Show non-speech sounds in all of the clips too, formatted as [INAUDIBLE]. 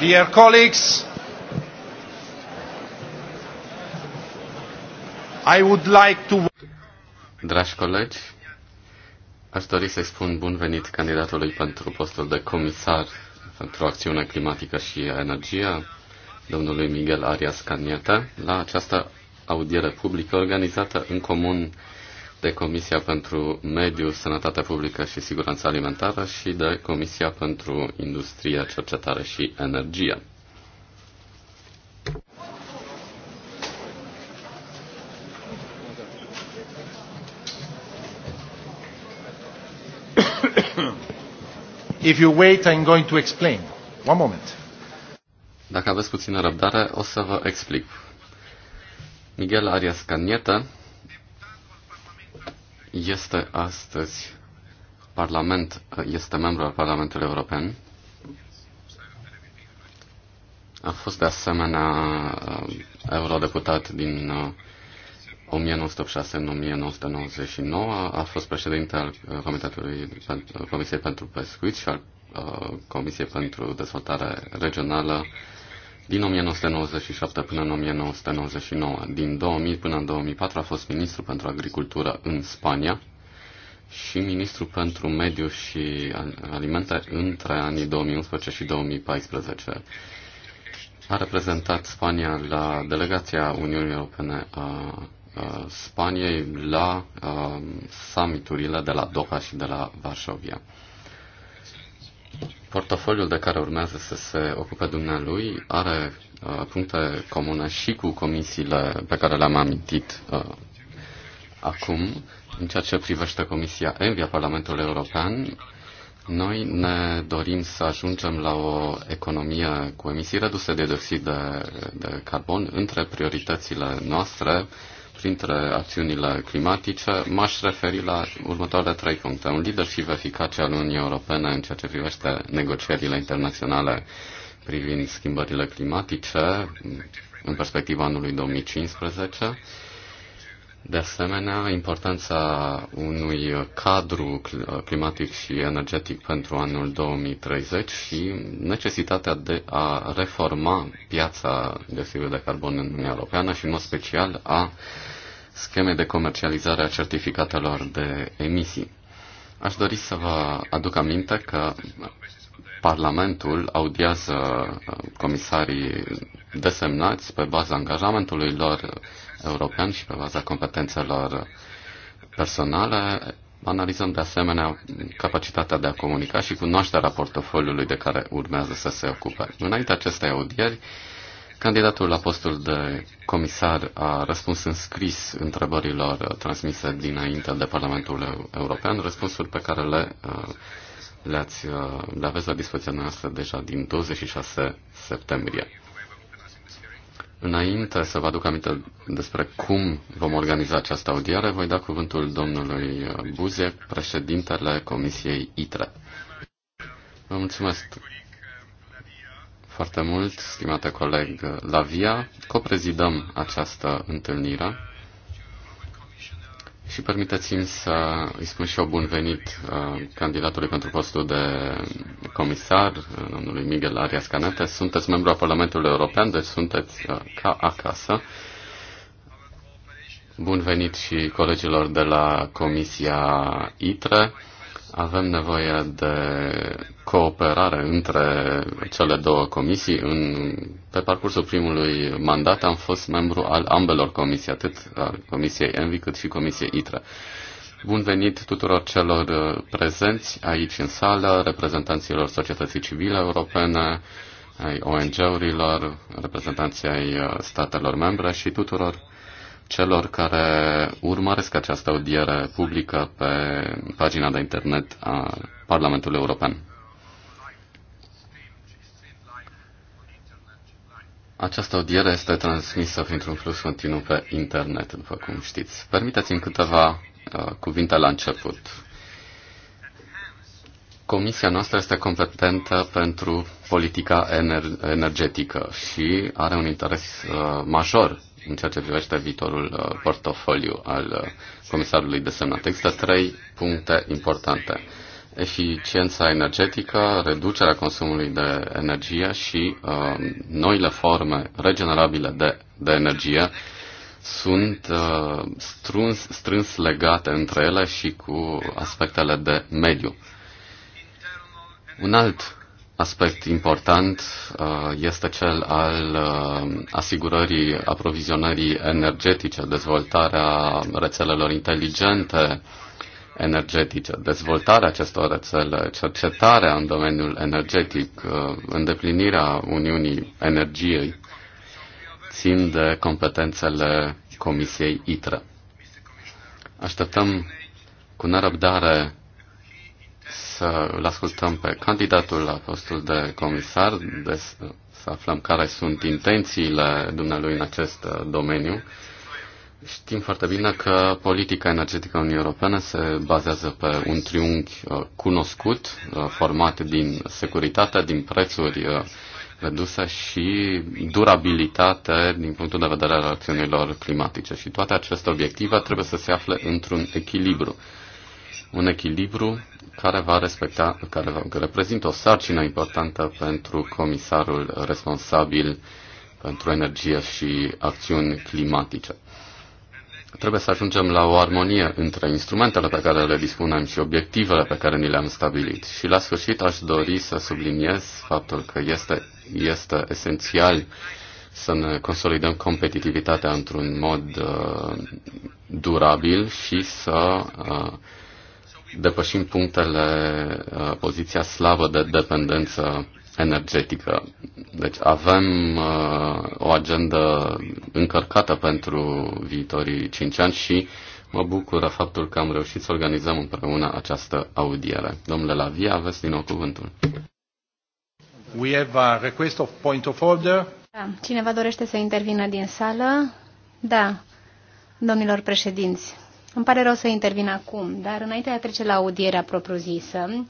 Dear colleagues, I would like to... Dragi colegi, aș dori să-i spun bun venit candidatului pentru postul de comisar pentru acțiune climatică și energie, domnului Miguel Arias Cañete, la această audiere publică organizată în comun de Comisia pentru Mediu, Sănătatea Publică și Siguranța Alimentară și de Comisia pentru industria, Cercetare și Energie. If you wait, I'm going to explain. One moment. Dacă aveți puțină răbdare, o să vă explic. Miguel Arias Canieta este astăzi parlament, este membru al Parlamentului European. A fost de asemenea uh, eurodeputat din 1906 uh, în 1999, a fost președinte al uh, Comitetului Comisiei pentru Pescuit și al Comisiei pentru Dezvoltare Regională din 1997 până în 1999. Din 2000 până în 2004 a fost ministru pentru agricultură în Spania și ministru pentru mediu și alimente între anii 2011 și 2014. A reprezentat Spania la delegația Uniunii Europene a Spaniei la summiturile de la Doha și de la Varșovia. Portofoliul de care urmează să se ocupe dumnealui are uh, puncte comune și cu comisiile pe care le-am amintit uh, acum. În ceea ce privește Comisia Envia Parlamentului European, noi ne dorim să ajungem la o economie cu emisii reduse de dioxid de, de carbon între prioritățile noastre uh, printre acțiunile climatice, m-aș referi la următoarele trei puncte. Un leadership eficace al Uniunii Europene în ceea ce privește negocierile internaționale privind schimbările climatice în perspectiva anului 2015, de asemenea, importanța unui cadru climatic și energetic pentru anul 2030 și necesitatea de a reforma piața de, de carbon în Uniunea Europeană și, în mod special, a schemei de comercializare a certificatelor de emisii. Aș dori să vă aduc aminte că Parlamentul audiază comisarii desemnați pe baza angajamentului lor european și pe baza competențelor personale. Analizăm de asemenea capacitatea de a comunica și cunoașterea portofoliului de care urmează să se ocupe. Înainte acestei audieri, Candidatul la postul de comisar a răspuns în scris întrebărilor transmise dinainte de Parlamentul European, răspunsuri pe care le, le, ați, le aveți la dispoziția noastră deja din 26 septembrie. Înainte să vă aduc aminte despre cum vom organiza această audiere, voi da cuvântul domnului Buze, președintele Comisiei ITRE. Vă mulțumesc foarte mult, stimate coleg Lavia. Coprezidăm această întâlnire și permiteți-mi să îi spun și eu bun venit uh, candidatului pentru postul de comisar, uh, domnului Miguel Arias Canete. Sunteți membru al Parlamentului European, deci sunteți uh, ca acasă. Bun venit și colegilor de la Comisia ITRE. Avem nevoie de cooperare între cele două comisii. În, pe parcursul primului mandat am fost membru al ambelor comisii, atât al Comisiei Envi cât și Comisiei ITRE. Bun venit tuturor celor uh, prezenți aici în sală, reprezentanților societății civile europene, ai ONG-urilor, reprezentanții ai uh, statelor membre și tuturor celor care urmăresc această audiere publică pe pagina de internet a Parlamentului European. Această audiere este transmisă printr-un flux continuu pe internet, după cum știți. Permiteți-mi câteva uh, cuvinte la început. Comisia noastră este competentă pentru politica ener- energetică și are un interes uh, major în ceea ce privește viitorul uh, portofoliu al uh, comisarului de semnat. Există trei puncte importante. Eficiența energetică, reducerea consumului de energie și uh, noile forme regenerabile de, de energie sunt uh, strâns, strâns legate între ele și cu aspectele de mediu. Un alt aspect important uh, este cel al uh, asigurării aprovizionării energetice, dezvoltarea rețelelor inteligente energetice, dezvoltarea acestor rețele, cercetarea în domeniul energetic, uh, îndeplinirea Uniunii Energiei țin de competențele Comisiei ITRE. Așteptăm cu nerăbdare să-l ascultăm pe candidatul la postul de comisar, de să aflăm care sunt intențiile dumnealui în acest uh, domeniu. Știm foarte bine că politica energetică a Uniunii Europene se bazează pe un triunghi uh, cunoscut, uh, format din securitate, din prețuri reduse și durabilitate din punctul de vedere al acțiunilor climatice. Și toate aceste obiective trebuie să se afle într-un echilibru un echilibru care va respecta, care reprezintă o sarcină importantă pentru comisarul responsabil pentru energie și acțiuni climatice. Trebuie să ajungem la o armonie între instrumentele pe care le dispunem și obiectivele pe care ni le-am stabilit. Și la sfârșit aș dori să subliniez faptul că este, este esențial să ne consolidăm competitivitatea într-un mod uh, durabil și să uh, depășim punctele, uh, poziția slavă de dependență energetică. Deci avem uh, o agendă încărcată pentru viitorii 5 ani și mă bucură faptul că am reușit să organizăm împreună această audiere. Domnule Lavia, aveți din nou cuvântul. We have a request of point of order. Da. Cineva dorește să intervină din sală? Da. Domnilor președinți, îmi pare rău să intervin acum, dar înainte de a trece la audierea propriu-zisă,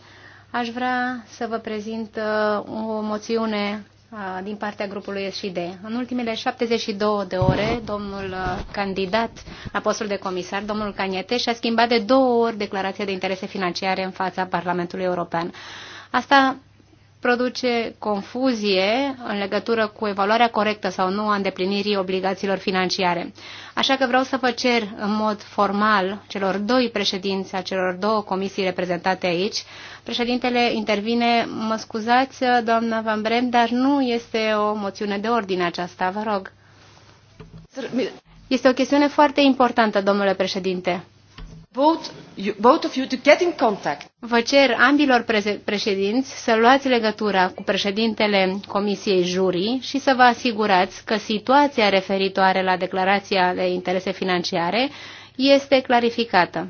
aș vrea să vă prezint uh, o moțiune uh, din partea grupului SID. În ultimele 72 de ore, domnul uh, candidat la postul de comisar, domnul Caniete, și-a schimbat de două ori declarația de interese financiare în fața Parlamentului European. Asta produce confuzie în legătură cu evaluarea corectă sau nu a îndeplinirii obligațiilor financiare. Așa că vreau să vă cer în mod formal celor doi președinți a celor două comisii reprezentate aici. Președintele intervine, mă scuzați, doamna Van Brem, dar nu este o moțiune de ordine aceasta, vă rog. Este o chestiune foarte importantă, domnule președinte both, you, both of you to get in contact. Vă cer ambilor președinți să luați legătura cu președintele Comisiei Jurii și să vă asigurați că situația referitoare la declarația de interese financiare este clarificată.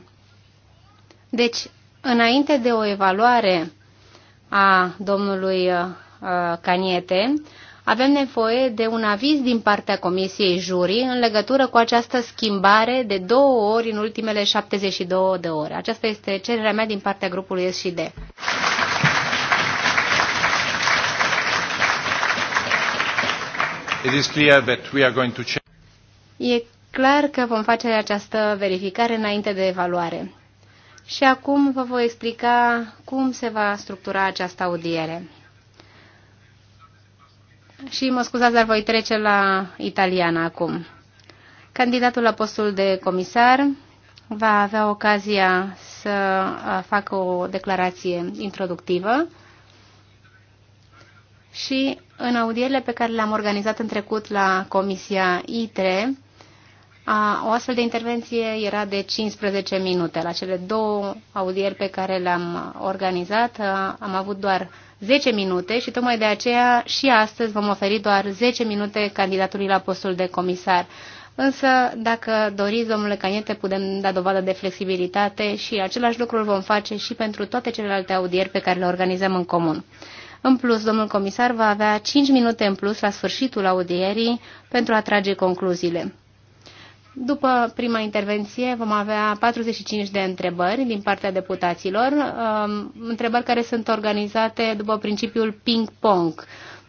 Deci, înainte de o evaluare a domnului uh, Caniete, avem nevoie de un aviz din partea Comisiei juri în legătură cu această schimbare de două ori în ultimele 72 de ore. Aceasta este cererea mea din partea grupului D. It is clear that we are going to E clar că vom face această verificare înainte de evaluare. Și acum vă voi explica cum se va structura această audiere și mă scuzați, dar voi trece la italiană acum. Candidatul la postul de comisar va avea ocazia să facă o declarație introductivă și în audierile pe care le-am organizat în trecut la Comisia ITRE, a, o astfel de intervenție era de 15 minute. La cele două audieri pe care le-am organizat, a, am avut doar 10 minute și tocmai de aceea și astăzi vom oferi doar 10 minute candidatului la postul de comisar. Însă, dacă doriți, domnule Caniete, putem da dovadă de flexibilitate și același lucru îl vom face și pentru toate celelalte audieri pe care le organizăm în comun. În plus, domnul comisar va avea 5 minute în plus la sfârșitul audierii pentru a trage concluziile. După prima intervenție vom avea 45 de întrebări din partea deputaților, um, întrebări care sunt organizate după principiul ping-pong.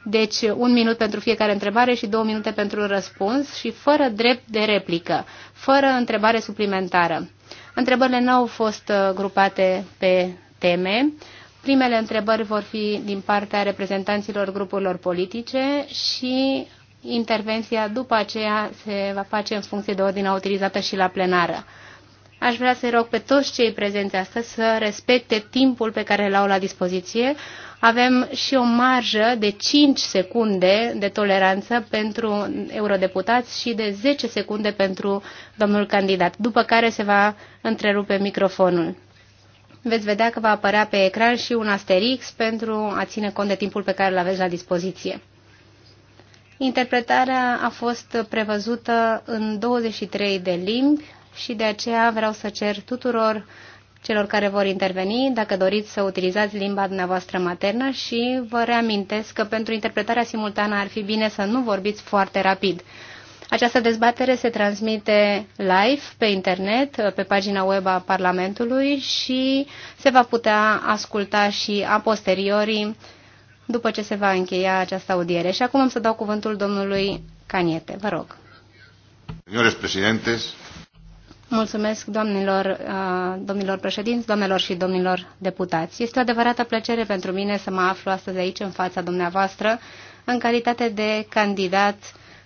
Deci un minut pentru fiecare întrebare și două minute pentru răspuns și fără drept de replică, fără întrebare suplimentară. Întrebările nu au fost uh, grupate pe teme. Primele întrebări vor fi din partea reprezentanților grupurilor politice și intervenția după aceea se va face în funcție de ordinea utilizată și la plenară. Aș vrea să rog pe toți cei prezenți astăzi să respecte timpul pe care l-au la dispoziție. Avem și o marjă de 5 secunde de toleranță pentru eurodeputați și de 10 secunde pentru domnul candidat, după care se va întrerupe microfonul. Veți vedea că va apărea pe ecran și un asterix pentru a ține cont de timpul pe care îl aveți la dispoziție. Interpretarea a fost prevăzută în 23 de limbi și de aceea vreau să cer tuturor celor care vor interveni, dacă doriți să utilizați limba dumneavoastră maternă și vă reamintesc că pentru interpretarea simultană ar fi bine să nu vorbiți foarte rapid. Această dezbatere se transmite live pe internet, pe pagina web a Parlamentului și se va putea asculta și a posteriorii după ce se va încheia această audiere. Și acum am să dau cuvântul domnului Caniete. Vă rog. Señores presidentes. Mulțumesc, doamnelor, uh, domnilor președinți, doamnelor și domnilor deputați. Este o adevărată plăcere pentru mine să mă aflu astăzi aici în fața dumneavoastră în calitate de candidat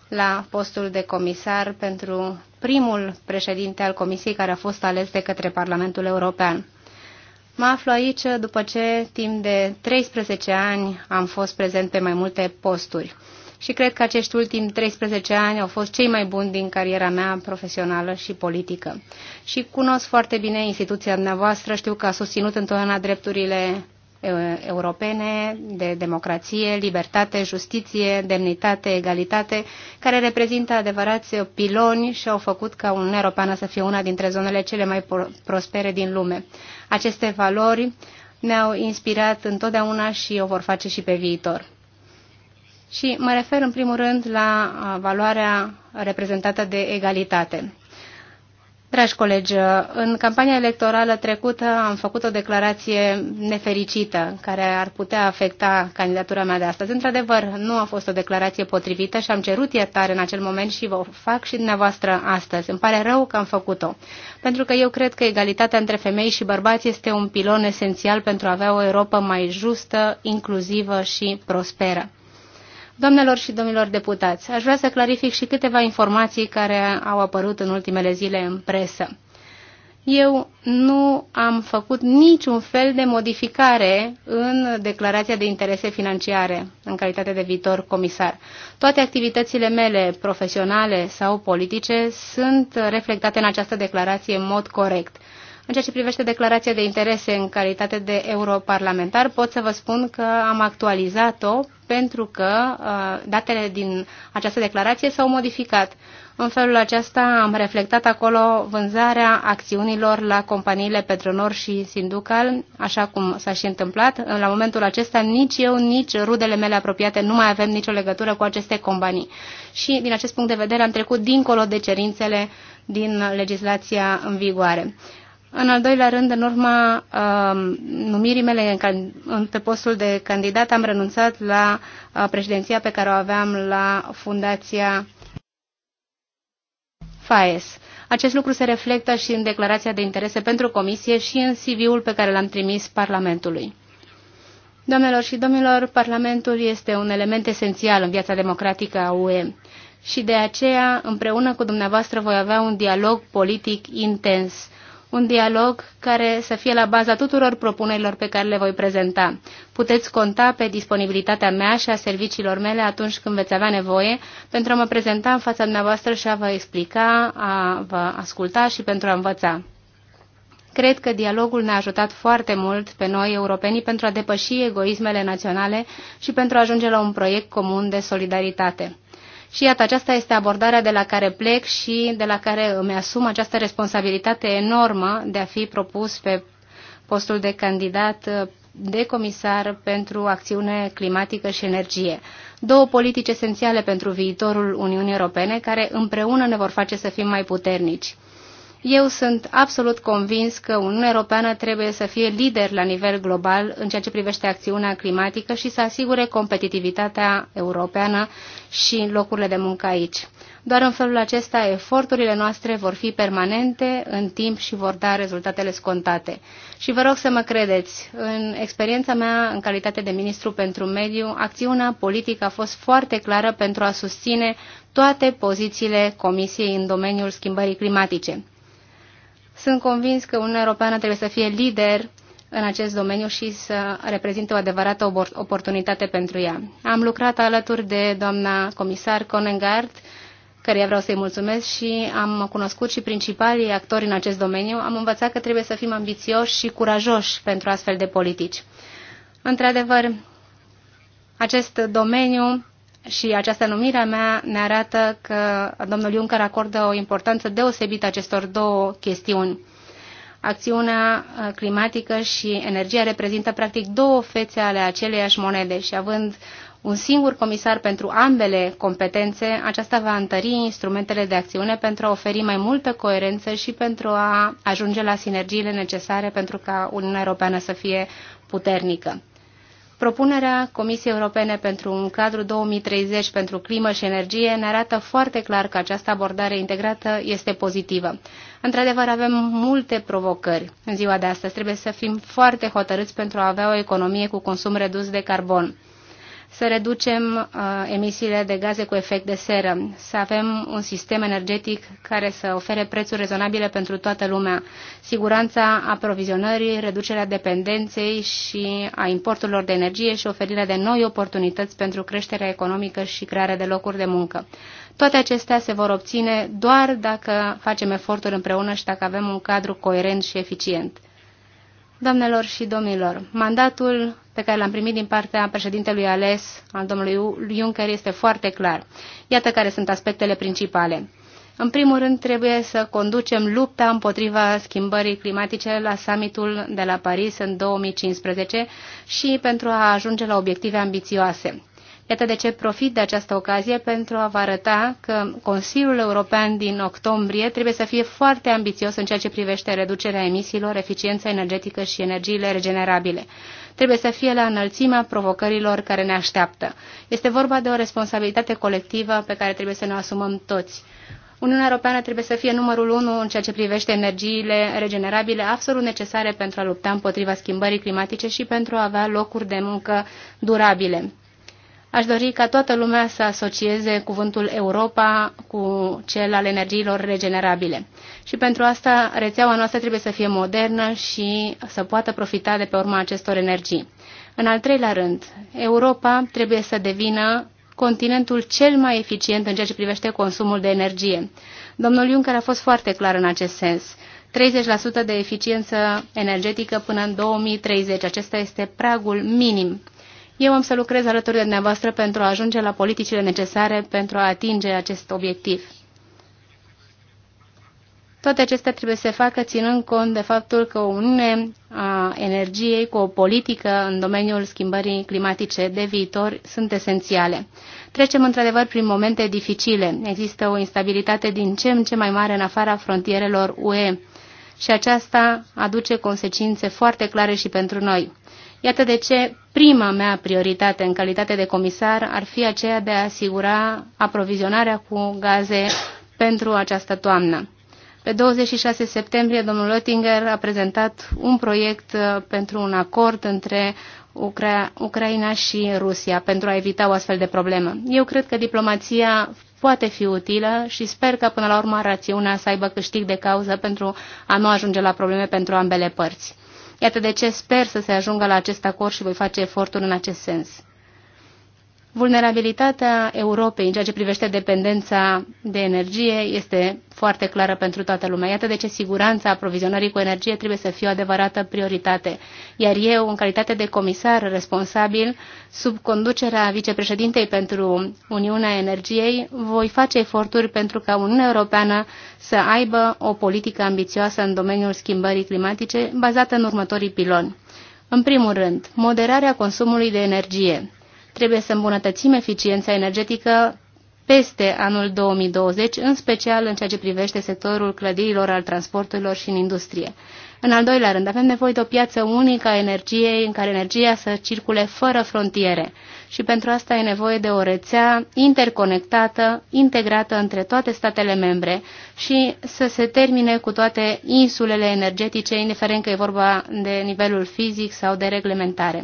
la postul de comisar pentru primul președinte al Comisiei care a fost ales de către Parlamentul European. Mă aflu aici după ce timp de 13 ani am fost prezent pe mai multe posturi și cred că acești ultimi 13 ani au fost cei mai buni din cariera mea profesională și politică. Și cunosc foarte bine instituția dumneavoastră, știu că a susținut întotdeauna drepturile europene de democrație, libertate, justiție, demnitate, egalitate, care reprezintă adevărați piloni și au făcut ca Uniunea Europeană să fie una dintre zonele cele mai prospere din lume. Aceste valori ne-au inspirat întotdeauna și o vor face și pe viitor. Și mă refer în primul rând la valoarea reprezentată de egalitate. Dragi colegi, în campania electorală trecută am făcut o declarație nefericită care ar putea afecta candidatura mea de astăzi. Într-adevăr, nu a fost o declarație potrivită și am cerut iertare în acel moment și vă fac și dumneavoastră astăzi. Îmi pare rău că am făcut-o, pentru că eu cred că egalitatea între femei și bărbați este un pilon esențial pentru a avea o Europa mai justă, inclusivă și prosperă. Doamnelor și domnilor deputați, aș vrea să clarific și câteva informații care au apărut în ultimele zile în presă. Eu nu am făcut niciun fel de modificare în declarația de interese financiare în calitate de viitor comisar. Toate activitățile mele, profesionale sau politice, sunt reflectate în această declarație în mod corect. În ceea ce privește declarația de interese în calitate de europarlamentar, pot să vă spun că am actualizat-o pentru că uh, datele din această declarație s-au modificat. În felul acesta am reflectat acolo vânzarea acțiunilor la companiile Petronor și Sinducal, așa cum s-a și întâmplat. La momentul acesta nici eu, nici rudele mele apropiate nu mai avem nicio legătură cu aceste companii. Și din acest punct de vedere am trecut dincolo de cerințele din legislația în vigoare. În al doilea rând, în urma uh, numirii mele în, în, pe postul de candidat, am renunțat la uh, președinția pe care o aveam la Fundația FAES. Acest lucru se reflectă și în declarația de interese pentru comisie și în CV-ul pe care l-am trimis Parlamentului. Doamnelor și domnilor, Parlamentul este un element esențial în viața democratică a UE și de aceea, împreună cu dumneavoastră, voi avea un dialog politic intens un dialog care să fie la baza tuturor propunerilor pe care le voi prezenta. Puteți conta pe disponibilitatea mea și a serviciilor mele atunci când veți avea nevoie pentru a mă prezenta în fața dumneavoastră și a vă explica, a vă asculta și pentru a învăța. Cred că dialogul ne-a ajutat foarte mult pe noi, europenii, pentru a depăși egoismele naționale și pentru a ajunge la un proiect comun de solidaritate. Și iată, aceasta este abordarea de la care plec și de la care îmi asum această responsabilitate enormă de a fi propus pe postul de candidat uh, de comisar pentru acțiune climatică și energie. Două politici esențiale pentru viitorul Uniunii Europene, care împreună ne vor face să fim mai puternici. Eu sunt absolut convins că Uniunea Europeană trebuie să fie lider la nivel global în ceea ce privește acțiunea climatică și să asigure competitivitatea europeană și locurile de muncă aici. Doar în felul acesta eforturile noastre vor fi permanente în timp și vor da rezultatele scontate. Și vă rog să mă credeți, în experiența mea în calitate de ministru pentru mediu, acțiunea politică a fost foarte clară pentru a susține toate pozițiile Comisiei în domeniul schimbării climatice. Sunt convins că Uniunea Europeană trebuie să fie lider în acest domeniu și să reprezinte o adevărată oportunitate pentru ea. Am lucrat alături de doamna comisar Conengard, care vreau să-i mulțumesc și am cunoscut și principalii actori în acest domeniu. Am învățat că trebuie să fim ambițioși și curajoși pentru astfel de politici. Într-adevăr, acest domeniu și această numire a mea ne arată că domnul Juncker acordă o importanță deosebită acestor două chestiuni. Acțiunea uh, climatică și energia reprezintă practic două fețe ale aceleiași monede și având un singur comisar pentru ambele competențe, aceasta va întări instrumentele de acțiune pentru a oferi mai multă coerență și pentru a ajunge la sinergiile necesare pentru ca Uniunea Europeană să fie puternică. Propunerea Comisiei Europene pentru un cadru 2030 pentru climă și energie ne arată foarte clar că această abordare integrată este pozitivă. Într-adevăr, avem multe provocări în ziua de astăzi. Trebuie să fim foarte hotărâți pentru a avea o economie cu consum redus de carbon să reducem uh, emisiile de gaze cu efect de seră, să avem un sistem energetic care să ofere prețuri rezonabile pentru toată lumea, siguranța aprovizionării, reducerea dependenței și a importurilor de energie și oferirea de noi oportunități pentru creșterea economică și crearea de locuri de muncă. Toate acestea se vor obține doar dacă facem eforturi împreună și dacă avem un cadru coerent și eficient. Doamnelor și domnilor, mandatul pe care l-am primit din partea președintelui ales, al domnului Juncker, este foarte clar. Iată care sunt aspectele principale. În primul rând, trebuie să conducem lupta împotriva schimbării climatice la summitul de la Paris în 2015 și pentru a ajunge la obiective ambițioase. Iată de ce profit de această ocazie pentru a vă arăta că Consiliul European din octombrie trebuie să fie foarte ambițios în ceea ce privește reducerea emisiilor, eficiența energetică și energiile regenerabile. Trebuie să fie la înălțimea provocărilor care ne așteaptă. Este vorba de o responsabilitate colectivă pe care trebuie să ne asumăm toți. Uniunea Europeană trebuie să fie numărul unu în ceea ce privește energiile regenerabile absolut necesare pentru a lupta împotriva schimbării climatice și pentru a avea locuri de muncă durabile. Aș dori ca toată lumea să asocieze cuvântul Europa cu cel al energiilor regenerabile. Și pentru asta rețeaua noastră trebuie să fie modernă și să poată profita de pe urma acestor energii. În al treilea rând, Europa trebuie să devină continentul cel mai eficient în ceea ce privește consumul de energie. Domnul Juncker a fost foarte clar în acest sens. 30% de eficiență energetică până în 2030. Acesta este pragul minim eu am să lucrez alături de dumneavoastră pentru a ajunge la politicile necesare pentru a atinge acest obiectiv. Toate acestea trebuie să se facă ținând cont de faptul că o uniune a energiei cu o politică în domeniul schimbării climatice de viitor sunt esențiale. Trecem într-adevăr prin momente dificile. Există o instabilitate din ce în ce mai mare în afara frontierelor UE și aceasta aduce consecințe foarte clare și pentru noi. Iată de ce prima mea prioritate în calitate de comisar ar fi aceea de a asigura aprovizionarea cu gaze pentru această toamnă. Pe 26 septembrie, domnul Oettinger a prezentat un proiect uh, pentru un acord între Ucra Ucraina și Rusia pentru a evita o astfel de problemă. Eu cred că diplomația poate fi utilă și sper că până la urmă rațiunea să aibă câștig de cauză pentru a nu ajunge la probleme pentru ambele părți. Iată de ce sper să se ajungă la acest acord și voi face eforturi în acest sens. Vulnerabilitatea Europei în ceea ce privește dependența de energie este foarte clară pentru toată lumea. Iată de ce siguranța aprovizionării cu energie trebuie să fie o adevărată prioritate. Iar eu, în calitate de comisar responsabil, sub conducerea vicepreședintei pentru Uniunea Energiei, voi face eforturi pentru ca Uniunea Europeană să aibă o politică ambițioasă în domeniul schimbării climatice, bazată în următorii piloni. În primul rând, moderarea consumului de energie, Trebuie să îmbunătățim eficiența energetică peste anul 2020, în special în ceea ce privește sectorul clădirilor, al transporturilor și în industrie. În al doilea rând, avem nevoie de o piață unică a energiei, în care energia să circule fără frontiere. Și pentru asta e nevoie de o rețea interconectată, integrată între toate statele membre și să se termine cu toate insulele energetice, indiferent că e vorba de nivelul fizic sau de reglementare.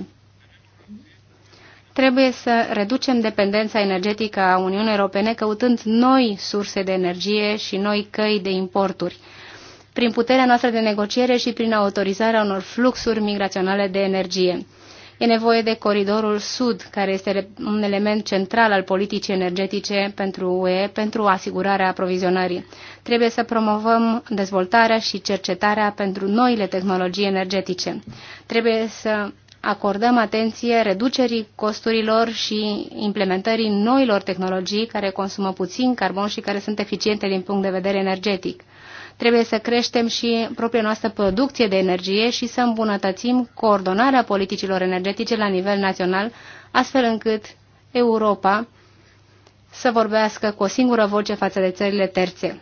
Trebuie să reducem dependența energetică a Uniunii Europene căutând noi surse de energie și noi căi de importuri, prin puterea noastră de negociere și prin autorizarea unor fluxuri migraționale de energie. E nevoie de coridorul sud, care este un element central al politicii energetice pentru UE, pentru asigurarea aprovizionării. Trebuie să promovăm dezvoltarea și cercetarea pentru noile tehnologii energetice. Trebuie să acordăm atenție reducerii costurilor și implementării noilor tehnologii care consumă puțin carbon și care sunt eficiente din punct de vedere energetic. Trebuie să creștem și propria noastră producție de energie și să îmbunătățim coordonarea politicilor energetice la nivel național, astfel încât Europa să vorbească cu o singură voce față de țările terțe.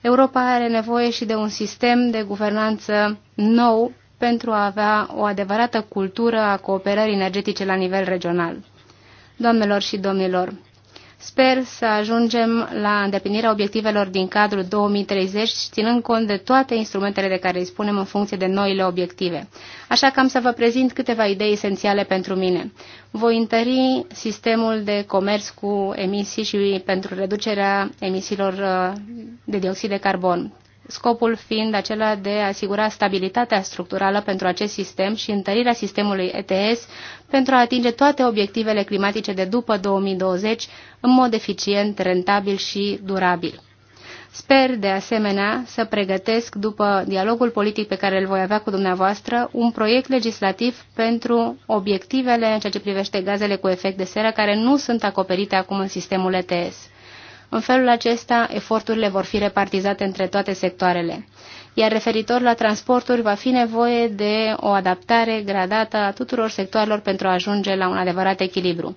Europa are nevoie și de un sistem de guvernanță nou pentru a avea o adevărată cultură a cooperării energetice la nivel regional. Doamnelor și domnilor, Sper să ajungem la îndeplinirea obiectivelor din cadrul 2030, ținând cont de toate instrumentele de care dispunem în funcție de noile obiective. Așa că am să vă prezint câteva idei esențiale pentru mine. Voi întări sistemul de comerț cu emisii și pentru reducerea emisiilor uh, de dioxid de carbon scopul fiind acela de a asigura stabilitatea structurală pentru acest sistem și întărirea sistemului ETS pentru a atinge toate obiectivele climatice de după 2020 în mod eficient, rentabil și durabil. Sper, de asemenea, să pregătesc, după dialogul politic pe care îl voi avea cu dumneavoastră, un proiect legislativ pentru obiectivele în ceea ce privește gazele cu efect de seră care nu sunt acoperite acum în sistemul ETS. În felul acesta, eforturile vor fi repartizate între toate sectoarele. Iar referitor la transporturi, va fi nevoie de o adaptare gradată a tuturor sectoarelor pentru a ajunge la un adevărat echilibru.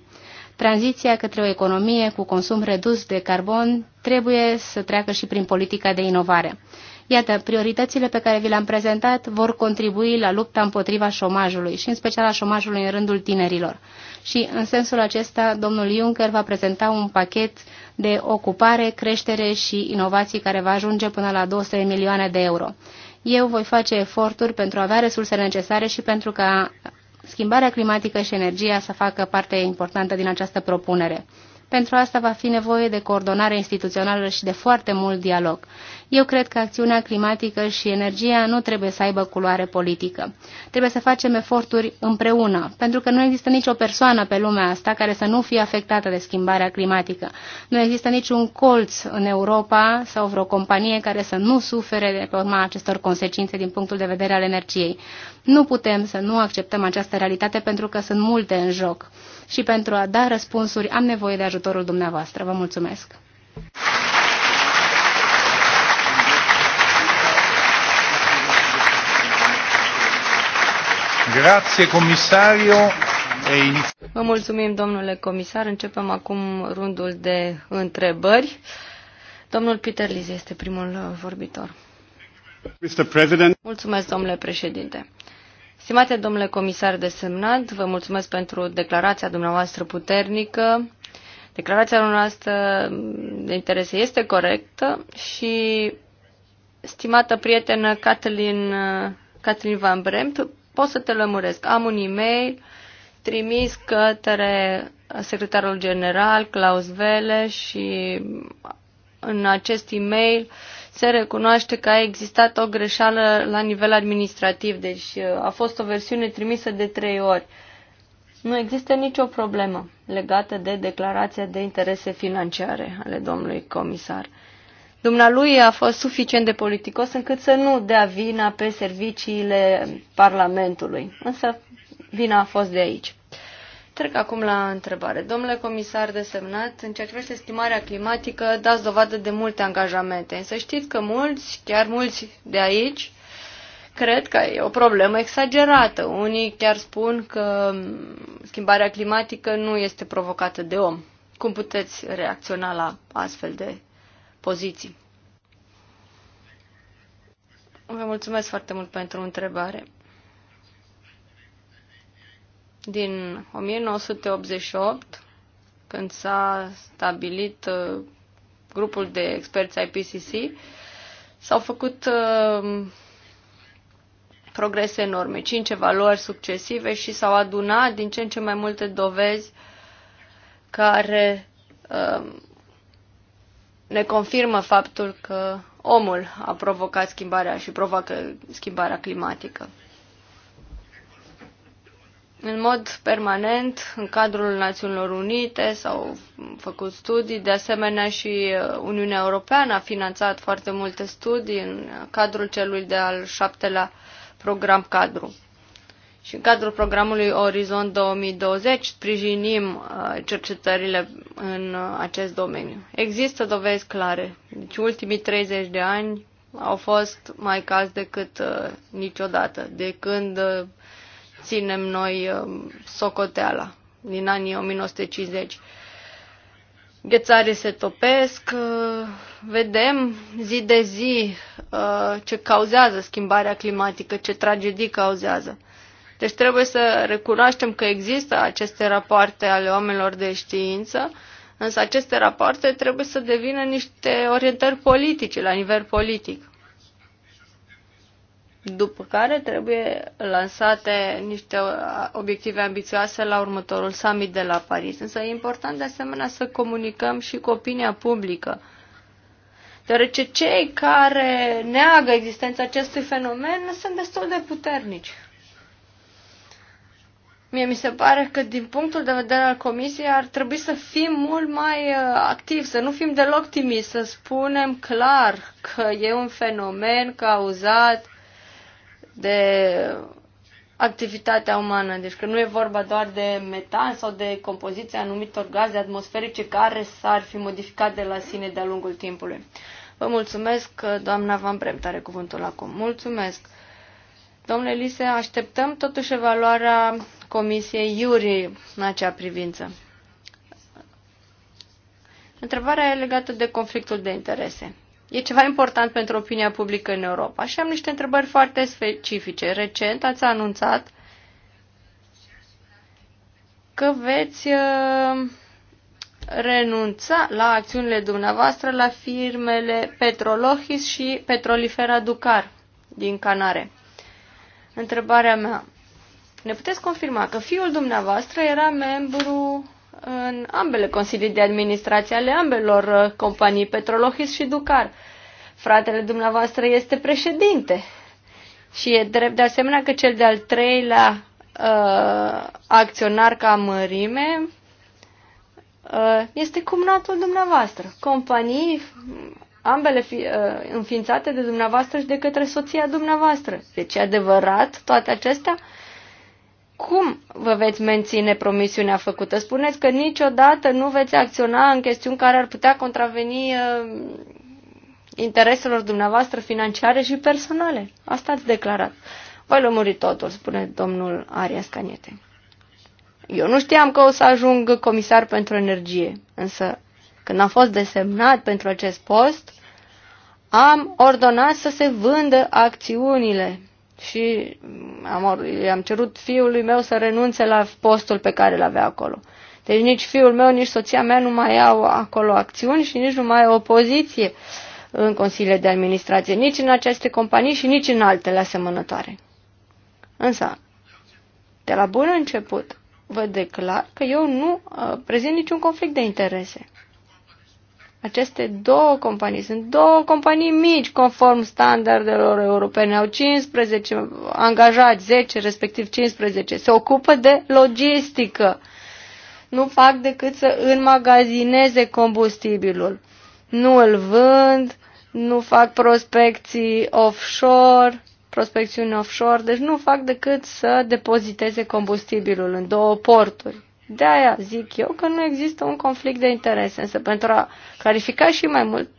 Tranziția către o economie cu consum redus de carbon trebuie să treacă și prin politica de inovare. Iată, prioritățile pe care vi le-am prezentat vor contribui la lupta împotriva șomajului și în special a șomajului în rândul tinerilor. Și în sensul acesta, domnul Juncker va prezenta un pachet de ocupare, creștere și inovații care va ajunge până la 200 de milioane de euro. Eu voi face eforturi pentru a avea resursele necesare și pentru ca schimbarea climatică și energia să facă parte importantă din această propunere. Pentru asta va fi nevoie de coordonare instituțională și de foarte mult dialog. Eu cred că acțiunea climatică și energia nu trebuie să aibă culoare politică. Trebuie să facem eforturi împreună, pentru că nu există nicio persoană pe lumea asta care să nu fie afectată de schimbarea climatică. Nu există niciun colț în Europa sau vreo companie care să nu sufere de pe urma acestor consecințe din punctul de vedere al energiei. Nu putem să nu acceptăm această realitate pentru că sunt multe în joc și pentru a da răspunsuri am nevoie de ajutorul dumneavoastră. Vă mulțumesc! Grazie, comisario. Vă mulțumim, domnule comisar. Începem acum rundul de întrebări. Domnul Peter Liz este primul vorbitor. Mulțumesc, domnule președinte. Stimate domnule comisar de semnat, vă mulțumesc pentru declarația dumneavoastră puternică. Declarația noastră de interese este corectă și stimată prietenă Catalin, Catalin Van Bremt, pot să te lămuresc. Am un e-mail trimis către secretarul general Klaus Vele și în acest e-mail uh, se recunoaște că a existat o greșeală la nivel administrativ, deci uh, a fost o versiune trimisă de trei ori. Nu există nicio problemă legată de declarația de interese financiare ale domnului comisar. Dumnealui a fost suficient de politicos încât să nu dea vina pe serviciile Parlamentului, însă vina a fost de aici. Trec acum la întrebare. Domnule comisar desemnat, în ceea ce privește estimarea climatică, dați dovadă de multe angajamente, însă știți că mulți, chiar mulți de aici, cred că e o problemă exagerată. Unii chiar spun că schimbarea climatică nu este provocată de om. Cum puteți reacționa la astfel de poziții? Vă mulțumesc foarte mult pentru întrebare din 1988, când s-a stabilit uh, grupul de experți IPCC, s-au făcut uh, progrese enorme, cinci evaluări succesive și s-au adunat din ce în ce mai multe dovezi care uh, ne confirmă faptul că omul a provocat schimbarea și provoacă schimbarea climatică în mod permanent în cadrul Națiunilor Unite, s-au făcut studii, de asemenea și uh, Uniunea Europeană a finanțat foarte multe studii în cadrul celui de-al șaptelea program cadru. Și în cadrul programului Orizont 2020 sprijinim uh, cercetările în uh, acest domeniu. Există dovezi clare. Deci ultimii 30 de ani au fost mai caz decât niciodată, de când ținem noi um, socoteala din anii 1950. Ghețarii se topesc, uh, vedem zi de zi uh, ce cauzează schimbarea climatică, ce tragedii cauzează. Deci trebuie să recunoaștem că există aceste rapoarte ale oamenilor de știință, însă aceste rapoarte trebuie să devină niște orientări politice, la nivel politic după care trebuie lansate niște obiective ambițioase la următorul summit de la Paris. Însă e important de asemenea să comunicăm și cu opinia publică. Deoarece cei care neagă existența acestui fenomen sunt destul de puternici. Mie mi se pare că din punctul de vedere al comisiei ar trebui să fim mult mai uh, activi, să nu fim deloc timizi, să spunem clar că e un fenomen cauzat de activitatea umană. Deci că nu e vorba doar de metan sau de compoziția anumitor gaze atmosferice care s-ar fi modificat de la sine de-a lungul timpului. Vă mulțumesc, doamna Van Bremt are cuvântul acum. Mulțumesc. Domnule Lise, așteptăm totuși evaluarea Comisiei Iuri în acea privință. Întrebarea e legată de conflictul de interese. E ceva important pentru opinia publică în Europa. Și am niște întrebări foarte specifice. Recent ați anunțat că veți uh, renunța la acțiunile dumneavoastră la firmele Petrolohis și Petrolifera Ducar din Canare. Întrebarea mea. Ne puteți confirma că fiul dumneavoastră era membru în ambele consilii de administrație ale ambelor uh, companii, Petrolohis și Ducar. Fratele dumneavoastră este președinte și e drept de asemenea că cel de-al treilea uh, acționar ca mărime uh, este cumnatul dumneavoastră. Companii ambele fi, uh, înființate de dumneavoastră și de către soția dumneavoastră. Deci e adevărat toate acestea? cum vă veți menține promisiunea făcută? Spuneți că niciodată nu veți acționa în chestiuni care ar putea contraveni uh, intereselor dumneavoastră financiare și personale. Asta ați declarat. Voi lămuri totul, spune domnul Arias Caniete. Eu nu știam că o să ajung comisar pentru energie, însă când am fost desemnat pentru acest post, am ordonat să se vândă acțiunile și am, am cerut fiului meu să renunțe la postul pe care îl avea acolo. Deci nici fiul meu, nici soția mea nu mai au acolo acțiuni și nici nu mai au opoziție în consiliile de administrație, nici în aceste companii și nici în altele asemănătoare. Însă, de la bun început, vă declar că eu nu uh, prezint niciun conflict de interese. Aceste două companii sunt două companii mici, conform standardelor europene. Au 15 angajați, 10, respectiv 15. Se ocupă de logistică. Nu fac decât să înmagazineze combustibilul. Nu îl vând, nu fac prospecții offshore, prospecțiuni offshore, deci nu fac decât să depoziteze combustibilul în două porturi de aia zic eu că nu există un conflict de interese, însă pentru a clarifica și mai mult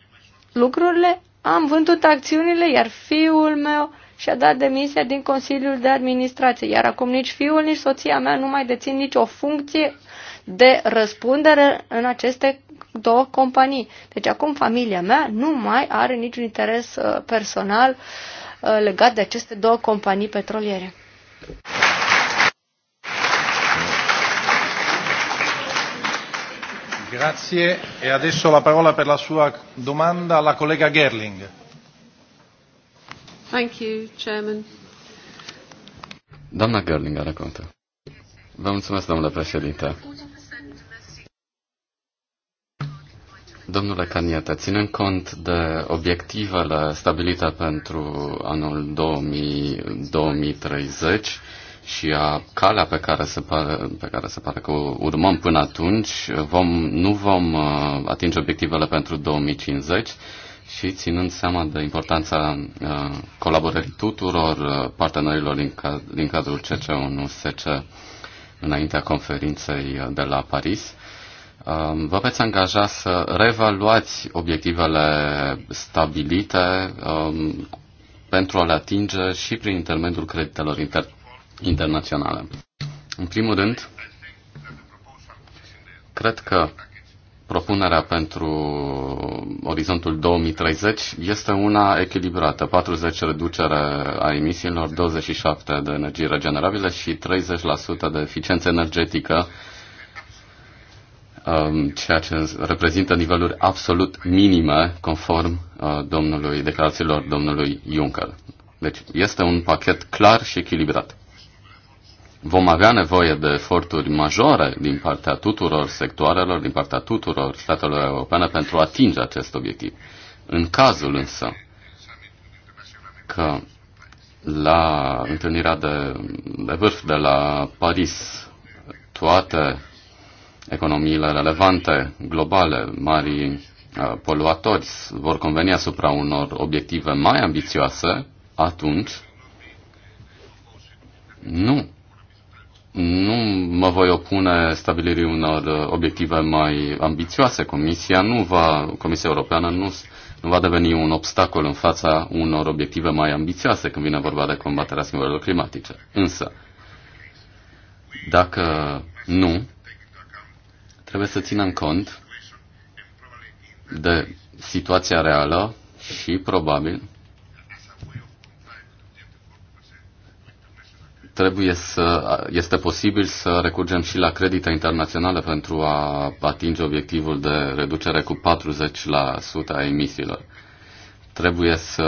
lucrurile, am vândut acțiunile, iar fiul meu și-a dat demisia din Consiliul de Administrație, iar acum nici fiul, nici soția mea nu mai dețin nicio funcție de răspundere în aceste două companii. Deci acum familia mea nu mai are niciun interes uh, personal uh, legat de aceste două companii petroliere. Grazie. Gerling. Doamna are cuvântul. Vă mulțumesc, domnule președinte. Domnule Caniete, ținând cont de obiectivele stabilite pentru anul 2000, 2030, și a calea pe care se pare, pe care se pare că o urmăm până atunci, vom, nu vom uh, atinge obiectivele pentru 2050 și ținând seama de importanța uh, colaborării tuturor uh, partenerilor din, cad- din cadrul CC1-SC înaintea conferinței de la Paris, um, Vă veți angaja să reevaluați obiectivele stabilite um, pentru a le atinge și prin intermediul creditelor inter- internaționale. În primul rând, cred că propunerea pentru orizontul 2030 este una echilibrată. 40 reducere a emisiilor, 27 de energie regenerabile și 30% de eficiență energetică, um, ceea ce reprezintă niveluri absolut minime conform uh, domnului declarațiilor domnului Juncker. Deci este un pachet clar și echilibrat vom avea nevoie de eforturi majore din partea tuturor sectoarelor, din partea tuturor statelor europene pentru a atinge acest obiectiv. În cazul însă că la întâlnirea de, de vârf de la Paris toate economiile relevante, globale, mari uh, poluatori vor conveni asupra unor obiective mai ambițioase, atunci nu nu mă voi opune stabilirii unor obiective mai ambițioase. Comisia nu va, Comisia Europeană nu, nu va deveni un obstacol în fața unor obiective mai ambițioase când vine vorba de combaterea schimbărilor climatice. Însă, dacă nu, trebuie să ținem cont de situația reală și probabil trebuie să, este posibil să recurgem și la credite internaționale pentru a atinge obiectivul de reducere cu 40% a emisiilor. Trebuie să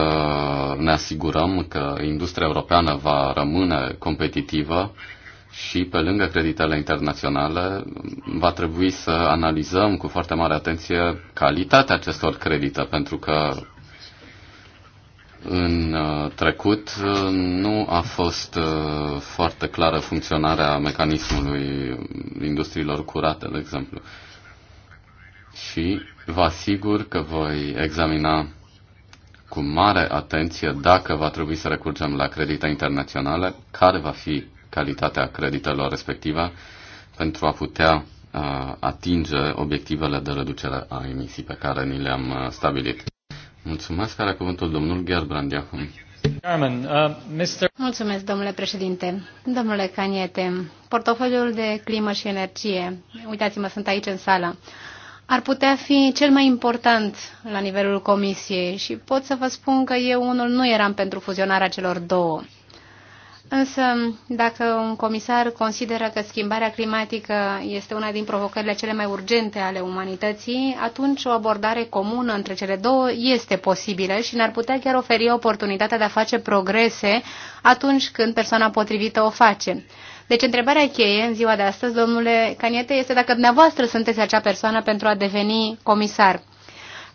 ne asigurăm că industria europeană va rămâne competitivă și pe lângă creditele internaționale va trebui să analizăm cu foarte mare atenție calitatea acestor credite, pentru că în uh, trecut uh, nu a fost uh, foarte clară funcționarea mecanismului industriilor curate, de exemplu. Și vă asigur că voi examina cu mare atenție dacă va trebui să recurgem la credite internaționale, care va fi calitatea creditelor respective pentru a putea atinge obiectivele de reducere a emisii pe care ni le-am stabilit. Mulțumesc. Are cuvântul domnul Gerbrandi acum. Uh, Mulțumesc, domnule președinte. Domnule Caniete, portofoliul de climă și energie, uitați-mă, sunt aici în sală, ar putea fi cel mai important la nivelul comisiei și pot să vă spun că eu unul nu eram pentru fuzionarea celor două. Însă, dacă un comisar consideră că schimbarea climatică este una din provocările cele mai urgente ale umanității, atunci o abordare comună între cele două este posibilă și ne-ar putea chiar oferi oportunitatea de a face progrese atunci când persoana potrivită o face. Deci întrebarea cheie în ziua de astăzi, domnule Caniete, este dacă dumneavoastră sunteți acea persoană pentru a deveni comisar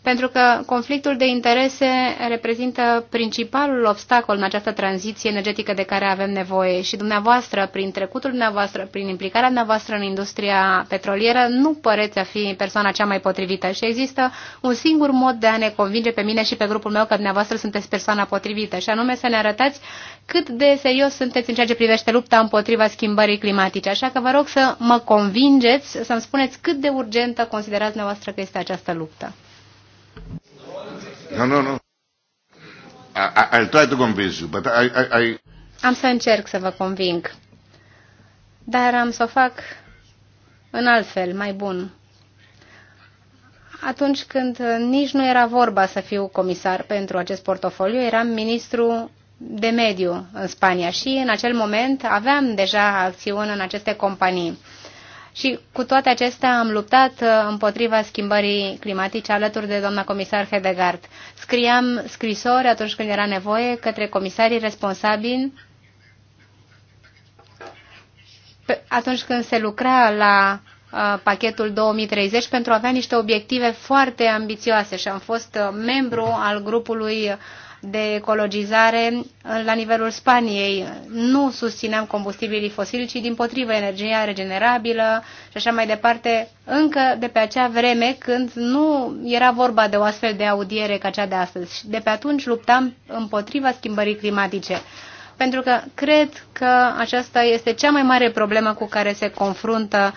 pentru că conflictul de interese reprezintă principalul obstacol în această tranziție energetică de care avem nevoie și dumneavoastră, prin trecutul dumneavoastră, prin implicarea dumneavoastră în industria petrolieră, nu păreți a fi persoana cea mai potrivită și există un singur mod de a ne convinge pe mine și pe grupul meu că dumneavoastră sunteți persoana potrivită și anume să ne arătați cât de serios sunteți în ceea ce privește lupta împotriva schimbării climatice. Așa că vă rog să mă convingeți, să-mi spuneți cât de urgentă considerați dumneavoastră că este această luptă. Nu, no, nu, no, nu. No. I, I'll try to convince you, but I, I, I... Am să încerc să vă conving, dar am să o fac în alt fel, mai bun. Atunci când uh, nici nu era vorba să fiu comisar pentru acest portofoliu, eram ministru de mediu în Spania și în acel moment aveam deja acțiuni în aceste companii. Și cu toate acestea am luptat uh, împotriva schimbării climatice alături de doamna comisar Hedegaard. Scriam scrisori atunci când era nevoie către comisarii responsabili atunci când se lucra la uh, pachetul 2030 pentru a avea niște obiective foarte ambițioase și am fost uh, membru al grupului de ecologizare la nivelul Spaniei. Nu susținem combustibilii fosili, ci din potrivă energia regenerabilă și așa mai departe, încă de pe acea vreme când nu era vorba de o astfel de audiere ca cea de astăzi. De pe atunci luptam împotriva schimbării climatice pentru că cred că aceasta este cea mai mare problemă cu care se confruntă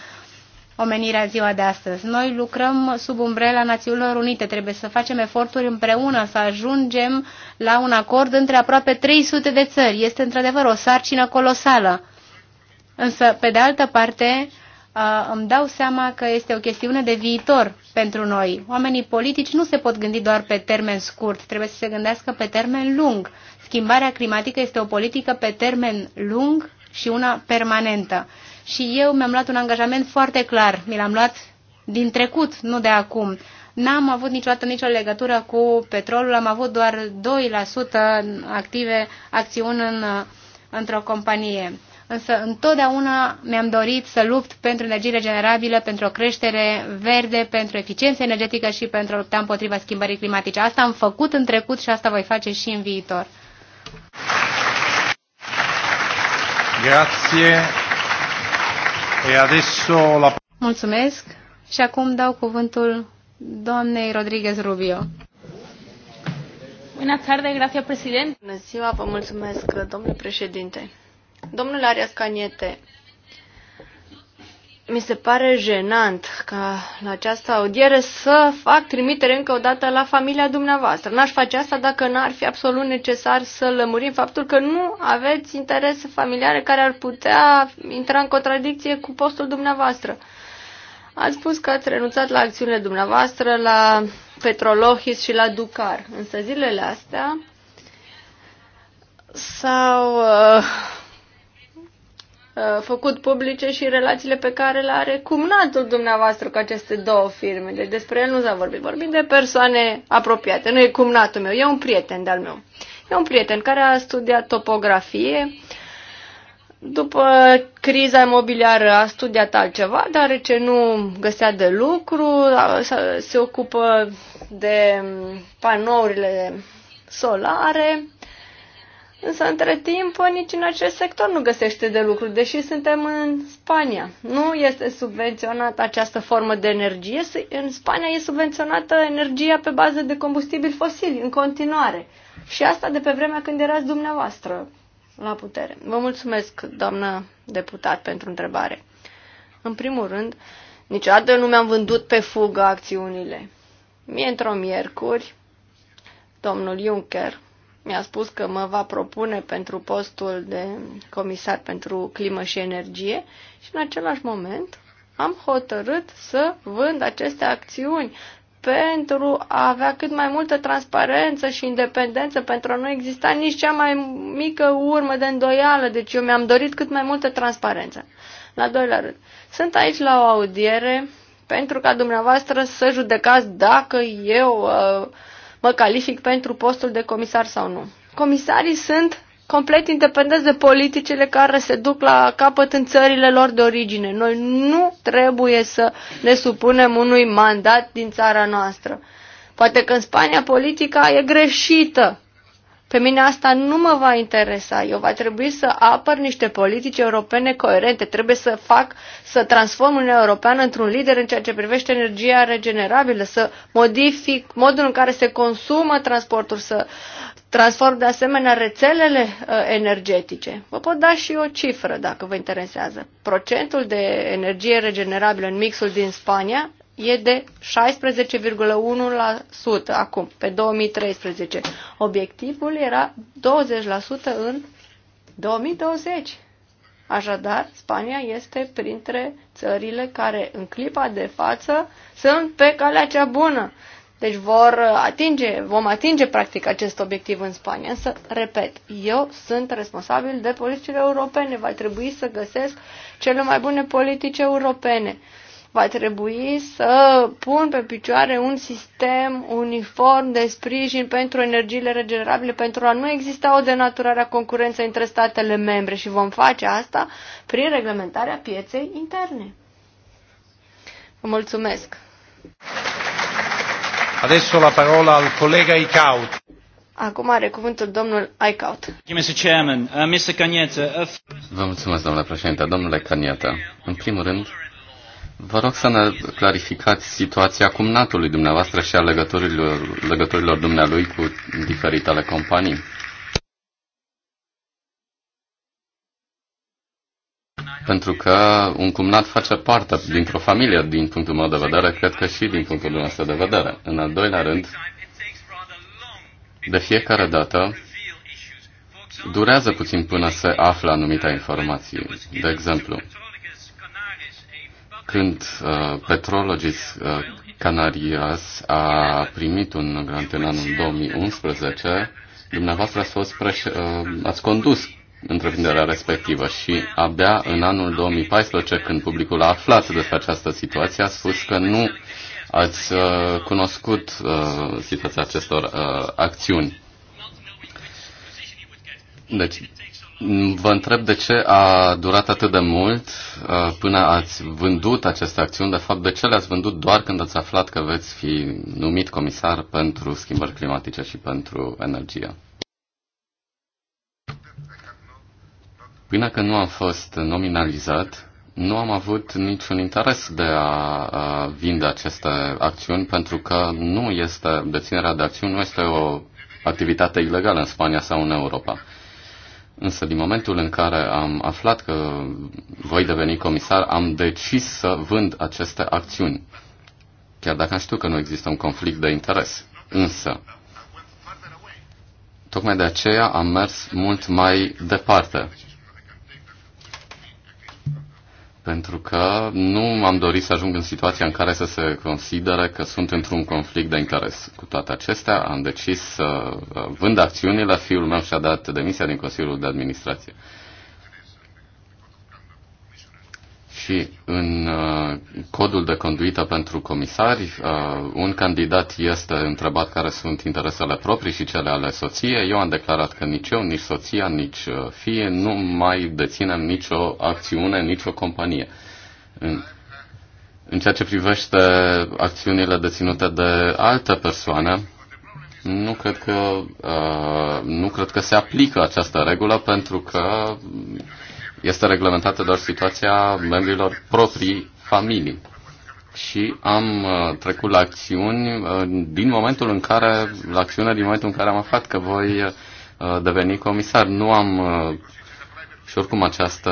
omenirea ziua de astăzi. Noi lucrăm sub umbrela Națiunilor Unite. Trebuie să facem eforturi împreună, să ajungem la un acord între aproape 300 de țări. Este într-adevăr o sarcină colosală. Însă, pe de altă parte, îmi dau seama că este o chestiune de viitor pentru noi. Oamenii politici nu se pot gândi doar pe termen scurt, trebuie să se gândească pe termen lung. Schimbarea climatică este o politică pe termen lung și una permanentă și eu mi-am luat un angajament foarte clar. Mi l-am luat din trecut, nu de acum. N-am avut niciodată nicio legătură cu petrolul, am avut doar 2% active acțiuni în, într-o companie. Însă întotdeauna mi-am dorit să lupt pentru energie regenerabilă, pentru o creștere verde, pentru eficiență energetică și pentru a lupta împotriva schimbării climatice. Asta am făcut în trecut și asta voi face și în viitor. Grazie. Mulțumesc și acum dau cuvântul doamnei Rodriguez Rubio. Bună tarde, grația președinte. Bună ziua, vă mulțumesc, domnule președinte. Domnule Arias Caniete, mi se pare jenant ca la această audiere să fac trimitere încă o dată la familia dumneavoastră. N-aș face asta dacă n-ar fi absolut necesar să lămurim faptul că nu aveți interese familiare care ar putea intra în contradicție cu postul dumneavoastră. Ați spus că ați renunțat la acțiunile dumneavoastră, la Petrolohis și la Ducar. Însă zilele astea s-au uh, Uh, făcut publice și relațiile pe care le are cumnatul dumneavoastră cu aceste două firme. Deci despre el nu s-a vorbit. Vorbim de persoane apropiate. Nu e cumnatul meu, e un prieten de-al meu. E un prieten care a studiat topografie, după criza imobiliară a studiat altceva, ce nu găsea de lucru, se ocupă de panourile solare, Însă, între timp, nici în acest sector nu găsește de lucru, deși suntem în Spania. Nu este subvenționată această formă de energie. În Spania e subvenționată energia pe bază de combustibil fosil, în continuare. Și asta de pe vremea când erați dumneavoastră la putere. Vă mulțumesc, doamnă deputat, pentru întrebare. În primul rând, niciodată nu mi-am vândut pe fugă acțiunile. Mie într-o miercuri, domnul Juncker mi-a spus că mă va propune pentru postul de comisar pentru climă și energie și în același moment am hotărât să vând aceste acțiuni pentru a avea cât mai multă transparență și independență, pentru a nu exista nici cea mai mică urmă de îndoială. Deci eu mi-am dorit cât mai multă transparență. La doilea rând, sunt aici la o audiere pentru ca dumneavoastră să judecați dacă eu uh, mă calific pentru postul de comisar sau nu. Comisarii sunt complet independenți de politicile care se duc la capăt în țările lor de origine. Noi nu trebuie să ne supunem unui mandat din țara noastră. Poate că în Spania politica e greșită pe mine asta nu mă va interesa. Eu va trebui să apăr niște politici europene coerente. Trebuie să fac, să transform Uniunea Europeană într-un lider în ceea ce privește energia regenerabilă, să modific modul în care se consumă transportul, să transform de asemenea rețelele uh, energetice. Vă pot da și o cifră dacă vă interesează. Procentul de energie regenerabilă în mixul din Spania e de 16,1% acum, pe 2013. Obiectivul era 20% în 2020. Așadar, Spania este printre țările care în clipa de față sunt pe calea cea bună. Deci vor atinge, vom atinge practic acest obiectiv în Spania. Însă, repet, eu sunt responsabil de politicile europene. Va trebui să găsesc cele mai bune politici europene va trebui să pun pe picioare un sistem uniform de sprijin pentru energiile regenerabile pentru a nu exista o denaturare a concurenței între statele membre și vom face asta prin reglementarea pieței interne. Vă mulțumesc! Adesso la parola al collega Icaut. Acum are cuvântul domnul Icaut. Uh, uh, Vă mulțumesc, domnule președinte. Domnule Canieta, în primul rând, Vă rog să ne clarificați situația cumnatului dumneavoastră și a legăturilor, legăturilor dumnealui cu diferitele companii. Pentru că un cumnat face parte dintr-o familie, din punctul meu de vedere, cred că și din punctul dumneavoastră de vedere. În al doilea rând, de fiecare dată, durează puțin până se află anumite informații. De exemplu, când uh, Petrologis uh, Canarias a primit un grant în anul 2011, dumneavoastră ați, fost preș- uh, ați condus întreprinderea respectivă și abia în anul 2014, când publicul a aflat despre această situație, a spus că nu ați uh, cunoscut uh, situația acestor uh, acțiuni. Deci, Vă întreb de ce a durat atât de mult uh, până ați vândut aceste acțiuni. De fapt, de ce le-ați vândut doar când ați aflat că veți fi numit comisar pentru schimbări climatice și pentru energie? Până când nu am fost nominalizat, nu am avut niciun interes de a, vinde aceste acțiuni pentru că nu este, deținerea de acțiuni nu este o activitate ilegală în Spania sau în Europa. Însă din momentul în care am aflat că voi deveni comisar, am decis să vând aceste acțiuni. Chiar dacă știu că nu există un conflict de interes. Însă, tocmai de aceea am mers mult mai departe pentru că nu am dorit să ajung în situația în care să se considere că sunt într-un conflict de interes. Cu toate acestea, am decis să vând acțiunile, fiul meu și-a dat demisia din Consiliul de Administrație. și în uh, codul de conduită pentru comisari, uh, un candidat este întrebat care sunt interesele proprii și cele ale soției. Eu am declarat că nici eu, nici soția, nici uh, fie nu mai deținem nicio acțiune, nicio companie. În, în ceea ce privește acțiunile deținute de alte persoane, nu cred că, nu cred că se aplică această regulă pentru că este reglementată doar situația membrilor proprii familii. Și am uh, trecut la acțiuni uh, din momentul în care, la acțiune din momentul în care am aflat că voi uh, deveni comisar. Nu am și oricum această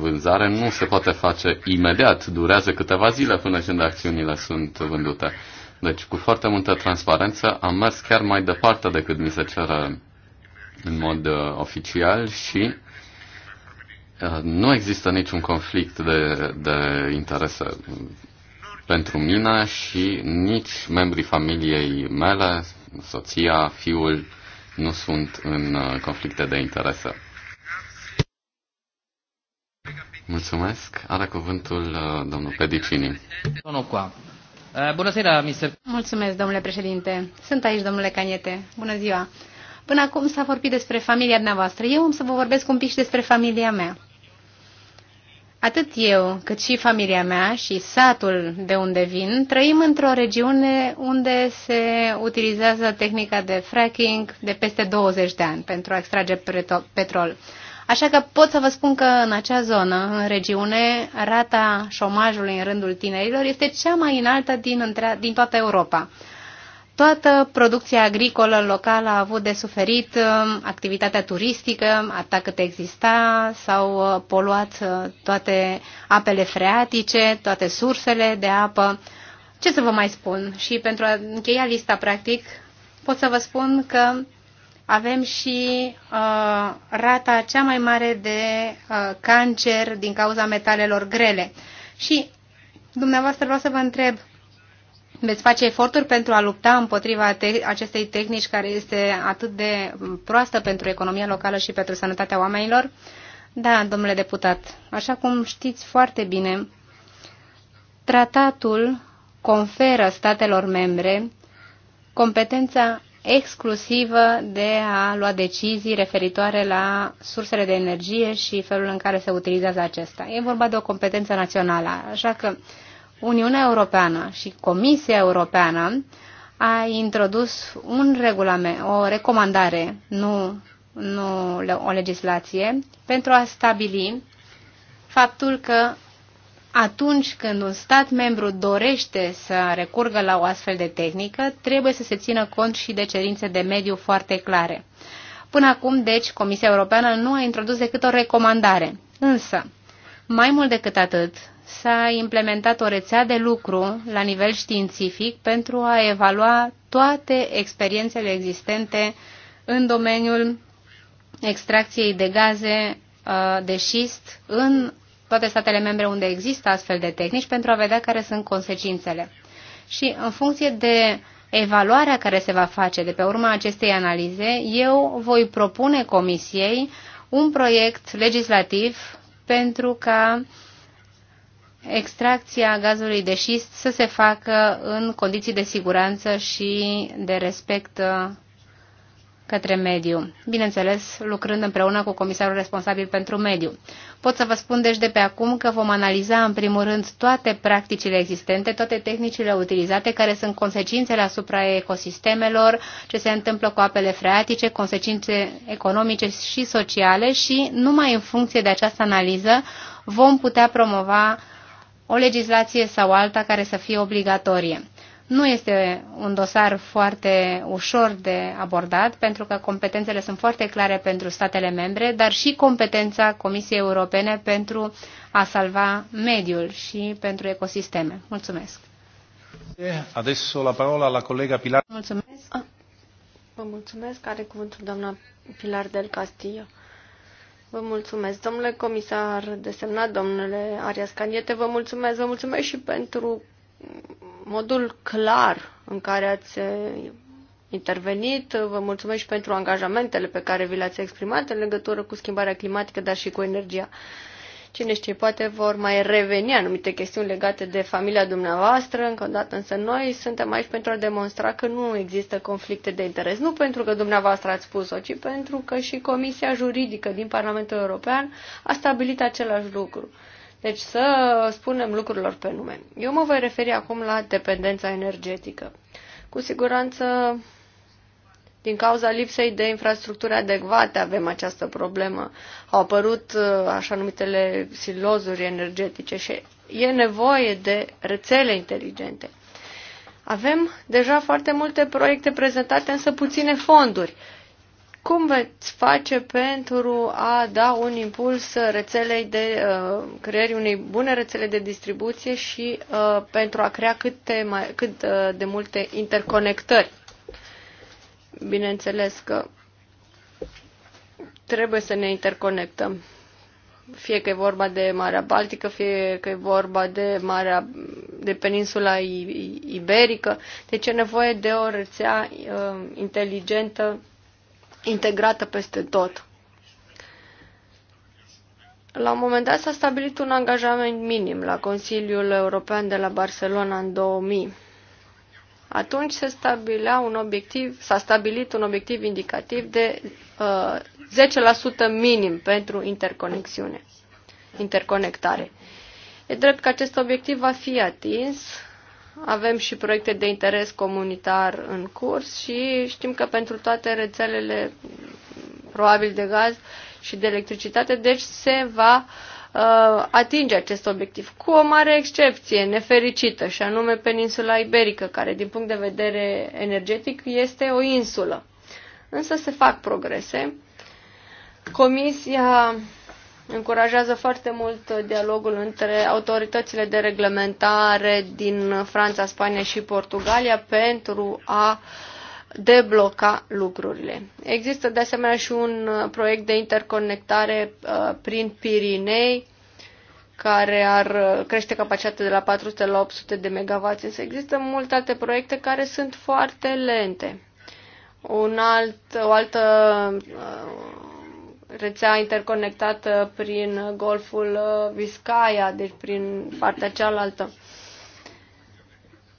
vânzare nu se poate face imediat, durează câteva zile până când acțiunile sunt vândute. Deci cu foarte multă transparență am mers chiar mai departe decât mi se cere în mod oficial și Uh, nu există niciun conflict de, de interese pentru mine și nici membrii familiei mele, soția, fiul, nu sunt în uh, conflicte de interese. Mulțumesc. Are cuvântul uh, domnul Pedicini. Bună seara, mister. Mulțumesc, domnule președinte. Sunt aici, domnule Caniete. Bună ziua. Până acum s-a vorbit despre familia dumneavoastră. Eu am să vă vorbesc un pic și despre familia mea. Atât eu, cât și familia mea și satul de unde vin, trăim într-o regiune unde se utilizează tehnica de fracking de peste 20 de ani pentru a extrage petrol. Așa că pot să vă spun că în acea zonă, în regiune, rata șomajului în rândul tinerilor este cea mai înaltă din, între... din toată Europa. Toată producția agricolă locală a avut de suferit, um, activitatea turistică, atât cât exista, s-au uh, poluat uh, toate apele freatice, toate sursele de apă. Ce să vă mai spun? Și pentru a încheia lista, practic, pot să vă spun că avem și uh, rata cea mai mare de uh, cancer din cauza metalelor grele. Și dumneavoastră vreau să vă întreb, veți face eforturi pentru a lupta împotriva te acestei tehnici care este atât de proastă pentru economia locală și pentru sănătatea oamenilor? Da, domnule deputat, așa cum știți foarte bine, tratatul conferă statelor membre competența exclusivă de a lua decizii referitoare la sursele de energie și felul în care se utilizează acesta. E vorba de o competență națională, așa că Uniunea Europeană și Comisia Europeană a introdus un regulament, o recomandare, nu, nu o legislație, pentru a stabili faptul că atunci când un stat membru dorește să recurgă la o astfel de tehnică, trebuie să se țină cont și de cerințe de mediu foarte clare. Până acum, deci, Comisia Europeană nu a introdus decât o recomandare. Însă, mai mult decât atât, s-a implementat o rețea de lucru la nivel științific pentru a evalua toate experiențele existente în domeniul extracției de gaze uh, de șist în toate statele membre unde există astfel de tehnici pentru a vedea care sunt consecințele. Și în funcție de evaluarea care se va face de pe urma acestei analize, eu voi propune Comisiei un proiect legislativ pentru ca uh, extracția gazului de șist să se facă în condiții de siguranță și de respect uh, către mediu, bineînțeles lucrând împreună cu comisarul responsabil pentru mediu. Pot să vă spun deci de pe acum că vom analiza în primul rând toate practicile existente, toate tehnicile utilizate, care sunt consecințele asupra ecosistemelor, ce se întâmplă cu apele freatice, consecințe economice și sociale și numai în funcție de această analiză vom putea promova o legislație sau alta care să fie obligatorie. Nu este un dosar foarte ușor de abordat, pentru că competențele sunt foarte clare pentru statele membre, dar și competența Comisiei Europene pentru a salva mediul și pentru ecosisteme. Mulțumesc. Adesso la parola la colega Pilar. Mulțumesc. Ah, vă mulțumesc. Are cuvântul doamna Pilar del Castillo. Vă mulțumesc, domnule comisar desemnat, domnule Arias Caniete, vă mulțumesc, vă mulțumesc și pentru modul clar în care ați intervenit, vă mulțumesc și pentru angajamentele pe care vi le-ați exprimat în legătură cu schimbarea climatică, dar și cu energia. Cine știe, poate vor mai reveni anumite chestiuni legate de familia dumneavoastră, încă o dată, însă noi suntem aici pentru a demonstra că nu există conflicte de interes. Nu pentru că dumneavoastră ați spus-o, ci pentru că și Comisia Juridică din Parlamentul European a stabilit același lucru. Deci să spunem lucrurilor pe nume. Eu mă voi referi acum la dependența energetică. Cu siguranță din cauza lipsei de infrastructuri adecvate avem această problemă. Au apărut uh, așa numitele silozuri energetice și e nevoie de rețele inteligente. Avem deja foarte multe proiecte prezentate, însă puține fonduri. Cum veți face pentru a da un impuls rețelei de uh, creării unei bune rețele de distribuție și uh, pentru a crea câte mai, cât uh, de multe interconectări? Bineînțeles că trebuie să ne interconectăm. Fie că e vorba de Marea Baltică, fie că e vorba de, Marea, de peninsula iberică. Deci e nevoie de o rețea uh, inteligentă, integrată peste tot. La un moment dat s-a stabilit un angajament minim la Consiliul European de la Barcelona în 2000 atunci se stabilea un obiectiv, s-a stabilit un obiectiv indicativ de uh, 10% minim pentru interconexiune, interconectare. E drept că acest obiectiv va fi atins. Avem și proiecte de interes comunitar în curs și știm că pentru toate rețelele probabil de gaz și de electricitate, deci se va uh, uh, atinge acest obiectiv, cu o mare excepție nefericită, și anume peninsula iberică, care din punct de vedere energetic este o insulă. Însă se fac progrese. Comisia încurajează foarte mult dialogul între autoritățile de reglementare din Franța, Spania și Portugalia pentru a uh, debloca lucrurile. Există de asemenea și un uh, proiect de interconectare uh, prin Pirinei, care ar uh, crește capacitatea de la 400 la 800 de MW, însă există multe alte proiecte care sunt foarte lente. Un alt, o altă rețea interconectată prin golful Viscaya, deci prin partea cealaltă.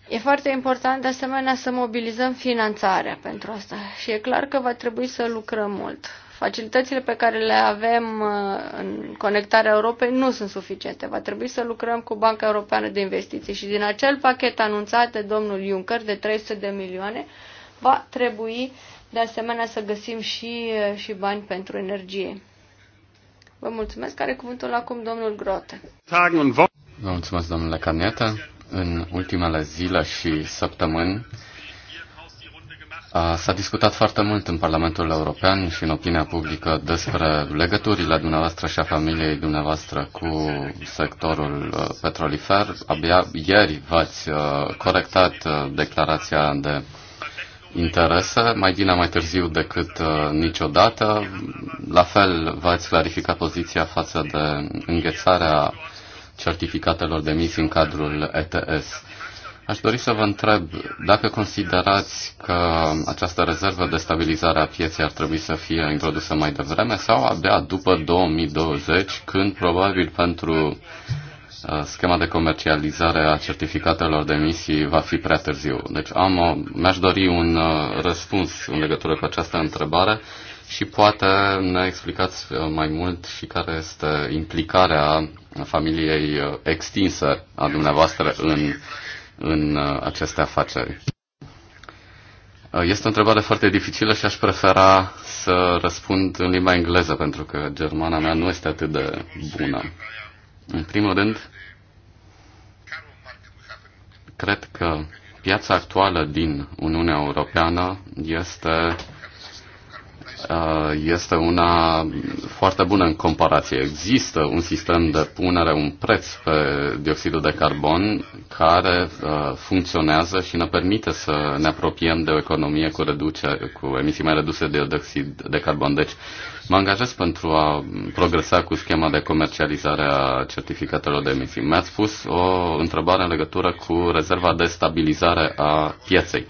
E foarte important de asemenea să mobilizăm finanțarea pentru asta și e clar că va trebui să lucrăm mult. Facilitățile pe care le avem uh, în conectarea Europei nu sunt suficiente. Va trebui să lucrăm cu Banca Europeană de Investiții și din acel pachet anunțat de domnul Juncker de 300 de milioane va trebui de asemenea să găsim și, uh, și bani pentru energie. Vă mulțumesc. care cuvântul acum domnul Grote. Vă mulțumesc, domnule Caneta. În ultimele zile și săptămâni s-a discutat foarte mult în Parlamentul European și în opinia publică despre legăturile dumneavoastră și a familiei dumneavoastră cu sectorul uh, petrolifer. Abia ieri v-ați uh, corectat uh, declarația de interese, mai bine mai târziu decât niciodată. La fel, v-ați clarificat poziția față de înghețarea certificatelor de emisii în cadrul ETS. Aș dori să vă întreb dacă considerați că această rezervă de stabilizare a pieței ar trebui să fie introdusă mai devreme sau abia după 2020, când probabil pentru uh, schema de comercializare a certificatelor de emisii va fi prea târziu. Deci am o, mi-aș dori un uh, răspuns în legătură cu această întrebare și poate ne explicați uh, mai mult și care este implicarea familiei uh, extinsă a dumneavoastră în, în uh, aceste afaceri? Uh, este o întrebare foarte dificilă și aș prefera să răspund în limba engleză, pentru că germana mea nu este atât de bună. În primul rând, cred că piața actuală din Uniunea Europeană este Uh, este una foarte bună în comparație. Există un sistem de punere, un preț pe dioxidul de carbon care uh, funcționează și ne permite să ne apropiem de o economie cu, reduce, cu emisii mai reduse de dioxid de carbon. Deci mă angajez pentru a progresa cu schema de comercializare a certificatelor de emisii. Mi-ați pus o întrebare în legătură cu rezerva de stabilizare a pieței.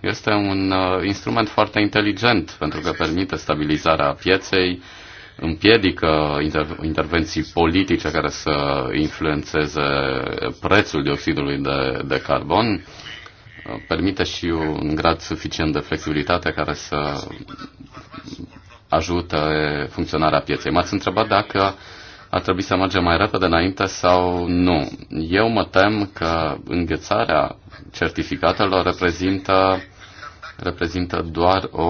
Este un uh, instrument foarte inteligent pentru că permite stabilizarea pieței, împiedică inter- intervenții politice care să influențeze prețul dioxidului de, de carbon, uh, permite și un grad suficient de flexibilitate care să ajută funcționarea pieței. M-ați întrebat dacă ar trebui să mergem mai repede înainte sau nu. Eu mă tem că înghețarea certificatelor reprezintă reprezintă doar o,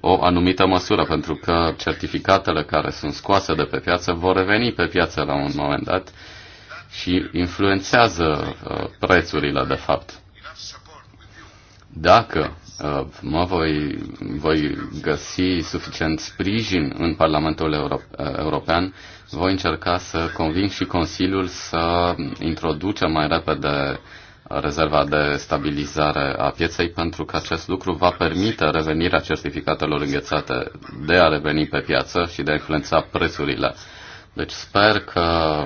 o anumită măsură, pentru că certificatele care sunt scoase de pe piață vor reveni pe piață la un moment dat și influențează uh, prețurile, de fapt. Dacă uh, mă voi, voi găsi suficient sprijin în Parlamentul Euro- uh, European, voi încerca să conving și Consiliul să introducem mai repede rezerva de stabilizare a pieței, pentru că acest lucru va permite revenirea certificatelor înghețate de a reveni pe piață și de a influența prețurile. Deci sper că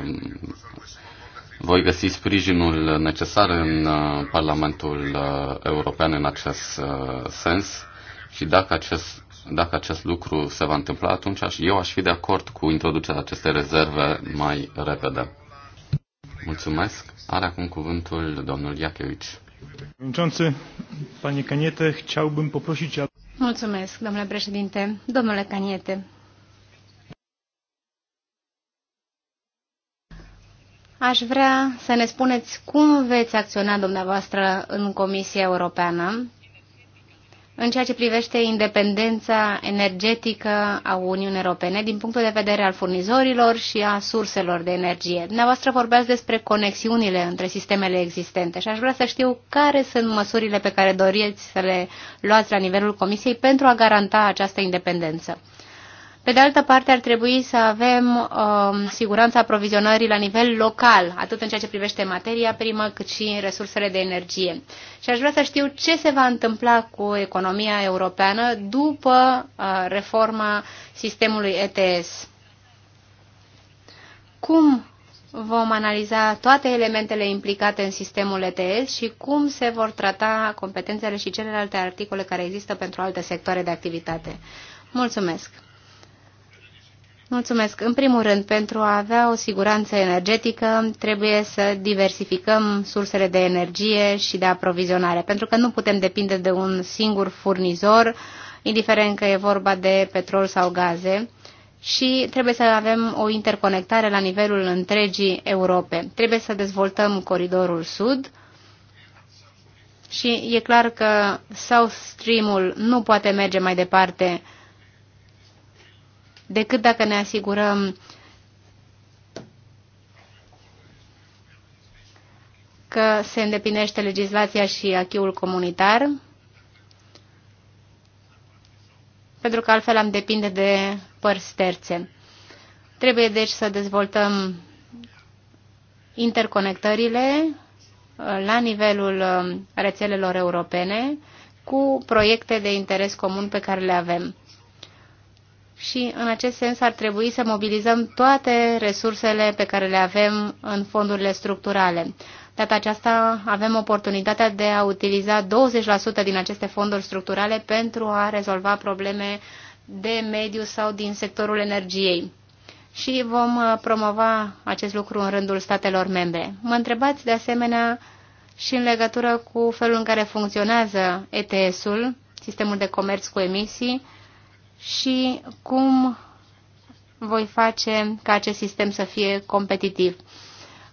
voi găsi sprijinul necesar în uh, Parlamentul uh, European în acest uh, sens și dacă acest, dacă acest lucru se va întâmpla, atunci eu aș fi de acord cu introducerea acestei rezerve mai repede. Mulțumesc. Are acum cuvântul domnul Iachevici. Mulțumesc, domnule președinte. Domnule Caniete, Aș vrea să ne spuneți cum veți acționa dumneavoastră în Comisia Europeană în ceea ce privește independența energetică a Uniunii Europene din punctul de vedere al furnizorilor și a surselor de energie. Dumneavoastră vorbeați despre conexiunile între sistemele existente și aș vrea să știu care sunt măsurile pe care doriți să le luați la nivelul Comisiei pentru a garanta această independență. Pe de altă parte, ar trebui să avem uh, siguranța aprovizionării la nivel local, atât în ceea ce privește materia primă, cât și resursele de energie. Și aș vrea să știu ce se va întâmpla cu economia europeană după uh, reforma sistemului ETS. Cum vom analiza toate elementele implicate în sistemul ETS și cum se vor trata competențele și celelalte articole care există pentru alte sectoare de activitate. Mulțumesc! Mulțumesc. În primul rând, pentru a avea o siguranță energetică, trebuie să diversificăm sursele de energie și de aprovizionare, pentru că nu putem depinde de un singur furnizor, indiferent că e vorba de petrol sau gaze, și trebuie să avem o interconectare la nivelul întregii Europe. Trebuie să dezvoltăm coridorul sud, și e clar că South Stream-ul nu poate merge mai departe decât dacă ne asigurăm că se îndeplinește legislația și achiul comunitar, pentru că altfel am depinde de părți terțe. Trebuie deci să dezvoltăm interconectările uh, la nivelul uh, rețelelor europene cu proiecte de interes comun pe care le avem și în acest sens ar trebui să mobilizăm toate resursele pe care le avem în fondurile structurale. Data aceasta avem oportunitatea de a utiliza 20% din aceste fonduri structurale pentru a rezolva probleme de mediu sau din sectorul energiei. Și vom uh, promova acest lucru în rândul statelor membre. Mă întrebați de asemenea și în legătură cu felul în care funcționează ETS-ul, sistemul de comerț cu emisii, și cum voi face ca acest sistem să fie competitiv.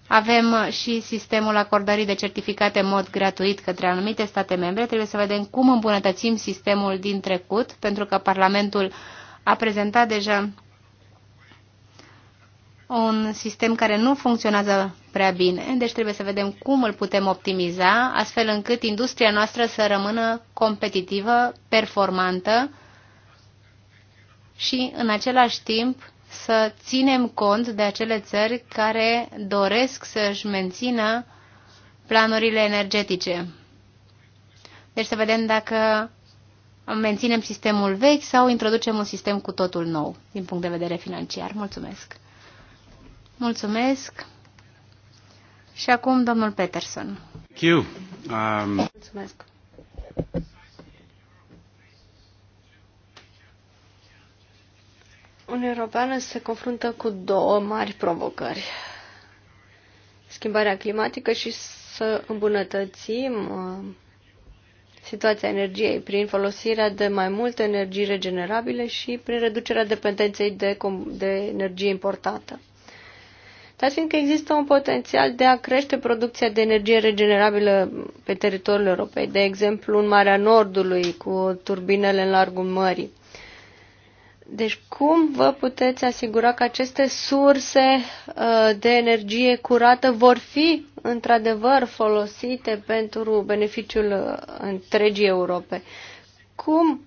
Avem și sistemul acordării de certificate în mod gratuit către anumite state membre. Trebuie să vedem cum îmbunătățim sistemul din trecut, pentru că Parlamentul a prezentat deja un sistem care nu funcționează prea bine, deci trebuie să vedem cum îl putem optimiza, astfel încât industria noastră să rămână competitivă, performantă și în același timp să ținem cont de acele țări care doresc să-și mențină planurile energetice. Deci să vedem dacă menținem sistemul vechi sau introducem un sistem cu totul nou din punct de vedere financiar. Mulțumesc! Mulțumesc! Și acum domnul Peterson. Thank you. Um... Mulțumesc! Uniunea Europeană se confruntă cu două mari provocări. Schimbarea climatică și să îmbunătățim uh, situația energiei prin folosirea de mai multe energii regenerabile și prin reducerea dependenței de, de energie importată. Dar fiindcă există un potențial de a crește producția de energie regenerabilă pe teritoriul Europei, de exemplu în Marea Nordului cu turbinele în largul mării, deci cum vă puteți asigura că aceste surse uh, de energie curată vor fi într-adevăr folosite pentru beneficiul uh, întregii Europe? Cum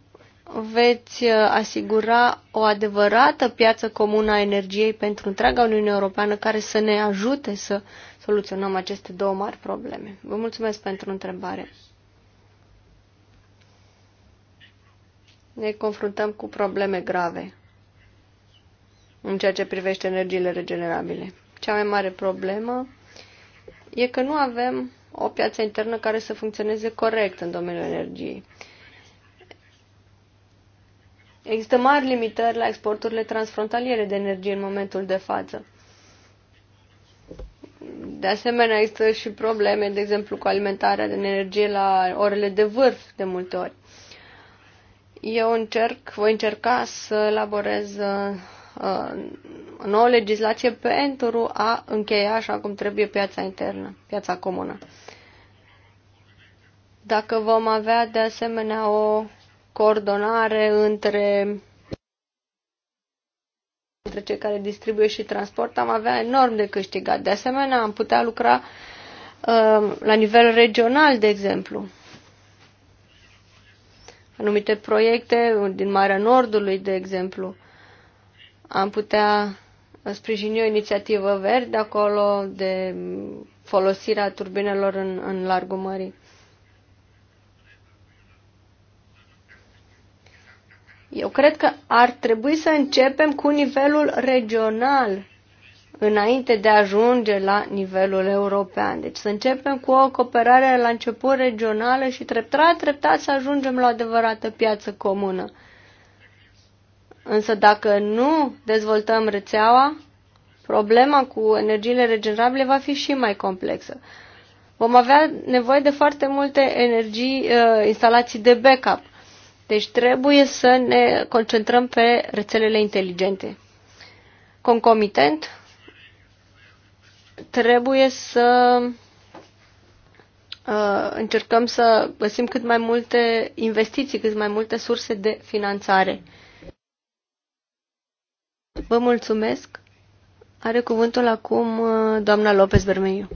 veți uh, asigura o adevărată piață comună a energiei pentru întreaga Uniune Europeană care să ne ajute să soluționăm aceste două mari probleme? Vă mulțumesc pentru întrebare. ne confruntăm cu probleme grave în ceea ce privește energiile regenerabile. Cea mai mare problemă e că nu avem o piață internă care să funcționeze corect în domeniul energiei. Există mari limitări la exporturile transfrontaliere de energie în momentul de față. De asemenea, există și probleme, de exemplu, cu alimentarea de energie la orele de vârf, de multe ori. Eu încerc, voi încerca să elaborez uh, nouă legislație pentru a încheia așa cum trebuie piața internă, piața comună. Dacă vom avea de asemenea o coordonare între între cei care distribuie și transport, am avea enorm de câștigat. De asemenea, am putea lucra uh, la nivel regional, de exemplu anumite proiecte din Marea Nordului, de exemplu. Am putea sprijini o inițiativă verde acolo de folosirea turbinelor în, în largul mării. Eu cred că ar trebui să începem cu nivelul regional înainte de a ajunge la nivelul european. Deci să începem cu o cooperare la început regională și treptat, treptat să ajungem la o adevărată piață comună. Însă dacă nu dezvoltăm rețeaua, problema cu energiile regenerabile va fi și mai complexă. Vom avea nevoie de foarte multe energii, uh, instalații de backup. Deci trebuie să ne concentrăm pe rețelele inteligente. Concomitent, trebuie să uh, încercăm să găsim cât mai multe investiții, cât mai multe surse de finanțare. Vă mulțumesc. Are cuvântul acum uh, doamna Lopez Bermeiu.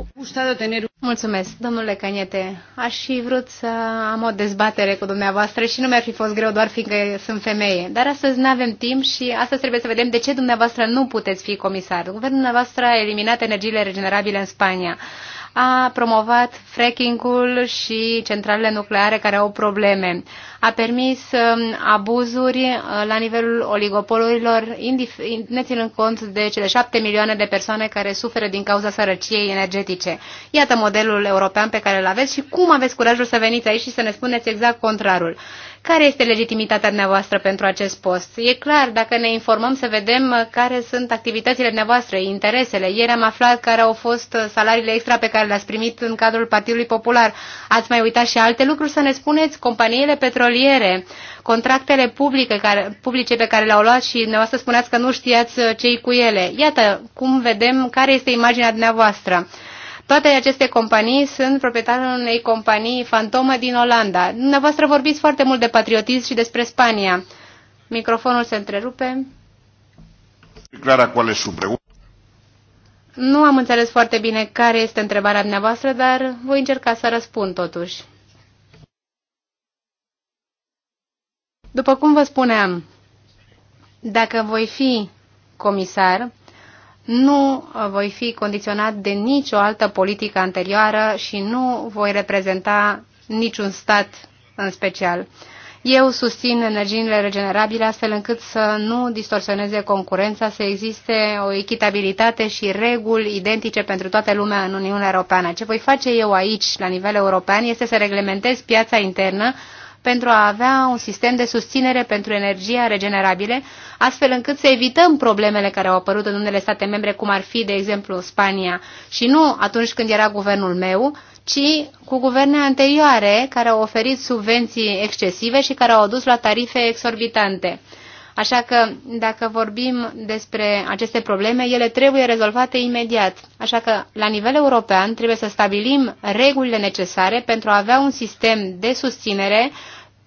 Mulțumesc, domnule Caniete. Aș fi vrut să am o dezbatere cu dumneavoastră și nu mi-ar fi fost greu doar fiindcă sunt femeie. Dar astăzi nu avem timp și astăzi trebuie să vedem de ce dumneavoastră nu puteți fi comisar. Guvernul dumneavoastră a eliminat energiile regenerabile în Spania a promovat fracking-ul și centralele nucleare care au probleme. A permis um, abuzuri uh, la nivelul oligopolurilor, neținând cont de cele șapte milioane de persoane care suferă din cauza sărăciei energetice. Iată modelul european pe care îl aveți și cum aveți curajul să veniți aici și să ne spuneți exact contrarul. Care este legitimitatea dumneavoastră pentru acest post? E clar, dacă ne informăm să vedem uh, care sunt activitățile dumneavoastră, interesele. Ieri am aflat care au fost uh, salariile extra pe care le-ați primit în cadrul Partidului Popular. Ați mai uitat și alte lucruri să ne spuneți? Companiile petroliere, contractele publice, care, publice pe care le-au luat și dumneavoastră spuneați că nu știați uh, cei cu ele. Iată cum vedem care este imaginea dumneavoastră. Toate aceste companii sunt proprietarul unei companii fantomă din Olanda. Dumneavoastră vorbiți foarte mult de patriotism și despre Spania. Microfonul se întrerupe. Clara, Nu am înțeles foarte bine care este întrebarea dumneavoastră, dar voi încerca să răspund totuși. După cum vă spuneam, dacă voi fi comisar, nu voi fi condiționat de nicio altă politică anterioară și nu voi reprezenta niciun stat în special. Eu susțin energiile regenerabile astfel încât să nu distorsioneze concurența, să existe o echitabilitate și reguli identice pentru toată lumea în Uniunea Europeană. Ce voi face eu aici, la nivel european, este să reglementez piața internă pentru a avea un sistem de susținere pentru energia regenerabile, astfel încât să evităm problemele care au apărut în unele state membre, cum ar fi, de exemplu, Spania, și nu atunci când era guvernul meu, ci cu guverne anterioare care au oferit subvenții excesive și care au adus la tarife exorbitante. Așa că, dacă vorbim despre aceste probleme, ele trebuie rezolvate imediat. Așa că, la nivel european, trebuie să stabilim regulile necesare pentru a avea un sistem de susținere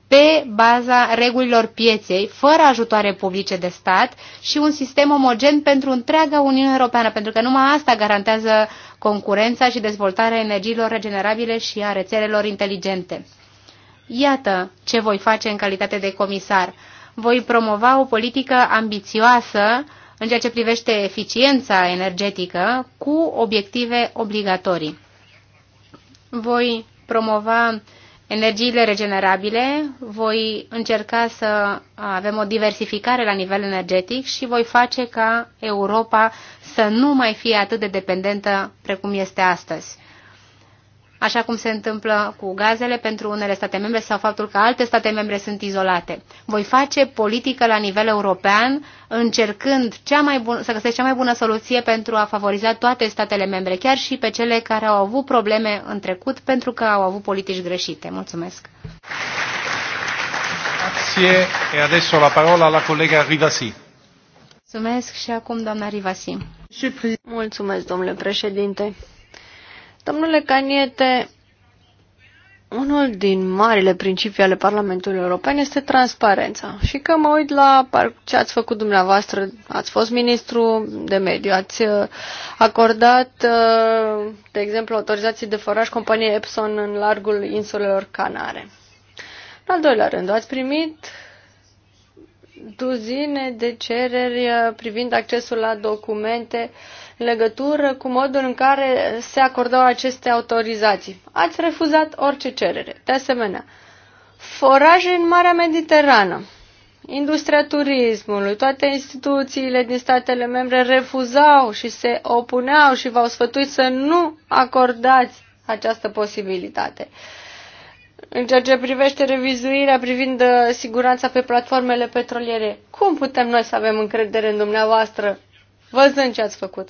pe baza regulilor pieței, fără ajutoare publice de stat și un sistem omogen pentru întreaga Uniune Europeană, pentru că numai asta garantează concurența și dezvoltarea energiilor regenerabile și a rețelelor inteligente. Iată ce voi face în calitate de comisar. Voi promova o politică ambițioasă în ceea ce privește eficiența energetică cu obiective obligatorii. Voi promova energiile regenerabile, voi încerca să avem o diversificare la nivel energetic și voi face ca Europa să nu mai fie atât de dependentă precum este astăzi așa cum se întâmplă cu gazele pentru unele state membre sau faptul că alte state membre sunt izolate. Voi face politică la nivel european, încercând cea mai bun, să găsesc cea mai bună soluție pentru a favoriza toate statele membre, chiar și pe cele care au avut probleme în trecut pentru că au avut politici greșite. Mulțumesc! Grazie. E adesso la parola alla Rivasi. Mulțumesc și acum doamna Rivasi. Mulțumesc, domnule președinte. Domnule Caniete, unul din marile principii ale Parlamentului European este transparența. Și că mă uit la ce ați făcut dumneavoastră, ați fost ministru de mediu, ați uh, acordat, uh, de exemplu, autorizații de foraj companiei Epson în largul insulelor Canare. În al doilea rând, ați primit duzine de cereri uh, privind accesul la documente legătură cu modul în care se acordau aceste autorizații. Ați refuzat orice cerere. De asemenea, foraje în Marea Mediterană, industria turismului, toate instituțiile din statele membre refuzau și se opuneau și v-au sfătuit să nu acordați această posibilitate. În ceea ce privește revizuirea privind uh, siguranța pe platformele petroliere, cum putem noi să avem încredere în dumneavoastră, văzând ce ați făcut?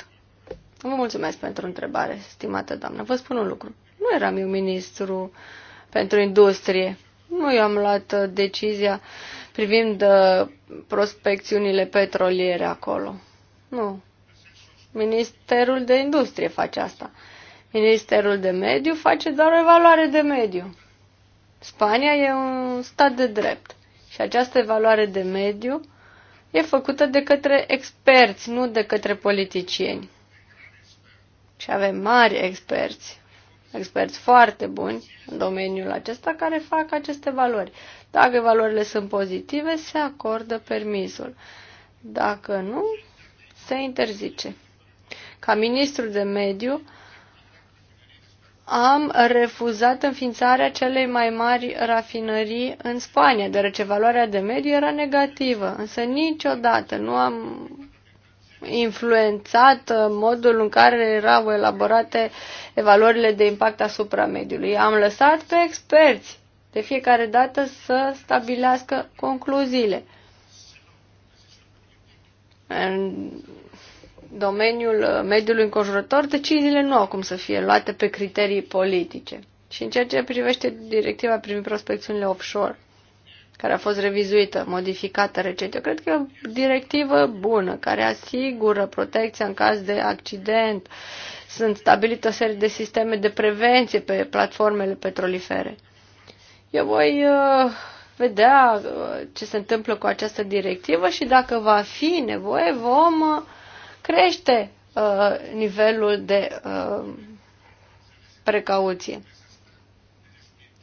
Vă mulțumesc pentru întrebare, stimată doamnă. Vă spun un lucru. Nu eram eu ministru pentru industrie. Nu i am luat uh, decizia privind uh, prospecțiunile petroliere acolo. Nu. Ministerul de Industrie face asta. Ministerul de Mediu face doar o evaluare de mediu. Spania e un stat de drept și această evaluare de mediu e făcută de către experți, nu de către politicieni. Și avem mari experți, experți foarte buni în domeniul acesta care fac aceste valori. Dacă valorile sunt pozitive, se acordă permisul. Dacă nu, se interzice. Ca ministru de mediu, am refuzat înființarea celei mai mari rafinării în Spania, deoarece valoarea de mediu era negativă, însă niciodată nu am influențat uh, modul în care erau elaborate evaluările de impact asupra mediului. Am lăsat pe experți de fiecare dată să stabilească concluziile. În domeniul uh, mediului înconjurător, deciziile nu au cum să fie luate pe criterii politice. Și în ceea ce privește directiva privind prospecțiunile offshore, care a fost revizuită, modificată recent. Eu cred că e o directivă bună, care asigură protecția în caz de accident. Sunt stabilite o serie de sisteme de prevenție pe platformele petrolifere. Eu voi uh, vedea uh, ce se întâmplă cu această directivă și dacă va fi nevoie, vom uh, crește uh, nivelul de uh, precauție.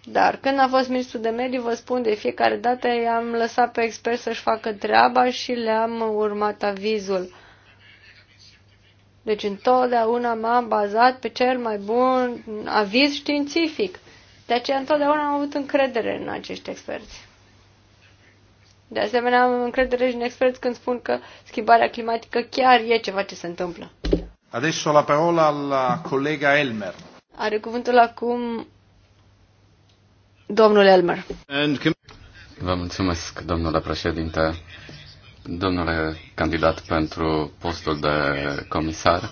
Dar când a fost ministru de mediu, vă spun, de fiecare dată i-am lăsat pe expert să-și facă treaba și le-am urmat avizul. Deci întotdeauna m-am bazat pe cel mai bun aviz științific. De aceea întotdeauna am avut încredere în acești experți. De asemenea, am încredere și în experți când spun că schimbarea climatică chiar e ceva ce se întâmplă. Adesso la parola la colega Elmer. Are cuvântul acum Domnul Elmer. Vă mulțumesc, domnule președinte. Domnule candidat pentru postul de comisar,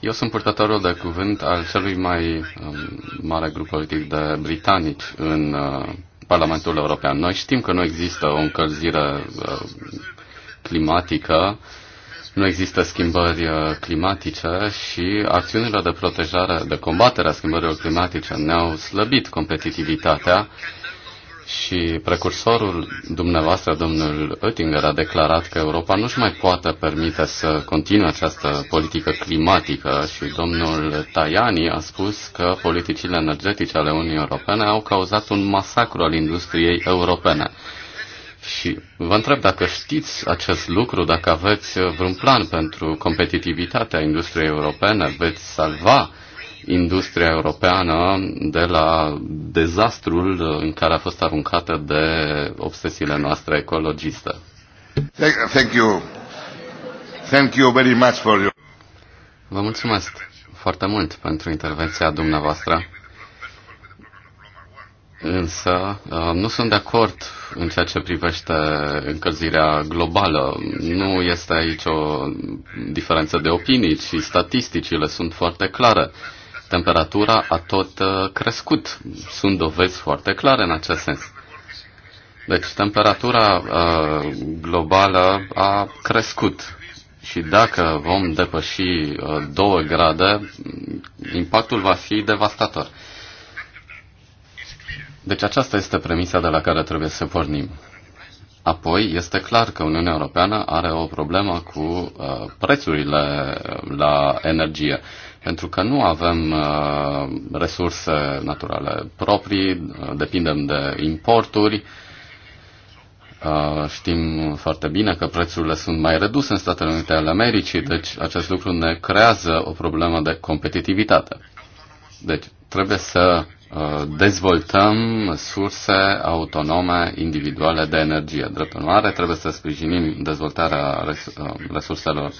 eu sunt purtătorul de cuvânt al celui mai um, mare grup politic de britanici în uh, Parlamentul European. Noi știm că nu există o încălzire uh, climatică nu există schimbări uh, climatice și acțiunile de protejare, de combatere a schimbărilor climatice ne-au slăbit competitivitatea și precursorul dumneavoastră, domnul Oettinger, a declarat că Europa nu-și mai poate permite să continue această politică climatică și domnul Tajani a spus că politicile energetice ale Uniunii Europene au cauzat un masacru al industriei europene. Și vă întreb dacă știți acest lucru, dacă aveți vreun plan pentru competitivitatea industriei europene, veți salva industria europeană de la dezastrul în care a fost aruncată de obsesiile noastre ecologiste. Thank you. Thank you very much for your... Vă mulțumesc foarte mult pentru intervenția dumneavoastră. Însă uh, nu sunt de acord în ceea ce privește încălzirea globală. Nu este aici o diferență de opinii, ci statisticile sunt foarte clare. Temperatura a tot uh, crescut. Sunt dovezi foarte clare în acest sens. Deci temperatura uh, globală a crescut și dacă vom depăși uh, 2 grade, impactul va fi devastator. Deci aceasta este premisa de la care trebuie să pornim. Apoi, este clar că Uniunea Europeană are o problemă cu uh, prețurile la energie, pentru că nu avem uh, resurse naturale proprii, uh, depindem de importuri. Uh, știm foarte bine că prețurile sunt mai reduse în Statele Unite ale Americii, deci acest lucru ne creează o problemă de competitivitate. Deci, trebuie să dezvoltăm surse autonome individuale de energie. Drept urmare, trebuie să sprijinim dezvoltarea resurselor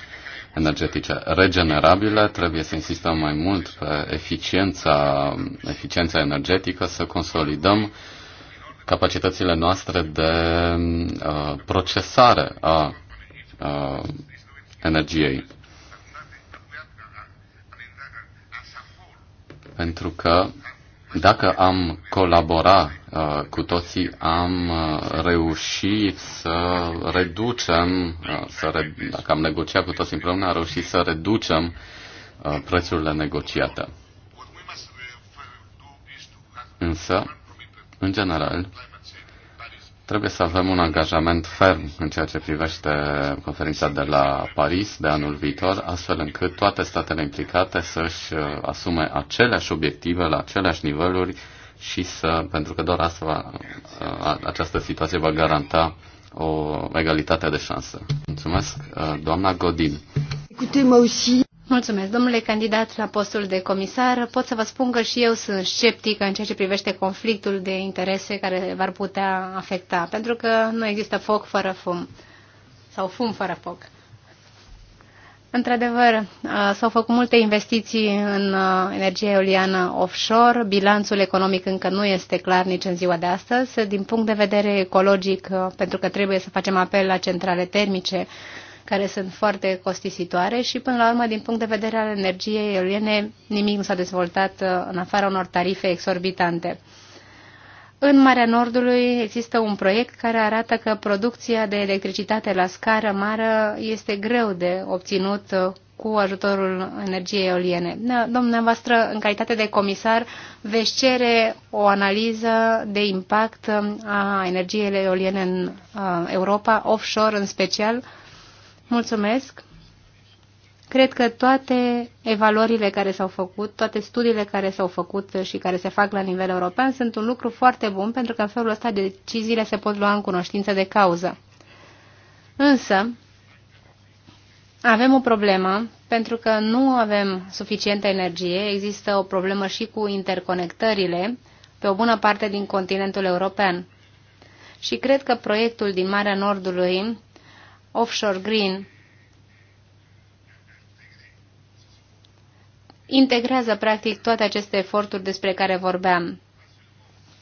energetice regenerabile, trebuie să insistăm mai mult pe eficiența, eficiența energetică, să consolidăm capacitățile noastre de uh, procesare a uh, energiei. Pentru că dacă am colabora uh, cu toții, am uh, reușit să reducem, uh, să re- dacă am negociat cu toții împreună, am reușit să reducem uh, prețurile negociate. Însă, în general, Trebuie să avem un angajament ferm în ceea ce privește conferința de la Paris de anul viitor, astfel încât toate statele implicate să-și uh, asume aceleași obiective la aceleași niveluri și să, pentru că doar asta va, uh, această situație va garanta o egalitate de șansă. Mulțumesc, uh, doamna Godin. Écoutez, moi aussi, Mulțumesc, domnule candidat la postul de comisar. Pot să vă spun că și eu sunt sceptică în ceea ce privește conflictul de interese care v-ar putea afecta, pentru că nu există foc fără fum sau fum fără foc. Într-adevăr, uh, s-au făcut multe investiții în uh, energie eoliană offshore, bilanțul economic încă nu este clar nici în ziua de astăzi, din punct de vedere ecologic, uh, pentru că trebuie să facem apel la centrale termice care sunt foarte costisitoare și, până la urmă, din punct de vedere al energiei eoliene, nimic nu s-a dezvoltat uh, în afara unor tarife exorbitante. În Marea Nordului există un proiect care arată că producția de electricitate la scară mare este greu de obținut uh, cu ajutorul energiei eoliene. Dumneavoastră, da, în calitate de comisar, veți cere o analiză de impact uh, a energiei eoliene în Europa, offshore în special, Mulțumesc! Cred că toate evaluările care s-au făcut, toate studiile care s-au făcut și care se fac la nivel european sunt un lucru foarte bun pentru că în felul ăsta deciziile se pot lua în cunoștință de cauză. Însă, avem o problemă pentru că nu avem suficientă energie, există o problemă și cu interconectările pe o bună parte din continentul european. Și cred că proiectul din Marea Nordului offshore green integrează practic toate aceste eforturi despre care vorbeam.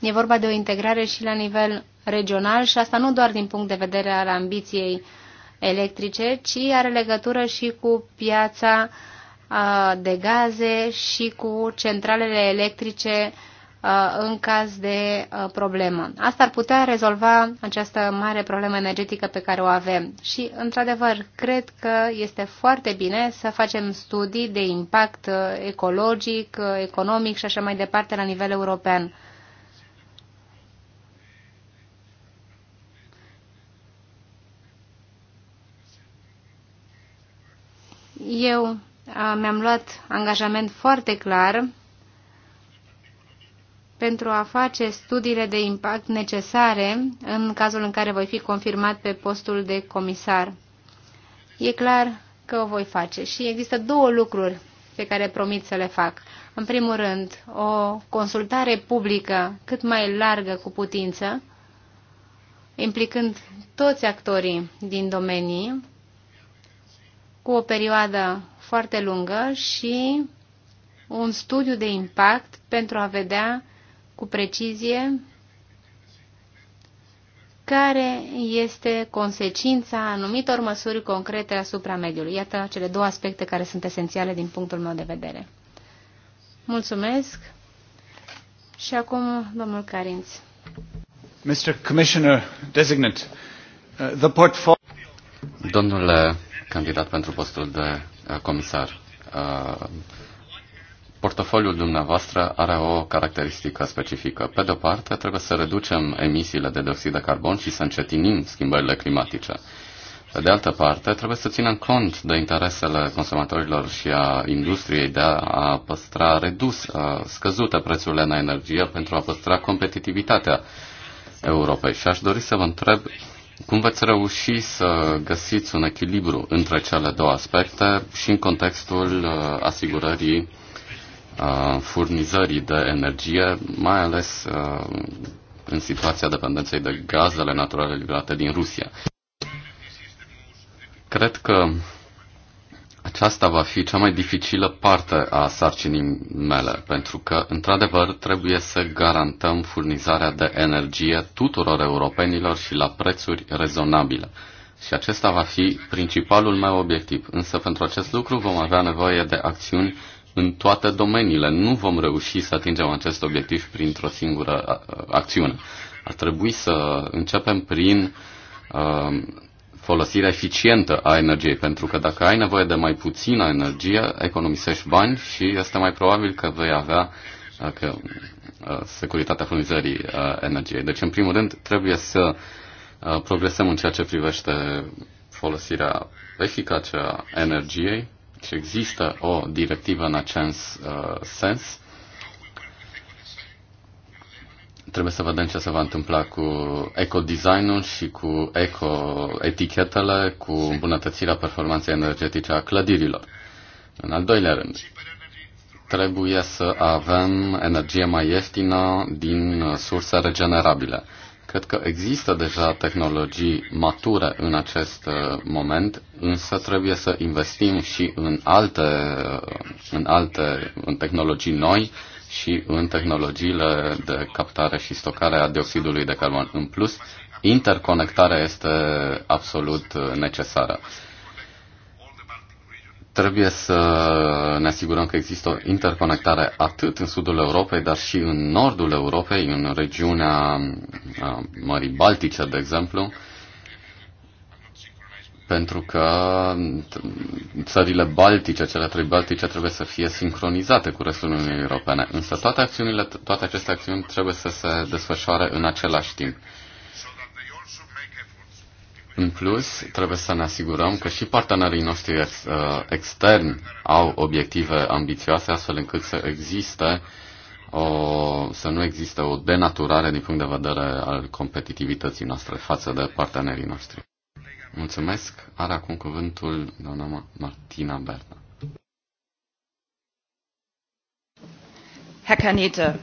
E vorba de o integrare și la nivel regional și asta nu doar din punct de vedere al ambiției electrice, ci are legătură și cu piața de gaze și cu centralele electrice uh, Uh, în caz de uh, problemă. Asta ar putea rezolva această mare problemă energetică pe care o avem. Și, într-adevăr, cred că este foarte bine să facem studii de impact uh, ecologic, economic și așa mai departe la nivel european. Eu mi-am luat angajament foarte clar pentru a face studiile de impact necesare în cazul în care voi fi confirmat pe postul de comisar. E clar că o voi face și există două lucruri pe care promit să le fac. În primul rând, o consultare publică cât mai largă cu putință, implicând toți actorii din domenii, cu o perioadă foarte lungă și un studiu de impact pentru a vedea cu precizie care este consecința anumitor măsuri concrete asupra mediului. Iată cele două aspecte care sunt esențiale din punctul meu de vedere. Mulțumesc. Și acum, domnul Carinț. Mr. Commissioner Designate, uh, the portfolio... Domnule candidat pentru postul de uh, comisar, uh, Portofoliul dumneavoastră are o caracteristică specifică. Pe de-o parte, trebuie să reducem emisiile de dioxid de carbon și să încetinim schimbările climatice. Pe de altă parte, trebuie să ținem cont de interesele consumatorilor și a industriei de a păstra redus, scăzute prețurile la energie pentru a păstra competitivitatea Europei. Și aș dori să vă întreb cum veți reuși să găsiți un echilibru între cele două aspecte și în contextul asigurării furnizării de energie, mai ales în situația dependenței de gazele naturale livrate din Rusia. Cred că aceasta va fi cea mai dificilă parte a sarcinii mele, pentru că, într-adevăr, trebuie să garantăm furnizarea de energie tuturor europenilor și la prețuri rezonabile. Și acesta va fi principalul meu obiectiv. Însă, pentru acest lucru vom avea nevoie de acțiuni în toate domeniile. Nu vom reuși să atingem acest obiectiv printr-o singură acțiune. Ar trebui să începem prin uh, folosirea eficientă a energiei, pentru că dacă ai nevoie de mai puțină energie, economisești bani și este mai probabil că vei avea uh, că, uh, securitatea furnizării uh, energiei. Deci, în primul rând, trebuie să progresăm în ceea ce privește folosirea eficace a energiei și există o directivă în acest uh, sens. Trebuie să vedem ce se va întâmpla cu ecodesignul și cu eco-etichetele, cu îmbunătățirea performanței energetice a clădirilor. În al doilea rând, trebuie să avem energie mai ieftină din surse regenerabile. Cred că există deja tehnologii mature în acest uh, moment, însă trebuie să investim și în alte, uh, în alte în tehnologii noi și în tehnologiile de captare și stocare a dioxidului de carbon. În plus, interconectarea este absolut uh, necesară. Trebuie să ne asigurăm că există o interconectare atât în sudul Europei, dar și în nordul Europei, în regiunea Mării Baltice, de exemplu, pentru că țările baltice, cele trei baltice, trebuie să fie sincronizate cu restul Uniunii Europene. Însă toate, acțiunile, toate aceste acțiuni trebuie să se desfășoare în același timp. În plus, trebuie să ne asigurăm că și partenerii noștri ex, uh, externi au obiective ambițioase, astfel încât să existe o, să nu existe o denaturare din punct de vedere al competitivității noastre față de partenerii noștri. Mulțumesc. Are acum cuvântul doamna Martina Berta. Herr Canete,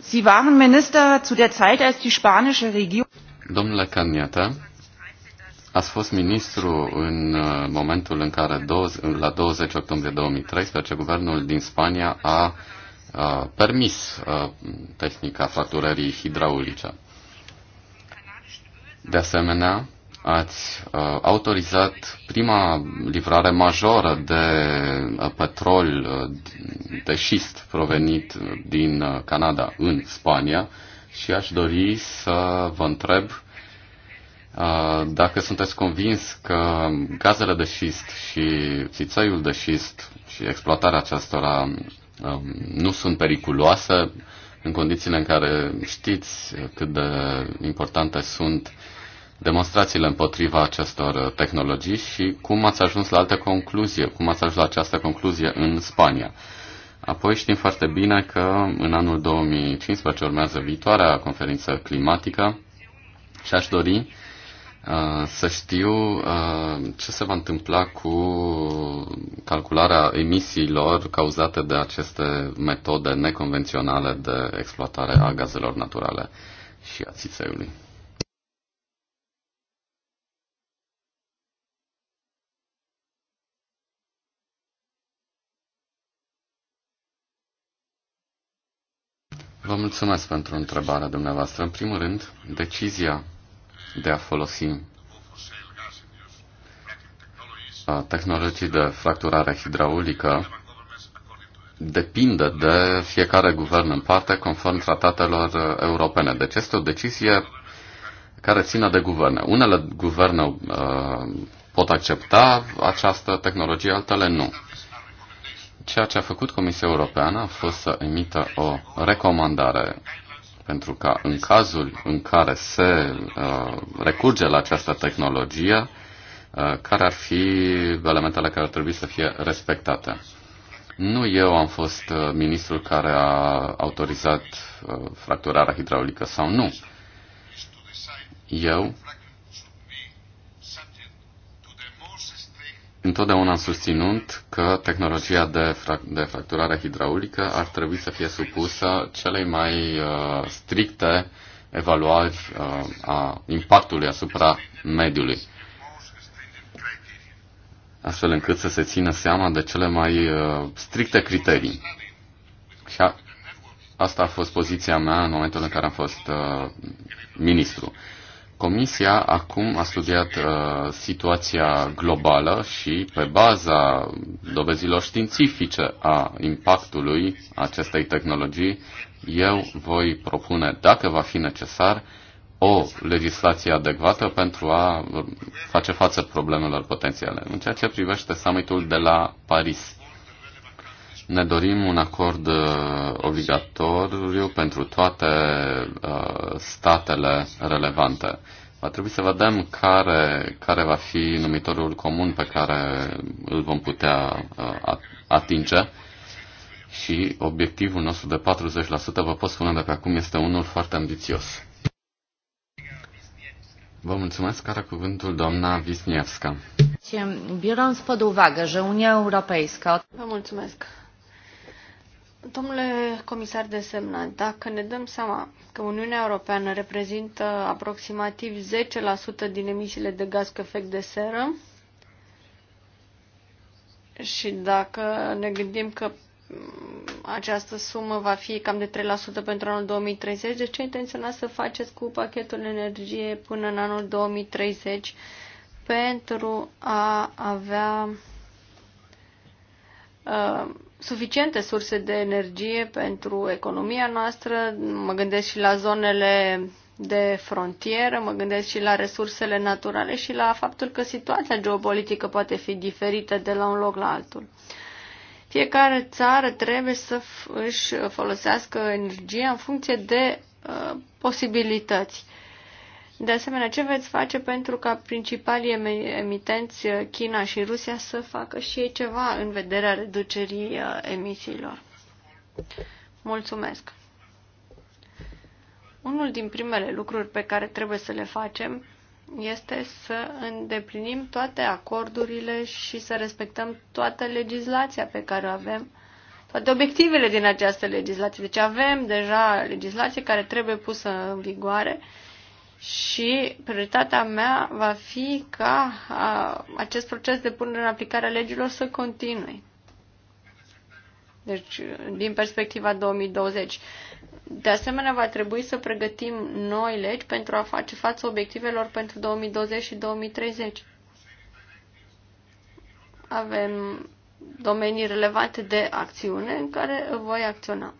Sie waren Minister zu der Zeit, als die spanische Regierung. Domnule Canete, Ați fost ministru în uh, momentul în care la 20 octombrie 2013 guvernul din Spania a, uh, permis uh, tehnica fracturării hidraulice. De asemenea, ați autorizat prima livrare majoră de petrol de șist provenit din Canada în Spania și aș dori să vă întreb Uh, dacă sunteți convins că gazele de șist și țițăiul de șist și exploatarea acestora um, nu sunt periculoase, în condițiile în care știți cât de importante sunt demonstrațiile împotriva acestor tehnologii și cum ați ajuns la altă concluzie, cum ați ajuns la această concluzie în Spania. Apoi știm foarte bine că în anul 2015 urmează viitoarea conferință climatică și aș dori Uh, să știu uh, ce se va întâmpla cu calcularea emisiilor cauzate de aceste metode neconvenționale de exploatare a gazelor naturale și a țițeiului. Vă mulțumesc pentru întrebarea dumneavoastră. În primul rând, decizia de a folosi tehnologii de fracturare hidraulică depinde de fiecare guvern în parte conform tratatelor uh, europene. Deci este o decizie care ține de guverne. Unele guverne uh, pot accepta această tehnologie, altele nu. Ceea ce a făcut Comisia Europeană a fost să emită o recomandare pentru ca în cazul în care se uh, recurge la această tehnologie, uh, care ar fi elementele care ar trebui să fie respectate. Nu eu am fost uh, ministrul care a autorizat uh, fracturarea hidraulică sau nu. Eu Întotdeauna am susținut că tehnologia de, fra- de fracturare hidraulică ar trebui să fie supusă celei mai uh, stricte evaluări uh, a impactului asupra mediului, astfel încât să se țină seama de cele mai uh, stricte criterii. Și a, asta a fost poziția mea în momentul în care am fost uh, ministru. Uh, Comisia acum a studiat uh, situația globală și pe baza dovezilor științifice a impactului acestei tehnologii, eu voi propune, dacă va fi necesar, o legislație adecvată pentru a face față problemelor potențiale. În ceea ce privește summitul de la Paris, ne dorim un acord uh, obligatoriu pentru toate uh, statele relevante. Va trebui să vedem care, care va fi numitorul comun pe care îl vom putea uh, atinge și obiectivul nostru de 40% vă pot spune de pe acum este unul foarte ambițios. Vă mulțumesc, are cuvântul doamna Wisniewska. Biorąc pod uwagę, że Unia Europejska... Vă mulțumesc. Domnule comisar de desemnat, dacă ne dăm seama că Uniunea Europeană reprezintă aproximativ 10% din emisiile de gaz cu efect de seră și dacă ne gândim că această sumă va fi cam de 3% pentru anul 2030, de deci ce intenționați să faceți cu pachetul energie până în anul 2030 pentru a avea uh, suficiente surse de energie pentru economia noastră, mă gândesc și la zonele de frontieră, mă gândesc și la resursele naturale și la faptul că situația geopolitică poate fi diferită de la un loc la altul. Fiecare țară trebuie să își folosească energia în funcție de uh, posibilități. De asemenea, ce veți face pentru ca principalii emitenți, uh, China și Rusia, să facă și ei ceva în vederea reducerii uh, emisiilor? Mulțumesc! Unul din primele lucruri pe care trebuie să le facem este să îndeplinim toate acordurile și să respectăm toată legislația pe care o avem, toate obiectivele din această legislație. Deci avem deja legislație care trebuie pusă în vigoare și prioritatea mea va fi ca a, acest proces de punere în aplicare a legilor să continue. Deci, din perspectiva 2020. De asemenea, va trebui să pregătim noi legi pentru a face față obiectivelor pentru 2020 și 2030. Avem domenii relevante de acțiune în care voi acționa.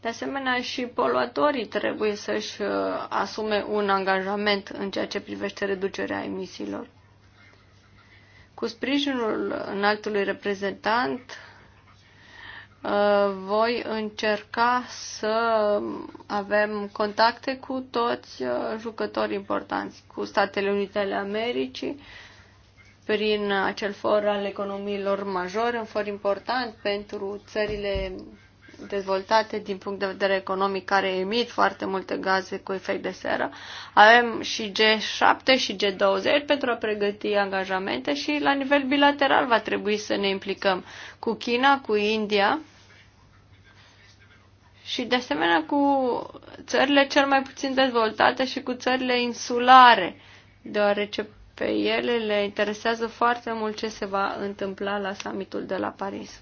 De asemenea, și poluatorii trebuie să-și uh, asume un angajament în ceea ce privește reducerea emisiilor. Cu sprijinul înaltului reprezentant, uh, voi încerca să avem contacte cu toți uh, jucătorii importanți, cu Statele Unite ale Americii, prin acel for al economiilor majore, un for important pentru țările dezvoltate din punct de vedere economic care emit foarte multe gaze cu efect de seră. Avem și G7 și G20 pentru a pregăti angajamente și la nivel bilateral va trebui să ne implicăm cu China, cu India și de asemenea cu țările cel mai puțin dezvoltate și cu țările insulare, deoarece pe ele le interesează foarte mult ce se va întâmpla la summitul de la Paris.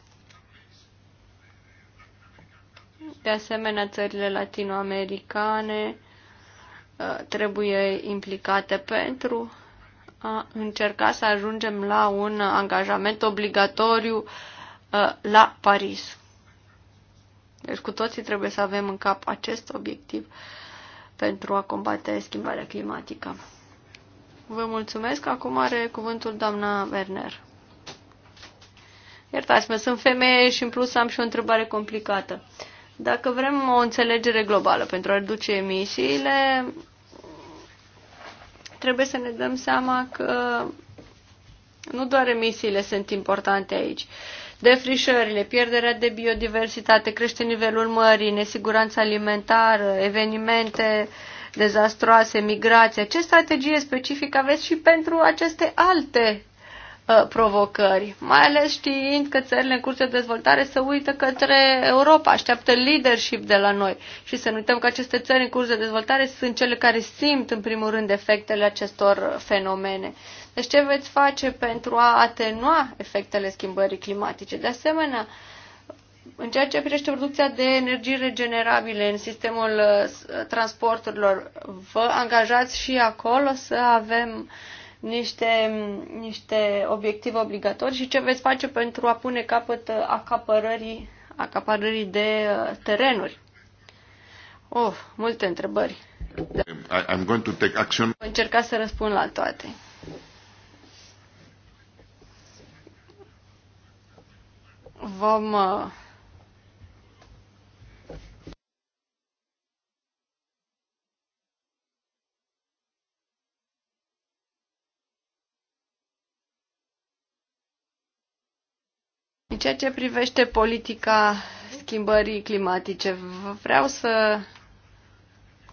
De asemenea, țările latinoamericane uh, trebuie implicate pentru a încerca să ajungem la un angajament obligatoriu uh, la Paris. Deci cu toții trebuie să avem în cap acest obiectiv pentru a combate schimbarea climatică. Vă mulțumesc. Acum are cuvântul doamna Werner. Iertați-mă, sunt femeie și în plus am și o întrebare complicată. Uh, dacă vrem o înțelegere globală pentru a reduce emisiile, trebuie să ne dăm seama că nu doar emisiile sunt importante aici. Defrișările, pierderea de biodiversitate, crește nivelul mării, nesiguranța alimentară, evenimente dezastroase, migrație. Ce strategie specifică aveți și pentru aceste alte Uh, provocări, mai ales știind că țările în curs de dezvoltare se uită către Europa, așteaptă leadership de la noi și să nu uităm că aceste țări în curs de dezvoltare sunt cele care simt în primul rând efectele acestor fenomene. Deci ce veți face pentru a atenua efectele schimbării climatice? De asemenea, în ceea ce privește producția de energii regenerabile în sistemul uh, transporturilor, vă angajați și acolo să avem uh, niște, niște obiective obligatorii și ce veți face pentru a pune capăt acapărării, acapărării de uh, terenuri? Of, oh, multe întrebări. I'm going to take action. Voi încerca să răspund la toate. Vom uh, În ceea ce privește politica schimbării climatice, vreau să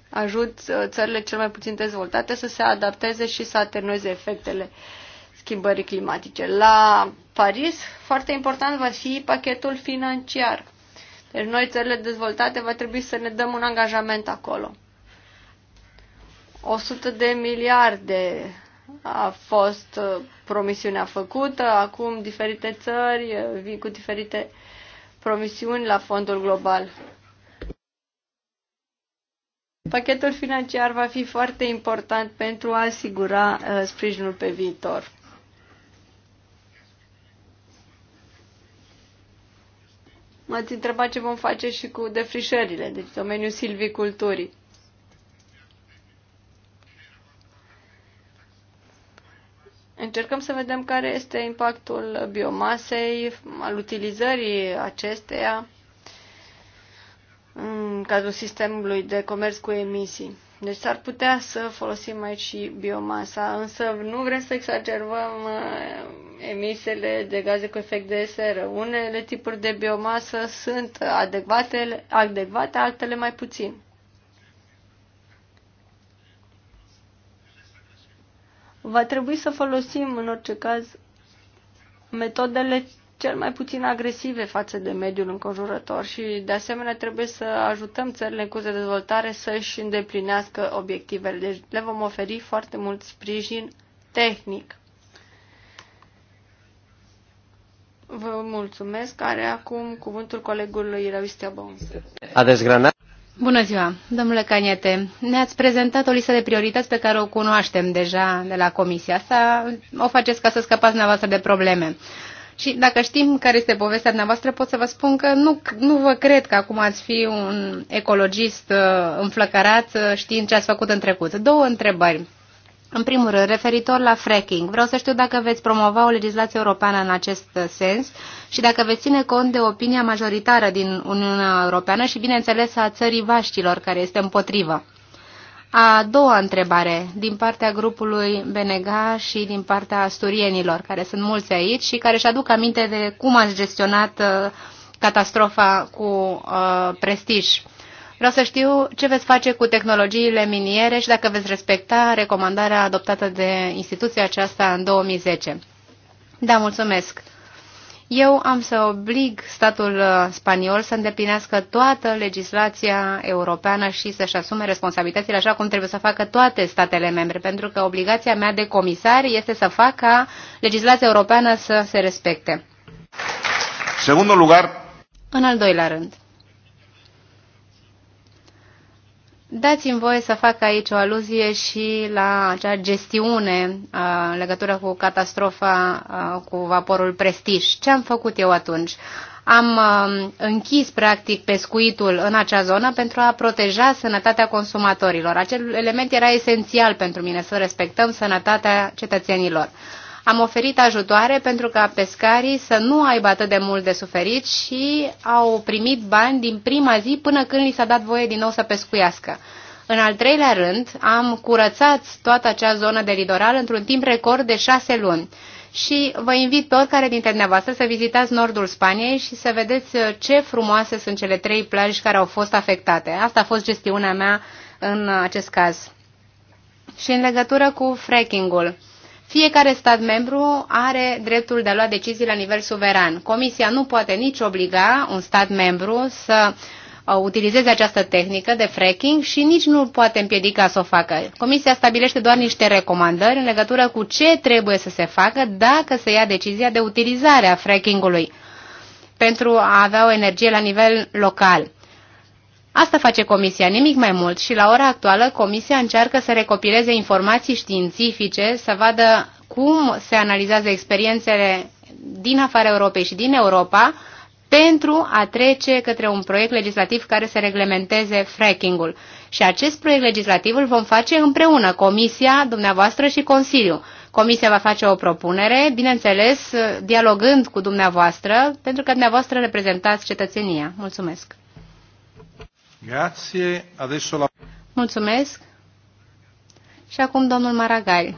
ajut uh, țările cel mai puțin dezvoltate să se adapteze și să atenueze efectele schimbării climatice. La Paris, foarte important va fi pachetul financiar. Deci noi, țările dezvoltate, va trebui să ne dăm un angajament acolo. 100 de miliarde a fost uh, promisiunea făcută, acum diferite țări uh, vin cu diferite promisiuni la fondul global. Pachetul financiar va fi foarte important pentru a asigura uh, sprijinul pe viitor. M-ați întrebat ce vom face și cu defrișările, deci domeniul silviculturii. Încercăm să vedem care este impactul biomasei, al utilizării acesteia în cazul sistemului de comerț cu emisii. Deci s-ar putea să folosim aici și biomasa, însă nu vrem să exagerăm uh, emisiile de gaze cu efect de seră. Unele tipuri de biomasă sunt adecvate, adecvate altele mai puțin. Va trebui să folosim, în orice caz, metodele cel mai puțin agresive față de mediul înconjurător și, de asemenea, trebuie să ajutăm țările în curs de dezvoltare să-și îndeplinească obiectivele. Deci le vom oferi foarte mult sprijin tehnic. Vă mulțumesc. Are acum cuvântul colegului Ravistia Bons. A dezgranat. Bună ziua, domnule Caniete. Ne-ați prezentat o listă de priorități pe care o cunoaștem deja de la comisia asta. O faceți ca să scăpați dumneavoastră de probleme. Și dacă știm care este povestea dumneavoastră, pot să vă spun că nu, nu vă cred că acum ați fi un ecologist uh, înflăcărat uh, știind ce ați făcut în trecut. Două întrebări. În primul rând, referitor la fracking, vreau să știu dacă veți promova o legislație europeană în acest sens și dacă veți ține cont de opinia majoritară din Uniunea Europeană și, bineînțeles, a țării vaștilor, care este împotrivă. A doua întrebare, din partea grupului BNG și din partea asturienilor, care sunt mulți aici și care își aduc aminte de cum ați gestionat uh, catastrofa cu uh, prestij. Vreau să știu ce veți face cu tehnologiile miniere și dacă veți respecta recomandarea adoptată de instituția aceasta în 2010. Da, mulțumesc. Eu am să oblig statul uh, spaniol să îndeplinească toată legislația europeană și să-și asume responsabilitățile așa cum trebuie să facă toate statele membre, pentru că obligația mea de comisar este să fac ca legislația europeană să se respecte. lugar, în al doilea rând, Dați-mi voie să fac aici o aluzie și la acea gestiune în legătură cu catastrofa cu vaporul Prestige. Ce am făcut eu atunci? Am închis, practic, pescuitul în acea zonă pentru a proteja sănătatea consumatorilor. Acel element era esențial pentru mine, să respectăm sănătatea cetățenilor. Am oferit ajutoare pentru ca pescarii să nu aibă atât de mult de suferit și au primit bani din prima zi până când li s-a dat voie din nou să pescuiască. În al treilea rând, am curățat toată acea zonă de litoral într-un timp record de șase luni. Și vă invit pe oricare dintre dumneavoastră să vizitați nordul Spaniei și să vedeți uh, ce frumoase sunt cele trei plaje care au fost afectate. Asta a fost gestiunea mea în uh, acest caz. Și în legătură cu fracking-ul. Fiecare stat membru are dreptul de a lua decizii la nivel suveran. Comisia nu poate nici obliga un stat membru să uh, utilizeze această tehnică de fracking și nici nu poate împiedica să o facă. Comisia stabilește doar niște recomandări în legătură cu ce trebuie să se facă dacă se ia decizia de utilizare a frackingului pentru a avea o energie la nivel local. Asta face Comisia, nimic mai mult și la ora actuală Comisia încearcă să recopileze informații științifice, să vadă cum se analizează experiențele din afara Europei și din Europa pentru a trece către un proiect legislativ care să reglementeze fracking-ul. Și acest proiect legislativ îl vom face împreună, Comisia, dumneavoastră și Consiliu. Comisia va face o propunere, bineînțeles, dialogând cu dumneavoastră, pentru că dumneavoastră reprezentați cetățenia. Mulțumesc! Mulțumesc. Și acum domnul Maragal.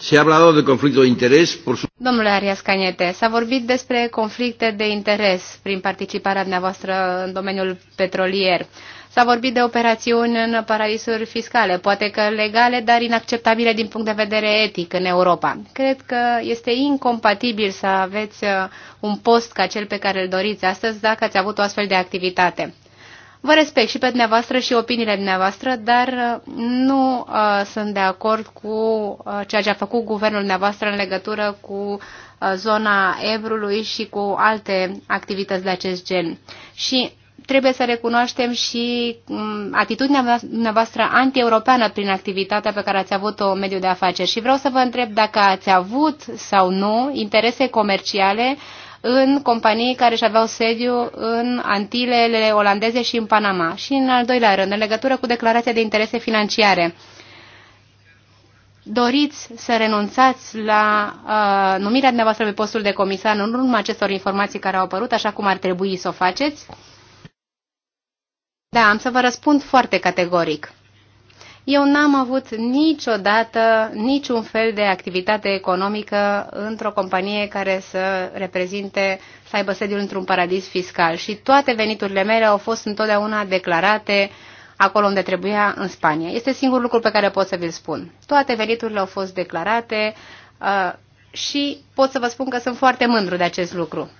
Se ha hablado de conflicto de interes por su... Domnule Arias Cañete, s-a vorbit despre conflicte de interes prin participarea dumneavoastră în domeniul petrolier. S-a vorbit de operațiuni în paradisuri fiscale, poate că legale, dar inacceptabile din punct de vedere etic în Europa. Cred că este incompatibil să aveți uh, un post ca cel pe care îl doriți astăzi dacă ați avut o astfel de activitate. Vă respect și pe dumneavoastră și opiniile dumneavoastră, dar uh, nu uh, sunt de acord cu uh, ceea ce a făcut guvernul dumneavoastră în legătură cu uh, zona Evrului și cu alte activități de acest gen. Și trebuie să recunoaștem și um, atitudinea dumneavoastră anti-europeană prin activitatea pe care ați avut-o în mediul de afaceri. Și vreau să vă întreb dacă ați avut sau nu interese comerciale uh, în companii care își aveau sediu în Antilele olandeze și în Panama. Și în al doilea rând, în legătură cu declarația de interese financiare doriți să renunțați la uh, numirea dumneavoastră pe postul de comisar în urma acestor informații care au apărut, așa cum ar trebui să o faceți? Da, am să vă răspund foarte categoric. Eu n-am avut niciodată niciun fel de activitate economică într-o companie care să reprezinte, să aibă sediul într-un paradis fiscal și toate veniturile mele au fost întotdeauna declarate acolo unde trebuia, în Spania. Este singurul lucru pe care pot să vi-l spun. Toate veniturile au fost declarate uh, și pot să vă spun că sunt foarte mândru de acest lucru.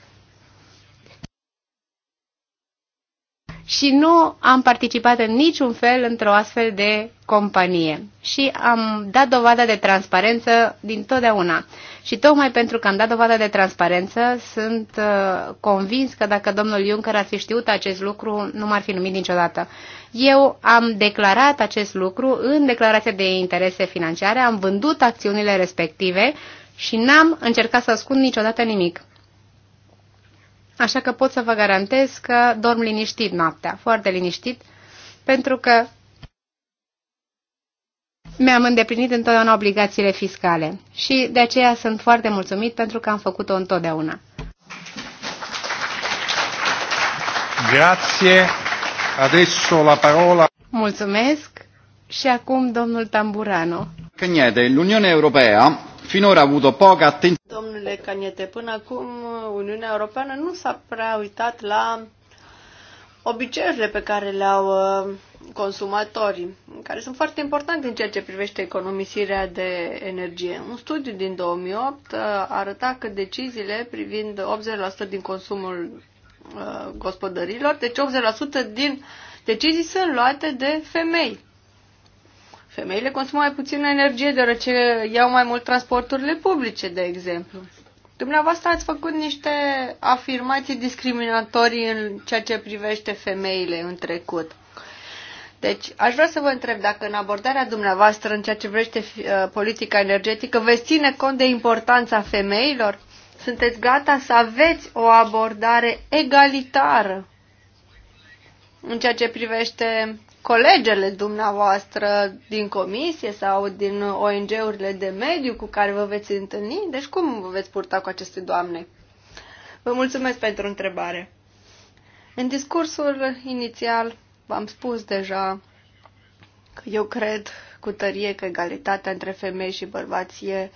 și nu am participat în niciun fel într-o astfel de companie. Și am dat dovada de transparență din totdeauna. Și tocmai pentru că am dat dovada de transparență, sunt uh, convins că dacă domnul Juncker ar fi știut acest lucru, nu m-ar fi numit niciodată. Eu am declarat acest lucru în declarația de interese financiare, am vândut acțiunile respective și n-am încercat să ascund niciodată nimic. Așa că pot să vă garantez că dorm liniștit noaptea, foarte liniștit, pentru că mi-am îndeplinit întotdeauna obligațiile fiscale și de aceea sunt foarte mulțumit pentru că am făcut-o întotdeauna. Grazie. Adesso la parola. Mulțumesc. Și acum domnul Tamburano. Cagnete, l'Unione Europea finora avuto poca attenzione. Domnule Caniete, până acum Uniunea Europeană nu s-a prea uitat la obiceiurile pe care le-au uh, consumatorii, care sunt foarte importante în ceea ce privește economisirea de energie. Un studiu din 2008 uh, arăta că deciziile privind 80% din consumul uh, gospodărilor, deci 80% din decizii sunt luate de femei. Femeile consumă mai puțină energie deoarece iau mai mult transporturile publice, de exemplu. Dumneavoastră ați făcut niște afirmații discriminatorii în ceea ce privește femeile în trecut. Deci, aș vrea să vă întreb dacă în abordarea dumneavoastră în ceea ce privește uh, politica energetică veți ține cont de importanța femeilor? Sunteți gata să aveți o abordare egalitară în ceea ce privește colegele dumneavoastră din comisie sau din ONG-urile de mediu cu care vă veți întâlni? Deci cum vă veți purta cu aceste doamne? Vă mulțumesc pentru întrebare. În discursul inițial v-am spus deja că eu cred cu tărie că egalitatea între femei și bărbați e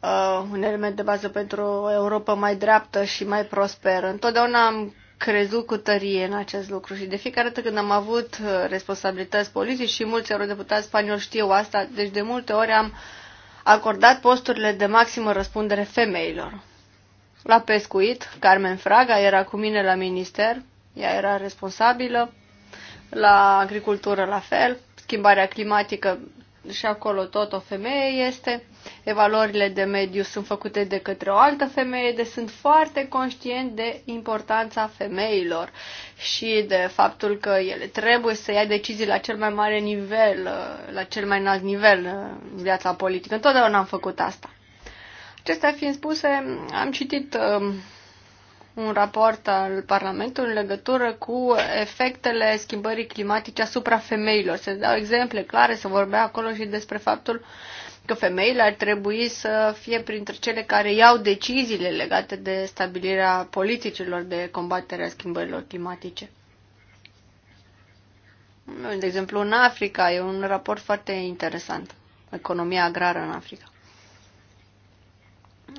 uh, un element de bază pentru o Europa mai dreaptă și mai prosperă. Întotdeauna am crezut cu tărie în acest lucru și de fiecare dată când am avut uh, responsabilități politice și mulți eurodeputați spanioli știu asta, deci de multe ori am acordat posturile de maximă răspundere femeilor. La pescuit, Carmen Fraga era cu mine la minister, ea era responsabilă, la agricultură la fel, schimbarea climatică și acolo tot o femeie este, evaluările de mediu sunt făcute de către o altă femeie, de deci sunt foarte conștient de importanța femeilor și de faptul că ele trebuie să ia decizii la cel mai mare nivel, uh, la cel mai înalt nivel uh, în viața politică. Întotdeauna am făcut asta. Acestea fiind spuse, am citit um, un raport al Parlamentului în legătură cu efectele schimbării climatice asupra femeilor. Se dau exemple clare, se vorbea acolo și despre faptul că femeile ar trebui să fie printre cele care iau deciziile legate de stabilirea politicilor de combatere a schimbărilor climatice. De exemplu, în Africa e un raport foarte interesant, economia agrară în Africa.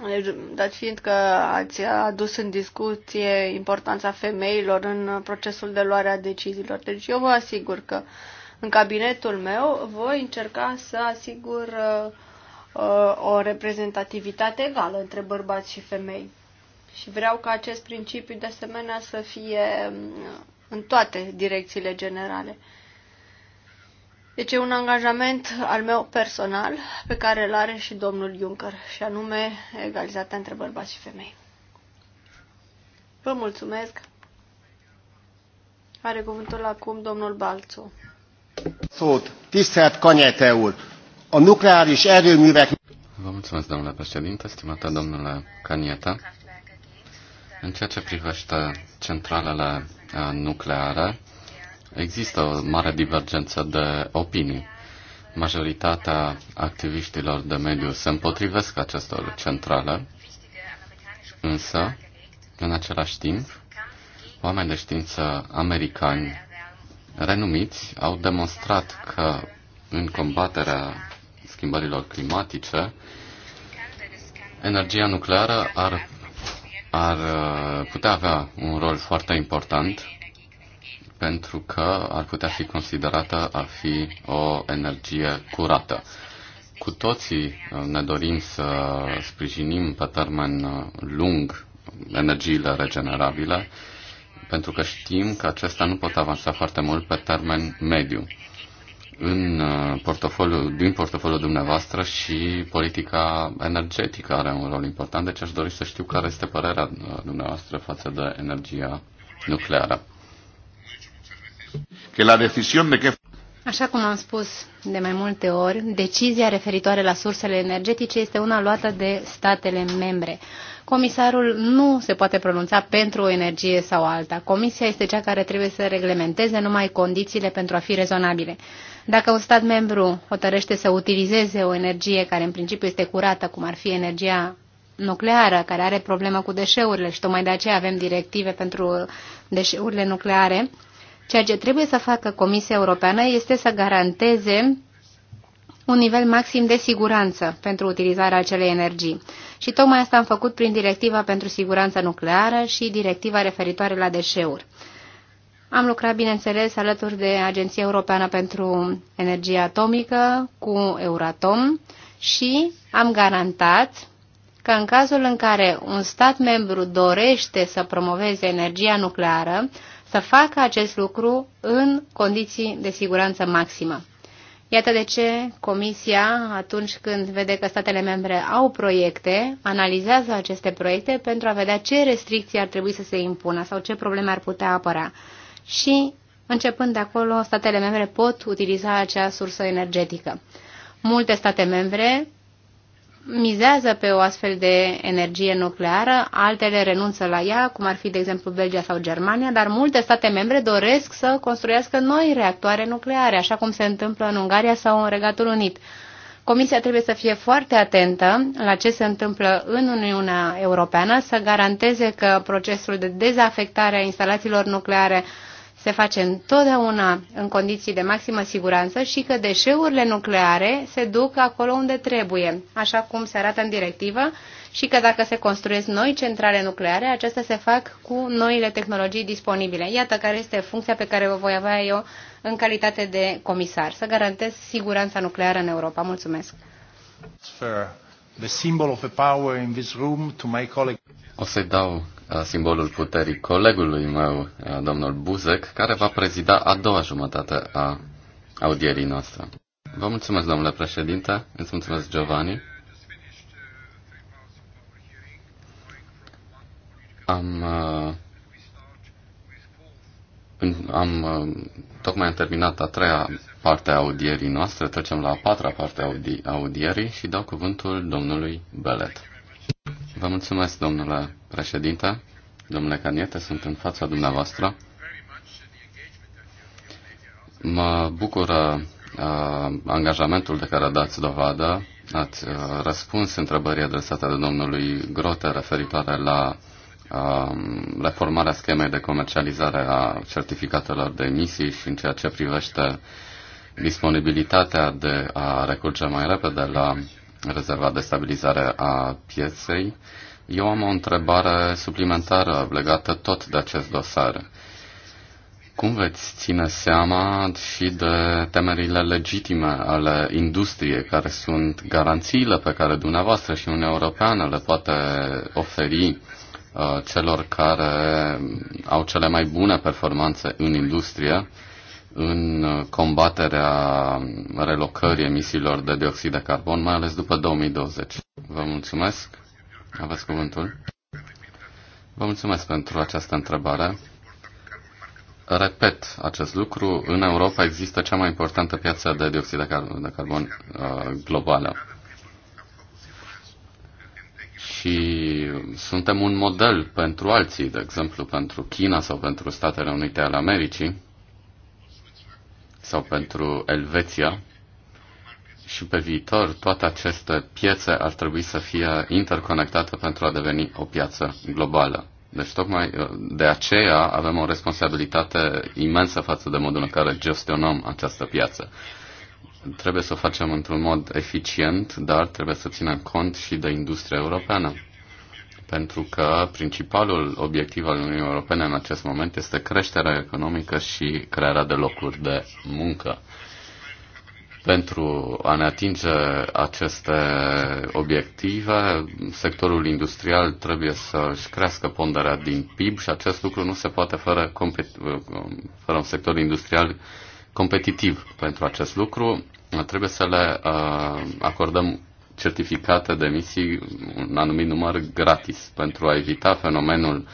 Deci, dat fiind că ați adus în discuție importanța femeilor în procesul de luare a deciziilor. Deci eu vă asigur că în cabinetul meu voi încerca să asigur uh, o reprezentativitate egală între bărbați și femei. Și vreau ca acest principiu de asemenea să fie uh, în toate direcțiile generale. Deci e un angajament al meu personal pe care îl are și domnul Juncker, și anume egalitatea între bărbați și femei. Vă mulțumesc! Are cuvântul acum domnul Balțu. Szót, tisztelt Kanyete úr! A nukleáris erőművek... Vă mulțumesc, domnule președinte, stimată domnule Canieta. În ceea ce privește centralele eh, nucleare, există o mare divergență de opinii. Majoritatea activiștilor de mediu se împotrivesc acestor centrale, însă, în același timp, oameni de știință americani renumiți au demonstrat că în combaterea schimbărilor climatice, energia nucleară ar, ar uh, putea avea un rol foarte important pentru că ar putea fi considerată a fi o energie curată. Cu toții uh, ne dorim să sprijinim pe termen uh, lung energiile regenerabile, pentru că știm că acestea nu pot avansa foarte mult pe termen mediu. În uh, portofoliu, din portofoliul dumneavoastră și politica energetică are un rol important, deci aș dori să știu care este părerea dumneavoastră față de energia nucleară. Că la decisión de que... Așa cum am spus de mai multe ori, decizia referitoare la sursele energetice este una luată de statele membre. Comisarul nu se poate pronunța pentru o energie sau alta. Comisia este cea care trebuie să reglementeze numai condițiile pentru a fi rezonabile. Dacă un stat membru hotărăște să utilizeze o energie care în principiu este curată, cum ar fi energia nucleară, care are problemă cu deșeurile și tocmai de aceea avem directive pentru deșeurile nucleare, Ceea ce trebuie să facă Comisia Europeană este să garanteze un nivel maxim de siguranță pentru utilizarea acelei energii. Și tocmai asta am făcut prin directiva pentru siguranță nucleară și directiva referitoare la deșeuri. Am lucrat, bineînțeles, alături de Agenția Europeană pentru Energie Atomică cu Euratom și am garantat că în cazul în care un stat membru dorește să promoveze energia nucleară, să facă acest lucru în condiții de siguranță maximă. Iată de ce Comisia, atunci când vede că statele membre au proiecte, analizează aceste proiecte pentru a vedea ce restricții ar trebui să se impună sau ce probleme ar putea apăra. Și, începând de acolo, statele membre pot utiliza acea sursă energetică. Multe state membre mizează pe o astfel de energie nucleară, altele renunță la ea, cum ar fi, de exemplu, Belgia sau Germania, dar multe state membre doresc să construiască noi reactoare nucleare, așa cum se întâmplă în Ungaria sau în Regatul Unit. Comisia trebuie să fie foarte atentă la ce se întâmplă în Uniunea Europeană, să garanteze că procesul de dezafectare a instalațiilor nucleare se face întotdeauna în condiții de maximă siguranță și că deșeurile nucleare se duc acolo unde trebuie, așa cum se arată în directivă, și că dacă se construiesc noi centrale nucleare, acestea se fac cu noile tehnologii disponibile. Iată care este funcția pe care o voi avea eu în calitate de comisar, să garantez siguranța nucleară în Europa. Mulțumesc! O să-i dau simbolul puterii colegului meu, domnul Buzek, care va prezida a doua jumătate a audierii noastre. Vă mulțumesc, domnule președinte, îți mulțumesc, Giovanni. Am, am tocmai am terminat a treia parte a audierii noastre, trecem la a patra parte a audierii și dau cuvântul domnului Belet. Vă mulțumesc, domnule președinte. Domnule Caniete, sunt în fața dumneavoastră. Mă bucură uh, angajamentul de care dați dovadă. Ați uh, răspuns întrebării adresate de domnului Grote referitoare la uh, reformarea schemei de comercializare a certificatelor de emisii și în ceea ce privește disponibilitatea de a recurge mai repede la rezerva de stabilizare a pieței. Eu am o întrebare suplimentară legată tot de acest dosar. Cum veți ține seama și de temerile legitime ale industriei, care sunt garanțiile pe care dumneavoastră și Uniunea Europeană le poate oferi uh, celor care au cele mai bune performanțe în industrie, în combaterea relocării emisiilor de dioxid de carbon, mai ales după 2020. Vă mulțumesc. Aveți cuvântul. Vă mulțumesc pentru această întrebare. Repet acest lucru. În Europa există cea mai importantă piață de dioxid de, carbon, de carbon uh, globală. Și suntem un model pentru alții, de exemplu pentru China sau pentru Statele Unite ale Americii sau pentru Elveția. Și pe viitor, toate aceste piețe ar trebui să fie interconectate pentru a deveni o piață globală. Deci tocmai uh, de aceea avem o responsabilitate imensă față de modul în care gestionăm această piață. Trebuie să o facem într-un mod eficient, dar trebuie să ținem cont și de industria europeană pentru că principalul obiectiv al Uniunii Europene în acest moment este creșterea economică și crearea de locuri de muncă. Pentru a ne atinge aceste obiective, sectorul industrial trebuie să-și crească ponderea din PIB și acest lucru nu se poate fără, fără un sector industrial competitiv. Pentru acest lucru trebuie să le uh, acordăm certificate de emisii un anumit număr gratis pentru a evita fenomenul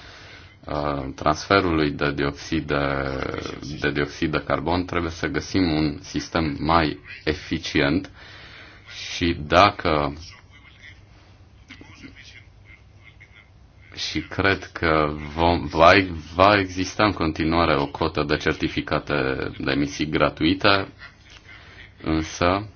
uh, transferului de dioxid de, de dioxid de carbon, trebuie să găsim un sistem mai eficient și dacă și cred că vom, va, va exista în continuare o cotă de certificate de emisii gratuite, însă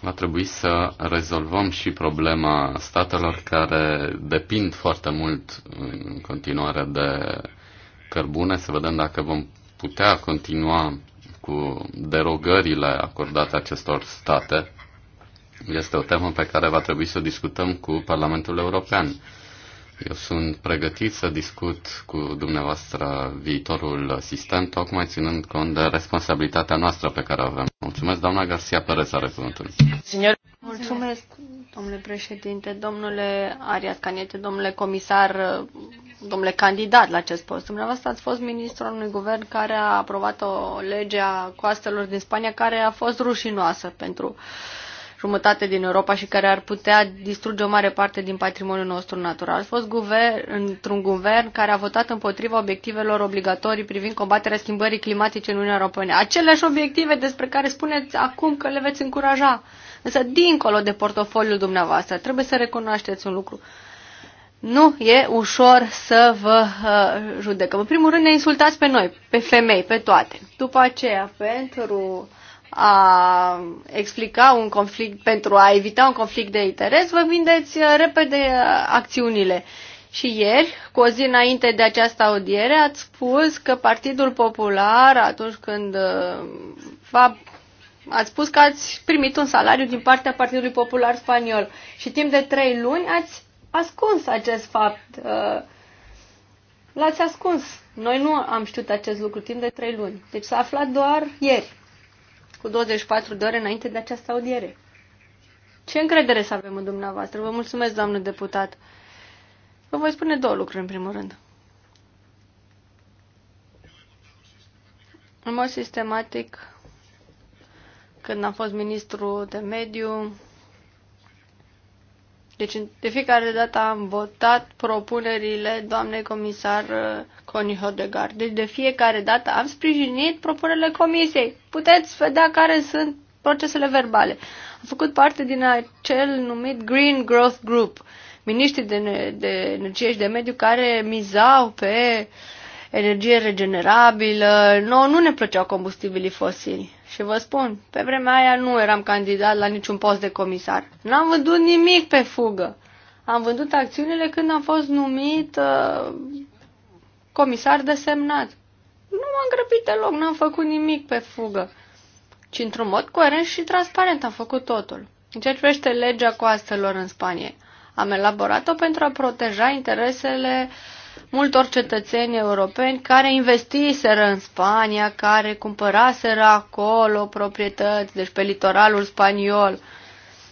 va trebui să rezolvăm și problema statelor care depind foarte mult în continuare de cărbune, să vedem dacă vom putea continua cu derogările acordate acestor state. Este o temă pe care va trebui să o discutăm cu Parlamentul European eu sunt pregătit să discut cu dumneavoastră viitorul sistem, tocmai ținând cont de responsabilitatea noastră pe care o avem. Mulțumesc, doamna Garcia Perez, are cuvântul. Mulțumesc, domnule președinte, domnule Arias Caniete, domnule comisar, domnule candidat la acest post. Dumneavoastră ați fost ministru al unui guvern care a aprobat o lege a coastelor din Spania care a fost rușinoasă pentru uh, jumătate din Europa și care ar putea distruge o mare parte din patrimoniul nostru natural. A fost guvern, într-un guvern care a votat împotriva obiectivelor obligatorii privind combaterea schimbării climatice în Uniunea Europeană. Aceleași obiective despre care spuneți acum că le veți încuraja. Însă, dincolo de portofoliul dumneavoastră, trebuie să recunoașteți un lucru. Nu e ușor să vă uh, judecăm. În primul rând ne insultați pe noi, pe femei, pe toate. După aceea, pentru a explica un conflict, pentru a evita un conflict de interes, vă vindeți uh, repede uh, acțiunile. Și ieri, cu o zi înainte de această audiere, ați spus că Partidul Popular, atunci când uh, va ați spus că ați primit un salariu din partea Partidului Popular Spaniol și timp de trei luni ați ascuns acest fapt. L-ați ascuns. Noi nu am știut acest lucru timp de trei luni. Deci s-a aflat doar ieri cu 24 de ore înainte de această audiere. Ce încredere să avem în dumneavoastră? Vă mulțumesc, doamnă deputat. Vă voi spune două lucruri, în primul rând. În mod sistematic, când am fost ministru de mediu, deci de fiecare dată am votat propunerile doamnei comisar uh, Connie Hodegar. Deci de fiecare dată am sprijinit propunerile comisiei. Puteți vedea care sunt procesele verbale. Am făcut parte din acel numit Green Growth Group, miniștri de, de energie și de mediu care mizau pe energie regenerabilă. No, nu ne plăceau combustibilii fosili. Și vă spun, pe vremea aia nu eram candidat la niciun post de comisar. N-am vândut nimic pe fugă. Am vândut acțiunile când am fost numit uh, comisar desemnat. Nu m-am grăbit deloc, n-am făcut nimic pe fugă, ci într-un mod coerent și transparent am făcut totul. În ce privește legea coastelor în Spanie, am elaborat-o pentru a proteja interesele uh, multor cetățeni europeni care investiseră în Spania, care cumpăraseră acolo proprietăți, deci pe litoralul spaniol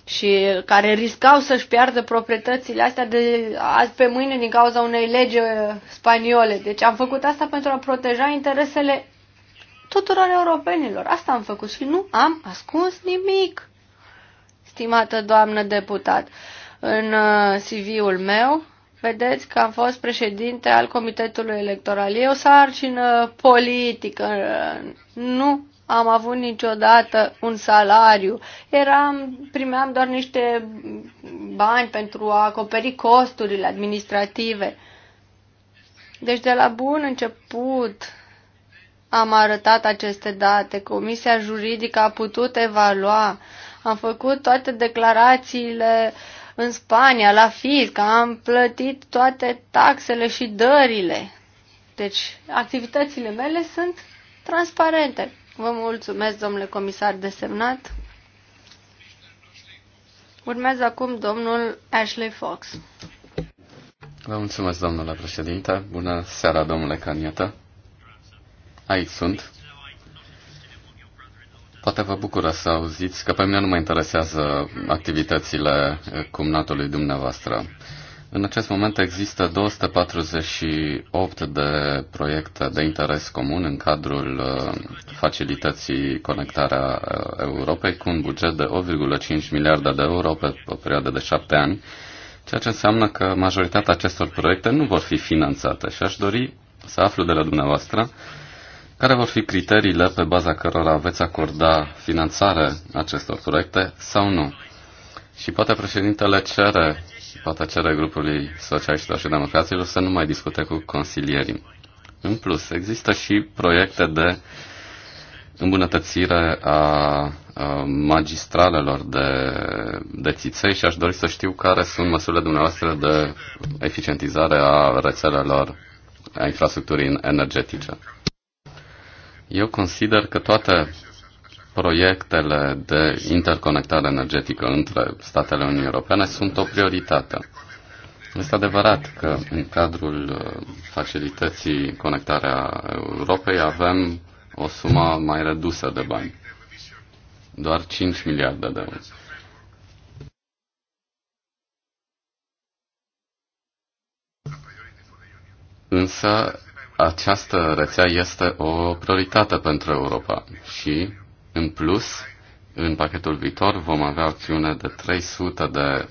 și care riscau să-și piardă proprietățile astea de azi pe mâine din cauza unei lege spaniole. Deci am făcut asta pentru a proteja interesele tuturor europenilor. Asta am făcut și nu am ascuns nimic, stimată doamnă deputat. În uh, CV-ul meu Vedeți că am fost președinte al Comitetului Electoral. E o sarcină politică. Nu am avut niciodată un salariu. Eram, primeam doar niște bani pentru a acoperi costurile administrative. Deci de la bun început am arătat aceste date. Comisia juridică a putut evalua. Am făcut toate declarațiile uh, în Spania, la fisc, am plătit toate taxele și dările. Deci, activitățile mele sunt transparente. Vă mulțumesc, domnule comisar desemnat. Urmează acum domnul Ashley Fox. Vă mulțumesc, domnule președinte. Bună seara, domnule Canieta. Aici sunt. Poate vă bucură să auziți că pe mine nu mă interesează activitățile cumnatului dumneavoastră. În acest moment există 248 de proiecte de interes comun în cadrul uh, facilității conectarea uh, Europei cu un buget de 8,5 miliarde de euro pe o perioadă de șapte ani, ceea ce înseamnă că majoritatea acestor proiecte nu vor fi finanțate și aș dori să aflu de la dumneavoastră care vor fi criteriile pe baza cărora veți acorda finanțare acestor proiecte sau nu? Și poate președintele cere, poate cere grupului socialiștilor și democraților să nu mai discute cu consilierii. În plus, există și proiecte de îmbunătățire a magistralelor de, de țiței și aș dori să știu care sunt măsurile dumneavoastră de eficientizare a rețelelor a infrastructurii energetice. Eu consider că toate proiectele de interconectare energetică între statele Uniunii Europene sunt o prioritate. Este adevărat că în cadrul uh, facilității conectarea Europei avem o sumă mai redusă de bani, doar 5 miliarde de euro. Însă această rețea este o prioritate pentru Europa și, în plus, în pachetul viitor vom avea acțiune de 300 de,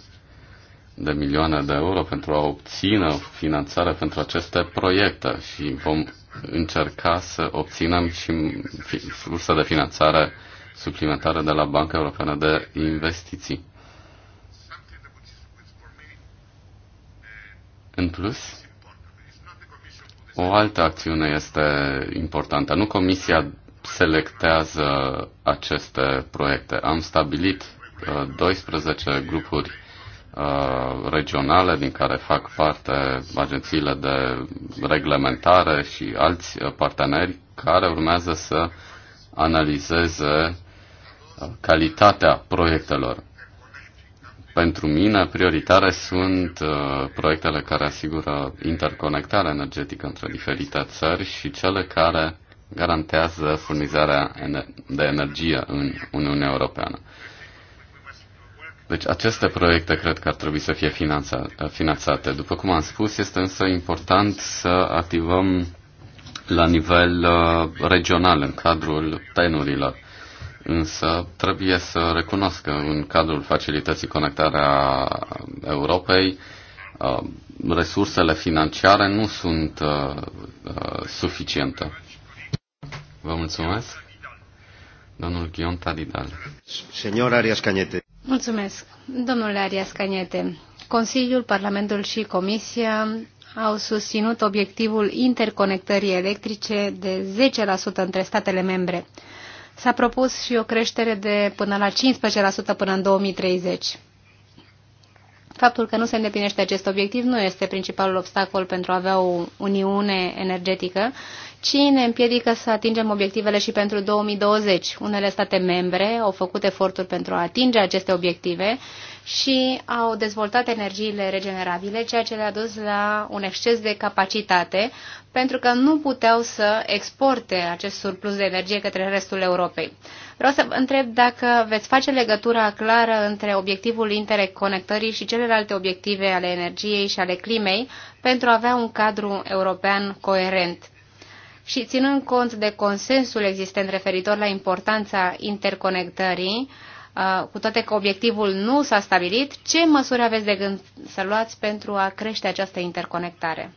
de milioane de euro pentru a obține finanțare pentru aceste proiecte și vom încerca să obținem și surse de finanțare suplimentare de la Banca Europeană de Investiții. În plus, o altă acțiune este importantă. Nu Comisia selectează aceste proiecte. Am stabilit 12 uh, grupuri uh, regionale din care fac parte agențiile de reglementare și alți uh, parteneri care urmează să analizeze calitatea proiectelor. Pentru mine, prioritare sunt uh, proiectele care asigură interconectarea energetică între diferite țări și cele care garantează furnizarea de energie în Uniunea Europeană. Deci aceste proiecte cred că ar trebui să fie finanțate. După cum am spus, este însă important să activăm la nivel uh, regional, în cadrul tenurilor. Însă trebuie să recunosc că în cadrul facilității conectarea Europei uh, resursele financiare nu sunt uh, uh, suficiente. Vă mulțumesc. Domnul Ghion Tadidal. Senor Arias Cañete. Mulțumesc. Domnule Arias Cañete, Consiliul, Parlamentul și Comisia au susținut obiectivul interconectării electrice de 10% între statele membre. S-a propus și o creștere de până la 15% până în 2030. Faptul că nu se îndeplinește acest obiectiv nu este principalul obstacol pentru a avea o uniune energetică, ci ne împiedică să atingem obiectivele și pentru 2020. Unele state membre au făcut eforturi pentru a atinge aceste obiective și au dezvoltat energiile regenerabile, ceea ce le-a dus la un exces de capacitate, pentru că nu puteau să exporte acest surplus de energie către restul Europei. Vreau să vă întreb dacă veți face legătura clară între obiectivul interconectării și celelalte obiective ale energiei și ale climei pentru a avea un cadru european coerent și ținând cont de consensul existent referitor la importanța interconectării, Uh, cu toate că obiectivul nu s-a stabilit, ce măsuri aveți de gând să luați pentru a crește această interconectare?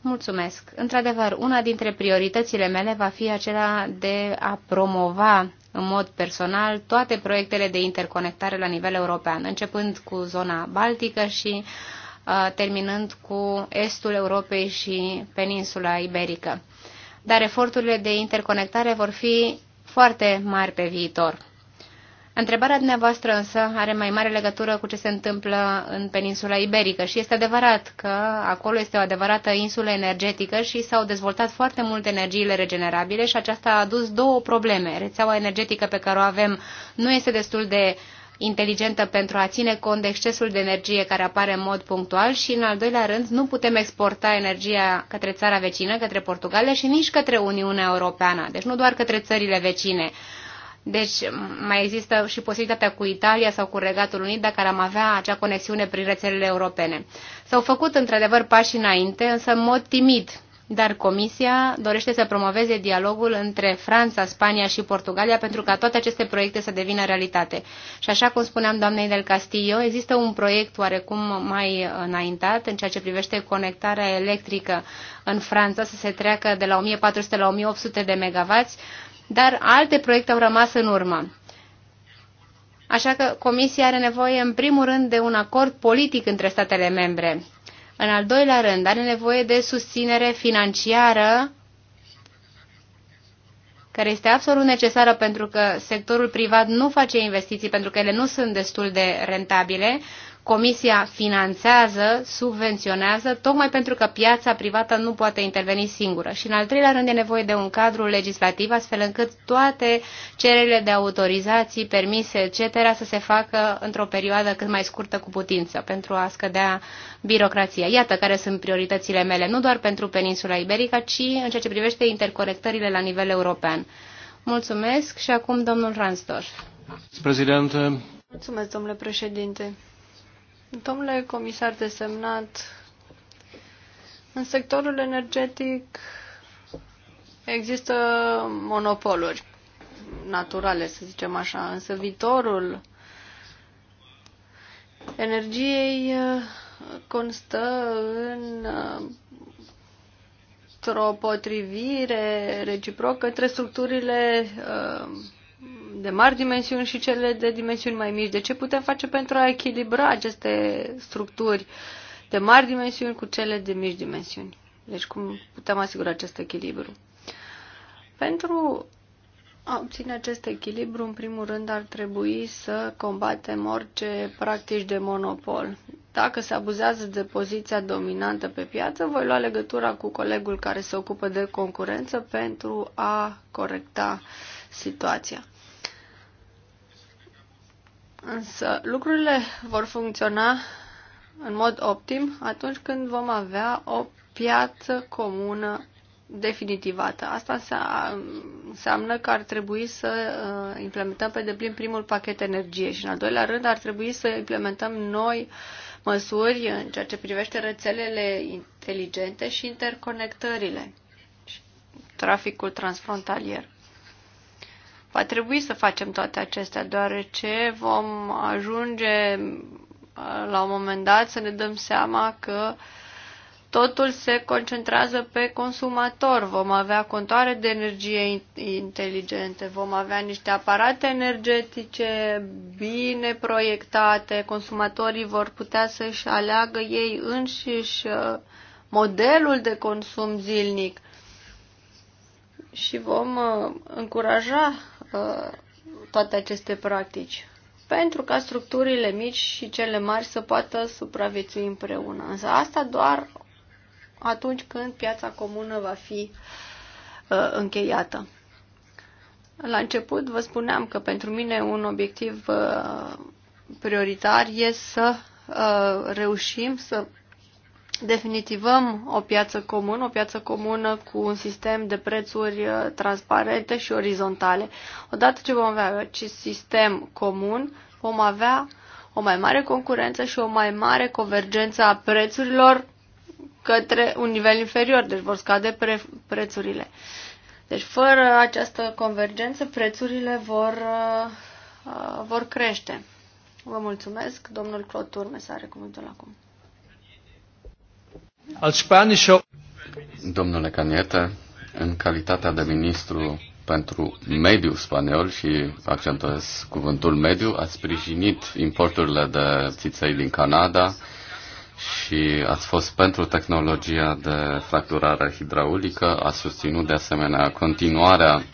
Mulțumesc. Într-adevăr, una dintre prioritățile mele va fi acela de a promova în mod personal toate proiectele de interconectare la nivel european, începând cu zona Baltică și uh, terminând cu estul Europei și peninsula iberică. Dar eforturile de interconectare vor fi foarte mari pe viitor. Întrebarea dumneavoastră însă are mai mare legătură cu ce se întâmplă în peninsula iberică și este adevărat că acolo este o adevărată insulă energetică și s-au dezvoltat foarte mult energiile regenerabile și aceasta a adus două probleme. Rețeaua energetică pe care o avem nu este destul de inteligentă pentru a ține cont de excesul de energie care apare în mod punctual și, în al doilea rând, nu putem exporta energia către țara vecină, către Portugalia și nici către Uniunea Europeană, deci nu doar către țările vecine. Deci mai există și posibilitatea cu Italia sau cu Regatul Unit dacă am avea acea conexiune prin rețelele europene. S-au făcut într-adevăr pași înainte, însă în mod timid, dar Comisia dorește să promoveze dialogul între Franța, Spania și Portugalia pentru ca toate aceste proiecte să devină realitate. Și așa cum spuneam doamnei del Castillo, există un proiect oarecum mai înaintat în ceea ce privește conectarea electrică în Franța să se treacă de la 1400 la 1800 de megawatts dar alte proiecte au rămas în urmă. Așa că Comisia are nevoie, în primul rând, de un acord politic între statele membre. În al doilea rând, are nevoie de susținere financiară care este absolut necesară pentru că sectorul privat nu face investiții, pentru că ele nu sunt destul de rentabile Comisia finanțează, subvenționează, tocmai pentru că piața privată nu poate interveni singură. Și în al treilea rând e nevoie de un cadru legislativ, astfel încât toate cererile de autorizații, permise, etc. să se facă într-o perioadă cât mai scurtă cu putință, pentru a scădea birocrația. Iată care sunt prioritățile mele, nu doar pentru peninsula iberică, ci în ceea ce privește interconectările la nivel european. Mulțumesc și acum domnul Ransdorf. Președinte. Mulțumesc, domnule președinte. Domnule comisar desemnat, în sectorul energetic există monopoluri naturale, să zicem așa, însă viitorul energiei uh, constă în uh, o potrivire reciprocă între structurile uh, de mari dimensiuni și cele de dimensiuni mai mici. De ce putem face pentru a echilibra aceste structuri de mari dimensiuni cu cele de mici dimensiuni? Deci cum putem asigura acest echilibru? Pentru a obține acest echilibru, în primul rând, ar trebui să combatem orice practici de monopol. Dacă se abuzează de poziția dominantă pe piață, voi lua legătura cu colegul care se ocupă de concurență pentru a corecta situația. Însă lucrurile vor funcționa în mod optim atunci când vom avea o piață comună definitivată. Asta înseamnă că ar trebui să uh, implementăm pe deplin primul pachet energie și, în al doilea rând, ar trebui să implementăm noi măsuri în ceea ce privește rețelele inteligente și interconectările și traficul transfrontalier. Va trebui să facem toate acestea, deoarece vom ajunge uh, la un moment dat să ne dăm seama că totul se concentrează pe consumator. Vom avea contoare de energie inteligente, vom avea niște aparate energetice bine proiectate, consumatorii vor putea să-și aleagă ei înșiși uh, modelul de consum zilnic și vom uh, încuraja Uh, toate aceste practici pentru ca structurile mici și cele mari să poată supraviețui împreună. Însă asta doar atunci când piața comună va fi uh, încheiată. La început vă spuneam că pentru mine un obiectiv uh, prioritar e să uh, reușim să definitivăm o piață comună, o piață comună cu un sistem de prețuri uh, transparente și orizontale. Odată ce vom avea acest sistem comun, vom avea o mai mare concurență și o mai mare convergență a prețurilor către un nivel inferior, deci vor scade pre- prețurile. Deci fără această convergență, prețurile vor, uh, uh vor crește. Vă mulțumesc. Domnul Clot Turmes are cuvântul acum. Domnule Caniete, în calitatea de ministru pentru mediul spaniol și accentuez cuvântul mediu, ați sprijinit importurile de țiței din Canada și ați fost pentru tehnologia de fracturare hidraulică, ați susținut de asemenea continuarea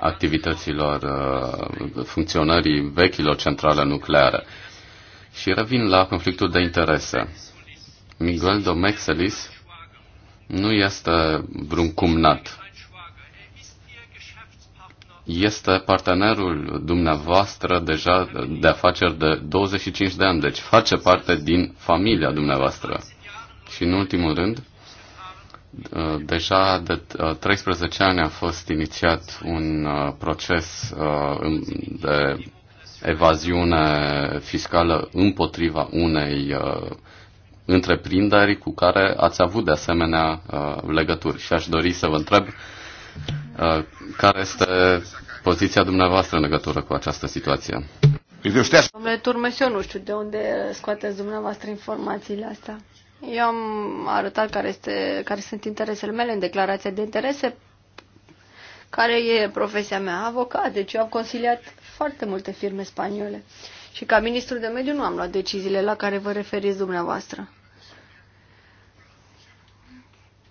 activităților uh, funcționării vechilor centrale nucleare. Și revin la conflictul de interese. Miguel Domexelis nu este vreun cumnat. Este partenerul dumneavoastră deja de afaceri de 25 de ani, deci face parte din familia dumneavoastră. Și în ultimul rând, deja de 13 ani a fost inițiat un uh, proces uh, de evaziune fiscală împotriva unei uh, întreprinderi cu care ați avut de asemenea uh, legături. Și aș dori să vă întreb uh, care este poziția dumneavoastră în legătură cu această situație. Domnule Turmes, eu nu știu de unde scoateți dumneavoastră informațiile astea. Eu am arătat care, este, care sunt interesele mele în declarația de interese, care e profesia mea, avocat, deci eu am consiliat foarte multe firme spaniole. Și ca ministru de mediu nu am luat deciziile la care vă referiți dumneavoastră.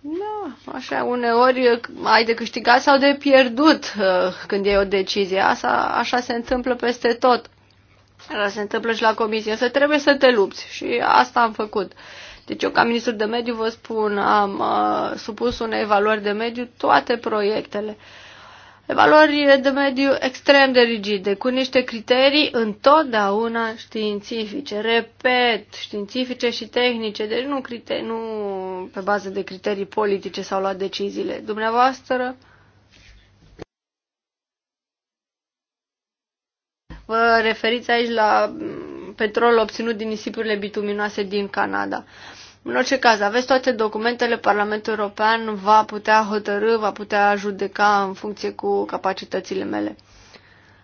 Da, așa, uneori uh, ai de câștigat sau de pierdut uh, când e o decizie. Asta, așa se întâmplă peste tot. Asta se întâmplă și la comisie, să trebuie să te lupți și asta am făcut. Deci eu ca ministru de mediu vă spun, am uh, supus unei evaluări de mediu toate proiectele. Uh, evaluări de mediu extrem de rigide, cu niște criterii întotdeauna științifice, repet, științifice și tehnice, deci nu, criteri, nu pe bază de criterii politice s-au luat deciziile. Dumneavoastră vă referiți aici la mm, petrol obținut din nisipurile bituminoase din Canada. În orice caz, aveți toate documentele, Parlamentul European va putea hotărâ, va putea judeca în funcție cu capacitățile mele.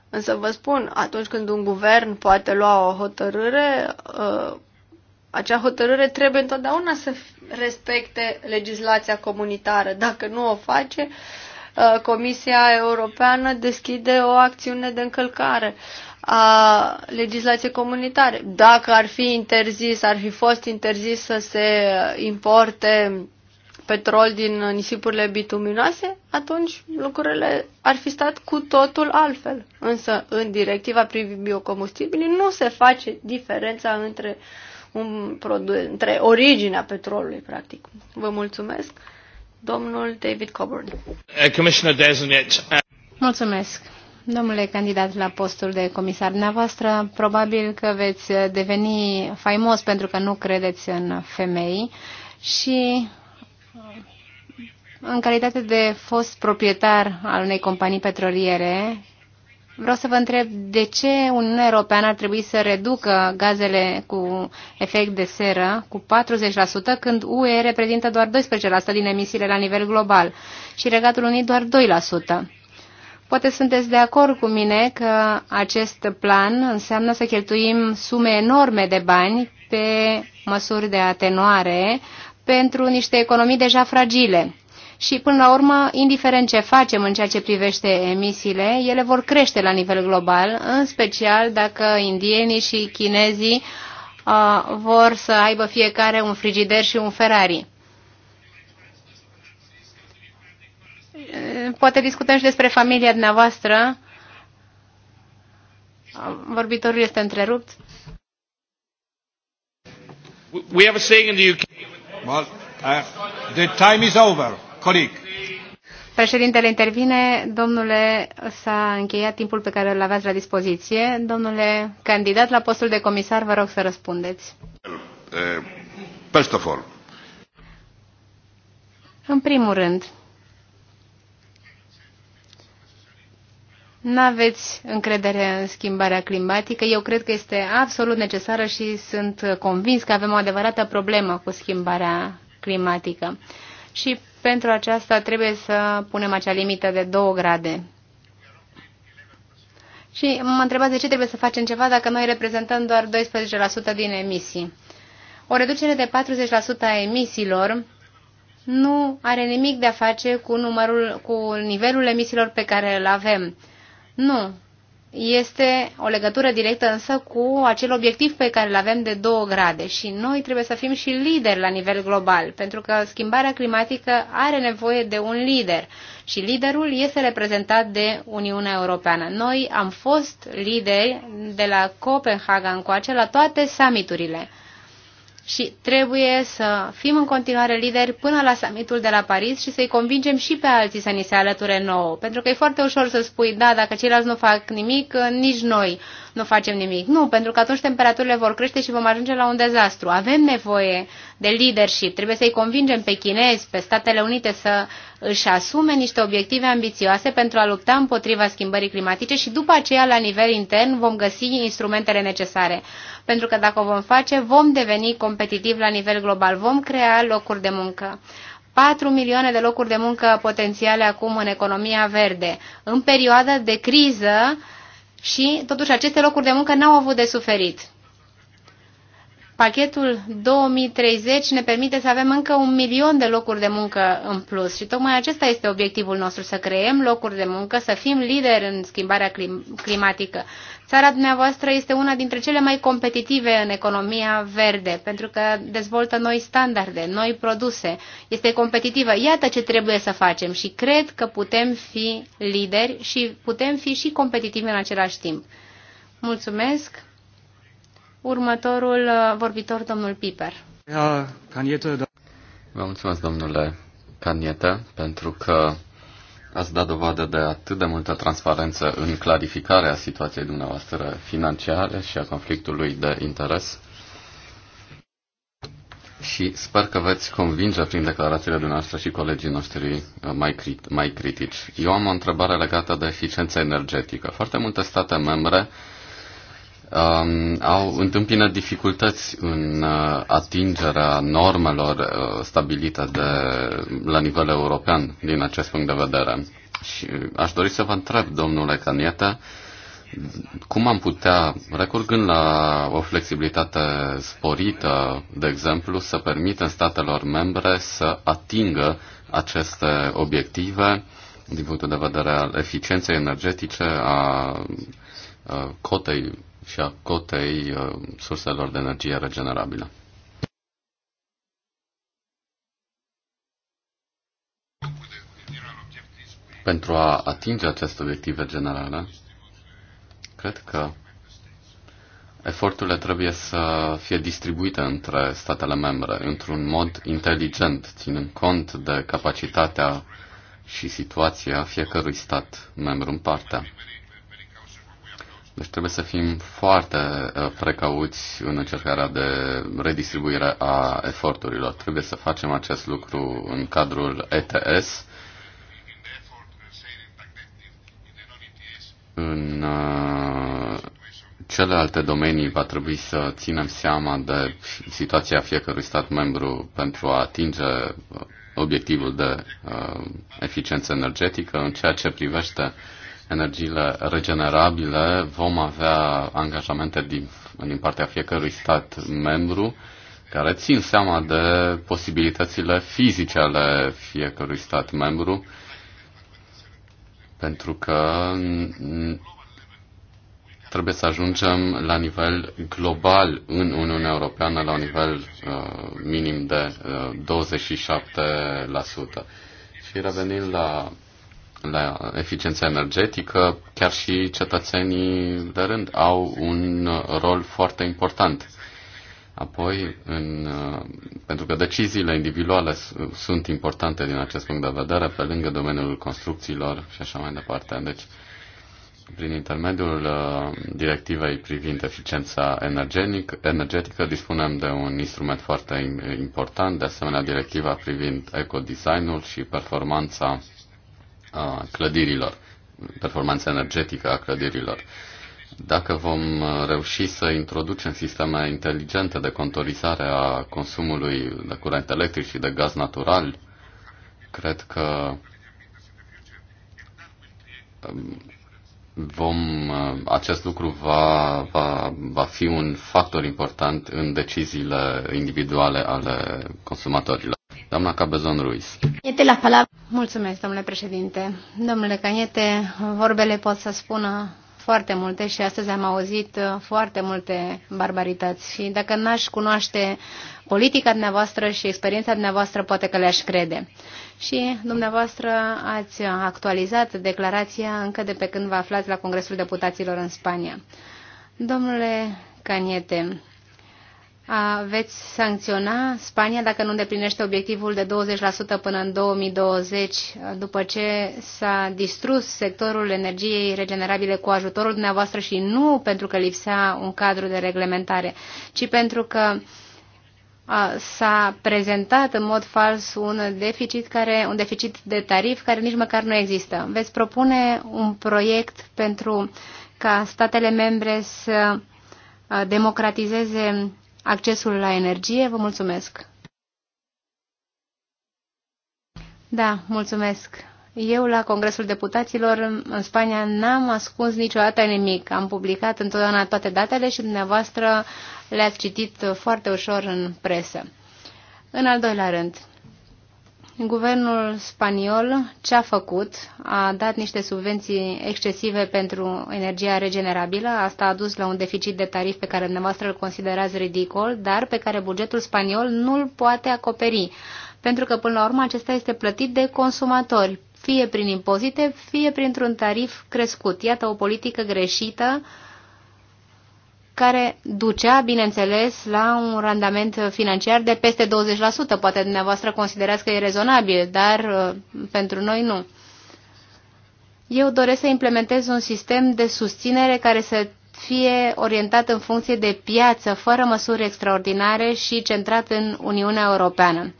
Însă vă spun, atunci când un guvern poate lua o hotărâre, uh, acea hotărâre trebuie întotdeauna să respecte legislația comunitară. Dacă nu o face, uh, Comisia Europeană deschide o acțiune de încălcare a legislației comunitare. Dacă ar fi interzis, ar fi fost interzis să se importe petrol din nisipurile bituminoase, atunci lucrurile ar fi stat cu totul altfel. Însă, în directiva privind biocombustibilii nu se face diferența între, un produ- între originea petrolului, practic. Vă mulțumesc. Domnul David Coburn. Uh, uh, mulțumesc. Domnule candidat la postul de comisar, dumneavoastră probabil că veți deveni faimos pentru că nu credeți în femei și în calitate de fost proprietar al unei companii petroliere, vreau să vă întreb de ce Uniunea Europeană ar trebui să reducă gazele cu efect de seră cu 40%, când UE reprezintă doar 12% din emisiile la nivel global și Regatul Unit doar 2%. Poate sunteți de acord cu mine că acest plan înseamnă să cheltuim sume enorme de bani pe măsuri de atenuare pentru niște economii deja fragile. Și, până la urmă, indiferent ce facem în ceea ce privește emisiile, ele vor crește la nivel global, în special dacă indienii și chinezii uh, vor să aibă fiecare un frigider și un Ferrari. poate discutăm și despre familia dumneavoastră. Vorbitorul este întrerupt. We have a saying in the UK. Well, uh, the time is over, colleague. Președintele intervine. Domnule, s-a încheiat timpul pe care îl aveați la dispoziție. Domnule candidat la postul de comisar, vă rog să răspundeți. Uh, first of all. În primul rând, nu aveți încredere în schimbarea climatică. Eu cred că este absolut necesară și sunt convins că avem o adevărată problemă cu schimbarea climatică. Și pentru aceasta trebuie să punem acea limită de 2 grade. Și mă întrebați de ce trebuie să facem ceva dacă noi reprezentăm doar 12% din emisii. O reducere de 40% a emisiilor nu are nimic de a face cu, numărul, cu nivelul emisiilor pe care îl avem. Nu. Este o legătură directă însă cu acel obiectiv pe care îl avem de 2 grade și noi trebuie să fim și lideri la nivel global, pentru că schimbarea climatică are nevoie de un lider și liderul este reprezentat de Uniunea Europeană. Noi am fost lideri de la Copenhaga încoace la toate summiturile și trebuie să fim în continuare lideri până la summitul de la Paris și să-i convingem și pe alții să ni se alăture nouă. Pentru că e foarte ușor să spui, da, dacă ceilalți nu fac nimic, nici noi nu facem nimic. Nu, pentru că atunci temperaturile vor crește și vom ajunge la un dezastru. Avem nevoie de leadership, trebuie să-i convingem pe chinezi, pe Statele Unite să își asume niște obiective ambițioase pentru a lupta împotriva schimbării climatice și după aceea, la nivel intern, vom găsi instrumentele necesare. Pentru că dacă o vom face, vom deveni competitivi la nivel global, vom crea locuri de muncă. 4 milioane de locuri de muncă potențiale acum în economia verde. În perioada de criză și, totuși, aceste locuri de muncă n-au avut de suferit. Pachetul 2030 ne permite să avem încă un milion de locuri de muncă în plus și tocmai acesta este obiectivul nostru, să creăm locuri de muncă, să fim lideri în schimbarea clim climatică. Țara dumneavoastră este una dintre cele mai competitive în economia verde, pentru că dezvoltă noi standarde, noi produse, este competitivă. Iată ce trebuie să facem și cred că putem fi lideri și putem fi și competitivi în același timp. Mulțumesc! Următorul uh, vorbitor, domnul Piper. Da. Vă mulțumesc, domnule Canietă, pentru că ați dat dovadă de atât de multă transparență în clarificarea situației dumneavoastră financiare și a conflictului de interes. Și sper că veți convinge prin declarațiile dumneavoastră și colegii noștri uh, mai, crit- mai critici. Eu am o întrebare legată de eficiența energetică. Foarte multe state membre um, au întâmpină dificultăți în uh, atingerea normelor uh, stabilite de, la nivel european din acest punct de vedere. Și aș dori să vă întreb, domnule Canieta, cum am putea, recurgând la o flexibilitate sporită, de exemplu, să permitem statelor membre să atingă aceste obiective din punctul de vedere al eficienței energetice, a cotei și a cotei uh, surselor de energie regenerabilă. Pentru a atinge aceste obiective generale, cred că eforturile trebuie să fie distribuite între statele membre într-un mod inteligent, ținând cont de capacitatea și situația fiecărui stat membru în partea. Deci trebuie să fim foarte uh, precauți în încercarea de redistribuire a eforturilor. Trebuie să facem acest lucru în cadrul ETS. În uh, celelalte domenii va trebui să ținem seama de situația fiecărui stat membru pentru a atinge uh, obiectivul de eficiență energetică. În ceea ce privește energiile regenerabile, vom avea angajamente din, din partea fiecărui stat membru care țin seama de posibilitățile fizice ale fiecărui stat membru, pentru că trebuie să ajungem la nivel global în Uniunea Europeană la un nivel uh, minim de uh, 27%. Și revenind la la eficiența energetică, chiar și cetățenii de rând au un rol foarte important. Apoi, în, pentru că deciziile individuale sunt importante din acest punct de vedere, pe lângă domeniul construcțiilor și așa mai departe. Deci, prin intermediul uh, directivei privind eficiența energetică, dispunem de un instrument foarte important, de asemenea directiva privind ecodesignul și performanța a clădirilor, performanța energetică a clădirilor. Dacă vom uh, reuși să introducem sisteme inteligente de contorizare a consumului de curent electric și de gaz natural, cred că um, vom, uh, acest lucru va, va, va fi un factor important în deciziile individuale ale consumatorilor. Doamna Cabezon Ruiz. Mulțumesc, domnule președinte. Domnule Caniete, vorbele pot să spună foarte multe și astăzi am auzit uh, foarte multe barbarități și dacă n-aș cunoaște politica dumneavoastră și experiența dumneavoastră, poate că le-aș crede. Și dumneavoastră ați actualizat declarația încă de pe când vă aflați la Congresul Deputaților în Spania. Domnule Caniete, veți sancționa Spania dacă nu îndeplinește obiectivul de 20% până în 2020, după ce s-a distrus sectorul energiei regenerabile cu ajutorul dumneavoastră și nu pentru că lipsea un cadru de reglementare, ci pentru că s-a prezentat în mod fals un deficit, care, un deficit de tarif care nici măcar nu există. Veți propune un proiect pentru ca statele membre să democratizeze accesul la energie. Vă mulțumesc! Da, mulțumesc! Eu, la Congresul Deputaților în Spania, n-am ascuns niciodată nimic. Am publicat întotdeauna toate datele și dumneavoastră le-ați citit foarte ușor în presă. În al doilea rând, Guvernul spaniol ce a făcut? A dat niște subvenții excesive pentru energia regenerabilă. Asta a dus la un deficit de tarif pe care dumneavoastră îl considerați ridicol, dar pe care bugetul spaniol nu îl poate acoperi. Pentru că, până la urmă, acesta este plătit de consumatori, fie prin impozite, fie printr-un tarif crescut. Iată o politică greșită uh, care ducea, bineînțeles, la un randament financiar de peste 20%. Poate dumneavoastră considerați că e rezonabil, dar uh, pentru noi nu. Eu doresc să implementez un sistem de susținere care să fie orientat în funcție de piață, fără măsuri extraordinare și centrat în Uniunea Europeană.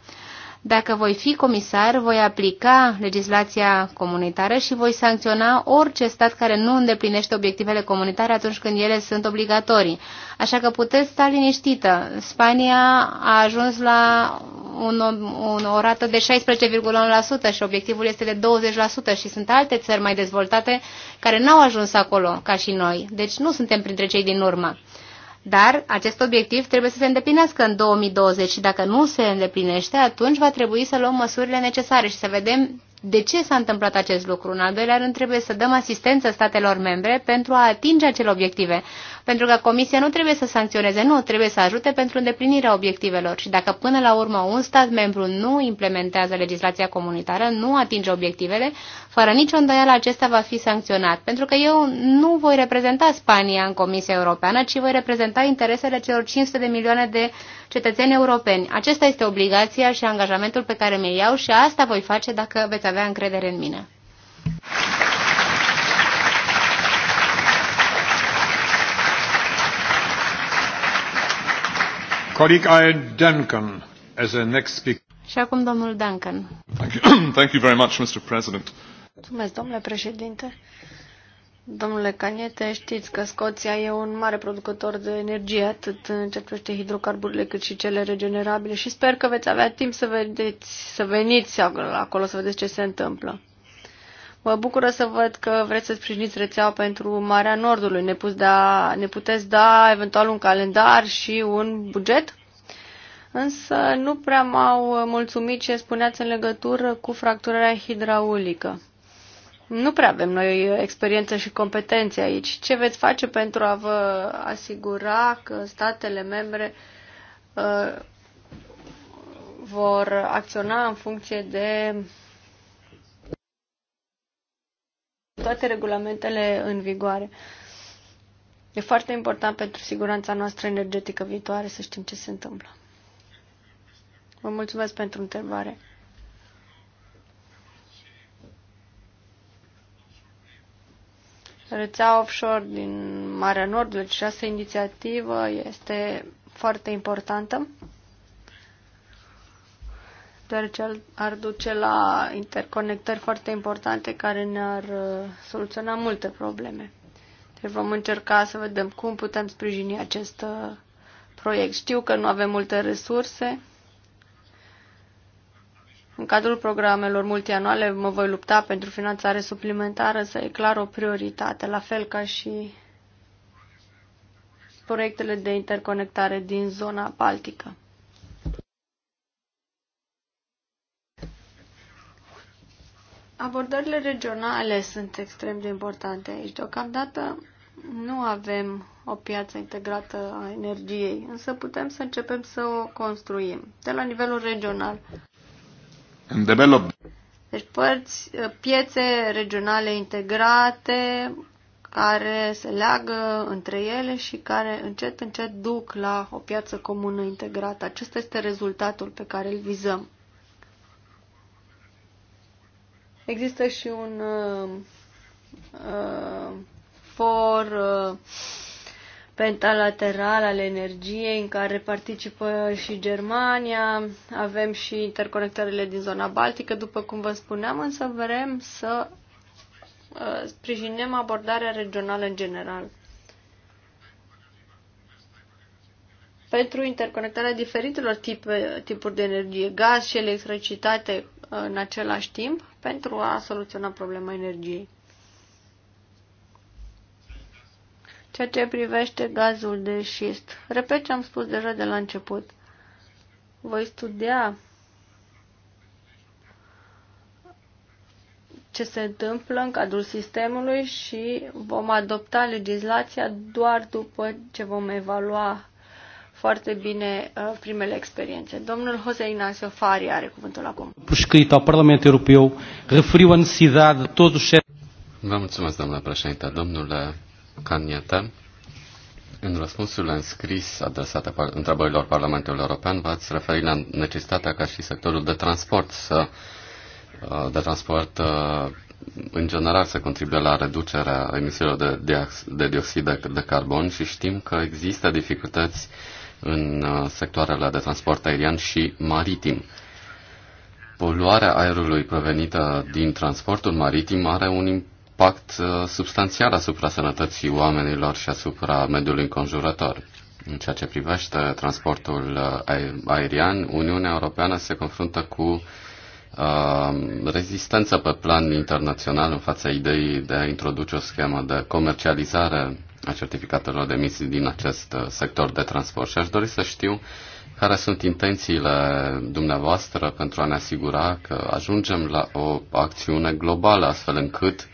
Dacă voi fi comisar, voi aplica legislația comunitară și voi sancționa orice stat care nu îndeplinește obiectivele comunitare atunci când ele sunt obligatorii. Așa că puteți sta liniștită. Spania a ajuns la un, un, o rată de 16,1% și obiectivul este de 20% și sunt alte țări mai dezvoltate care n-au ajuns acolo ca și noi. Deci nu suntem printre cei din urmă. Dar acest obiectiv trebuie să se îndeplinească în 2020 și dacă nu se îndeplinește, atunci va trebui să luăm măsurile necesare și să vedem de ce s-a întâmplat acest lucru? În al doilea rând, trebuie să dăm asistență statelor membre pentru a atinge acele obiective. Pentru că Comisia nu trebuie să sancționeze, nu, trebuie să ajute pentru îndeplinirea obiectivelor. Și dacă până la urmă un stat membru nu implementează legislația comunitară, nu atinge obiectivele, fără nicio îndoială acesta va fi sancționat. Pentru că eu nu voi reprezenta Spania în Comisia Europeană, ci voi reprezenta interesele celor 500 de milioane de cetățeni europeni. Acesta este obligația și angajamentul pe care mi-l iau și asta voi face dacă veți avea încredere în mine. Colleague Ian Duncan as a next speaker. Și acum domnul Duncan. Thank you. [COUGHS] Thank you very much, Mr. President. Mulțumesc, domnule președinte. Domnule Caniete, știți că Scoția e un mare producător de energie, atât în ce privește hidrocarburile, cât și cele regenerabile și sper că veți avea timp să, vedeți, să veniți acolo, să vedeți ce se întâmplă. Mă bucură să văd că vreți să sprijiniți rețeaua pentru Marea Nordului. Ne, da, ne puteți da eventual un calendar și un buget? Însă nu prea m-au mulțumit ce spuneați în legătură cu fracturarea hidraulică. Nu prea avem noi experiență și competențe aici. Ce veți face pentru a vă asigura că statele membre uh, vor acționa în funcție de toate regulamentele în vigoare. E foarte important pentru siguranța noastră energetică viitoare să știm ce se întâmplă. Vă mulțumesc pentru întrebare. Rețea offshore din Marea Nordului, deci această inițiativă este foarte importantă deoarece ar duce la interconectări foarte importante care ne-ar uh, soluționa multe probleme. Deci vom încerca să vedem cum putem sprijini acest uh, proiect. Știu că nu avem multe resurse. În cadrul programelor multianuale mă voi lupta pentru finanțare suplimentară să e clar o prioritate, la fel ca și proiectele de interconectare din zona baltică. Abordările regionale sunt extrem de importante aici. Deocamdată nu avem o piață integrată a energiei, însă putem să începem să o construim de la nivelul regional. Deci părți, piețe regionale integrate care se leagă între ele și care încet încet duc la o piață comună integrată. Acesta este rezultatul pe care îl vizăm. Există și un uh, uh, for uh, pentalateral al energiei în care participă și Germania, avem și interconectările din zona Baltică, după cum vă spuneam, însă vrem să uh, sprijinim abordarea regională în general. Pentru interconectarea diferitelor tipuri de energie, gaz și electricitate uh, în același timp, pentru a soluționa problema energiei. Ceea ce privește gazul de șist, repet ce am spus deja de la început, voi studia ce se întâmplă în cadrul sistemului și vom adopta legislația doar după ce vom evalua foarte bine uh, primele experiențe. Domnul José Ignacio Fari are cuvântul acum. Prescrito al Parlamentului Europeu, referiu a necessidade de todos os... Vă mulțumesc, domnule președinte. domnul Caniete, în răspunsul înscris adresat întrebărilor Parlamentului European, v-ați referit la necesitatea ca și sectorul de transport să uh, de transport uh, în general să contribuie la reducerea emisiilor de, de dioxid de, de carbon și știm că există dificultăți uh, în uh, sectoarele de transport aerian și maritim. Poluarea aerului provenită din transportul maritim are un impact uh, substanțial asupra sănătății oamenilor și asupra mediului înconjurător. În ceea ce privește transportul uh, aerian, Uniunea Europeană se confruntă cu uh, rezistență pe plan internațional în fața ideii de a introduce o schemă de comercializare a certificatelor de emisii din acest uh, sector de transport. Și aș dori să știu care sunt intențiile dumneavoastră pentru a ne asigura că ajungem la o acțiune globală, astfel încât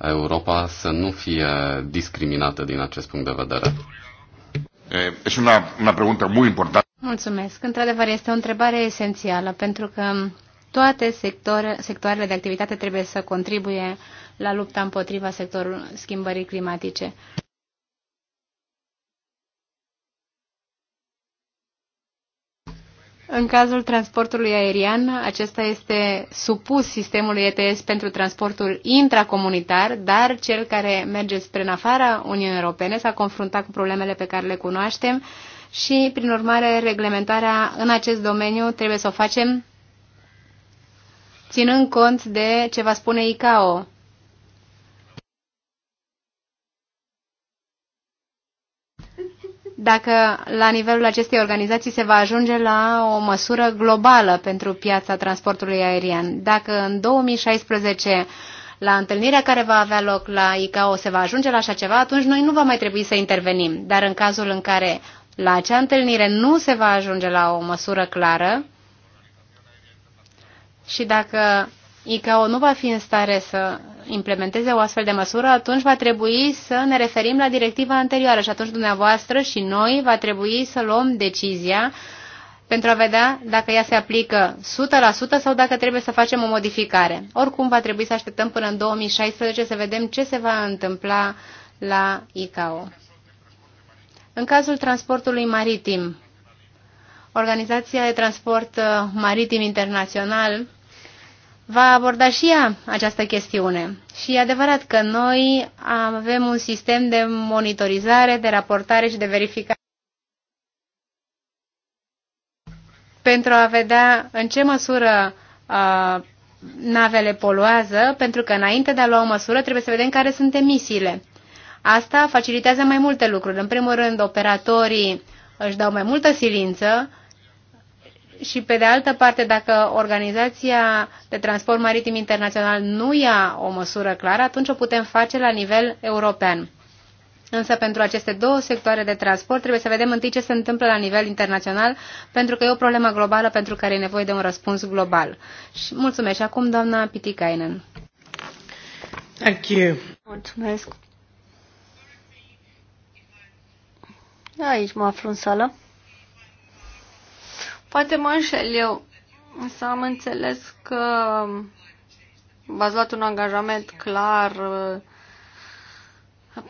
Europa să nu fie discriminată din acest punct de vedere. Și eh, una, una pregunta mult importantă. Mulțumesc. Într-adevăr, este o întrebare esențială, pentru că toate sector, sectoarele de activitate trebuie să contribuie la lupta împotriva sectorului schimbării climatice. În cazul transportului aerian, acesta este supus sistemului ETS pentru transportul intracomunitar, dar cel care merge spre în afara Uniunii Europene s-a confruntat cu problemele pe care le cunoaștem și, prin urmare, reglementarea în acest domeniu trebuie să o facem ținând cont de ce va spune ICAO dacă la nivelul acestei organizații se va ajunge la o măsură globală pentru piața transportului aerian. Dacă în 2016 la întâlnirea care va avea loc la ICAO se va ajunge la așa ceva, atunci noi nu va mai trebui să intervenim. Dar în cazul în care la acea întâlnire nu se va ajunge la o măsură clară și dacă ICAO nu va fi în stare să implementeze o astfel de măsură, atunci va trebui să ne referim la directiva anterioară și atunci dumneavoastră și noi va trebui să luăm decizia pentru a vedea dacă ea se aplică 100% sau dacă trebuie să facem o modificare. Oricum va trebui să așteptăm până în 2016 să vedem ce se va întâmpla la ICAO. În cazul transportului maritim, Organizația de Transport Maritim Internațional va aborda și ea această chestiune. Și e adevărat că noi avem un sistem de monitorizare, de raportare și de verificare pentru a vedea în ce măsură uh, navele poluează, pentru că înainte de a lua o măsură trebuie să vedem care sunt emisiile. Asta facilitează mai multe lucruri. În primul rând, operatorii își dau mai multă silință, și pe de altă parte, dacă Organizația de Transport Maritim Internațional nu ia o măsură clară, atunci o putem face la nivel european. Însă pentru aceste două sectoare de transport trebuie să vedem întâi ce se întâmplă la nivel internațional, pentru că e o problemă globală pentru care e nevoie de un răspuns global. Și mulțumesc. Și acum doamna Pitikainen. Thank you. Mulțumesc. Aici mă aflu în sală. Poate mă înșel eu, să am înțeles că v-ați luat un angajament clar uh,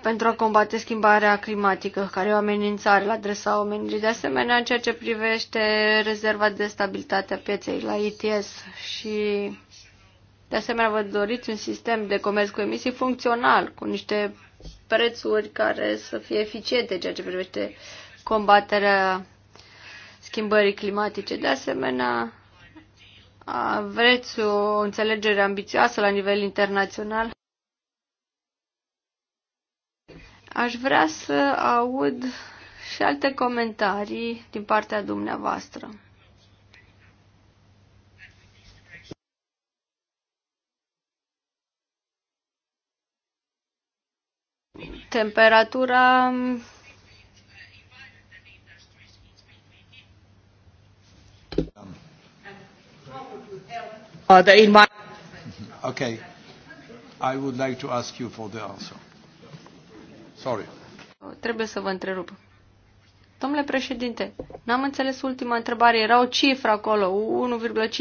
pentru a combate schimbarea climatică, care e o amenințare la adresa omenirii. De asemenea, în ceea ce privește rezerva de stabilitate a pieței la ITS și de asemenea vă doriți un sistem de comerț cu emisii funcțional, cu niște prețuri care să fie eficiente ceea ce privește combaterea schimbării climatice. De asemenea, vreți o înțelegere ambițioasă la nivel internațional? Aș vrea să aud și alte comentarii din partea dumneavoastră. Temperatura Uh, okay. I would like to ask you for the answer. Sorry. Trebuie să vă întrerup. Domnule președinte, n-am înțeles ultima întrebare. Era o cifră acolo,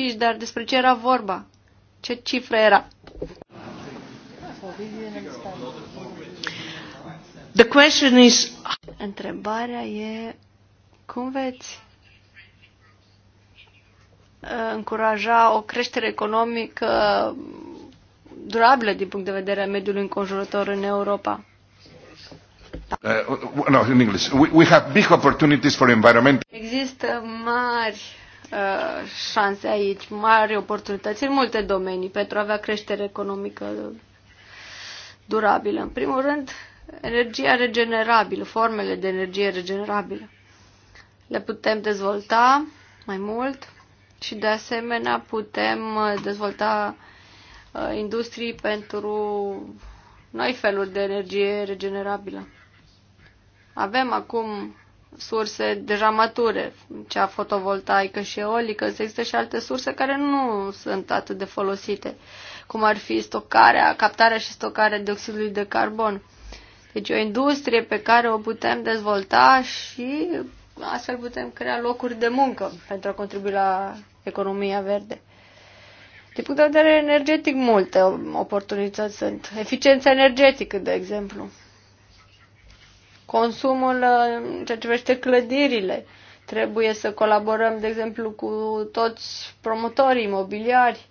1,5, dar despre ce era vorba? Ce cifră era? The question is... Întrebarea e cum veți Uh, încuraja o creștere economică durabilă din punct de vedere al mediului înconjurător în Europa. Uh, no, in English. We, we have big opportunities for environment. Există mari uh, șanse aici, mari oportunități în multe domenii pentru a avea creștere economică durabilă. În primul rând, energia regenerabilă, formele de energie regenerabilă. Le putem dezvolta mai mult și de asemenea putem uh, dezvolta uh, industrii pentru noi feluri de energie regenerabilă. Avem acum surse deja mature, cea fotovoltaică și eolică, există și alte surse care nu sunt atât de folosite, cum ar fi stocarea, captarea și stocarea dioxidului de carbon. Deci o industrie pe care o putem dezvolta și astfel putem crea locuri de muncă pentru a contribui la economia verde. Din punct de vedere energetic, multe oportunități sunt. Eficiența energetică, de exemplu. Consumul în ceea ce privește clădirile. Trebuie să colaborăm, de exemplu, cu toți promotorii imobiliari.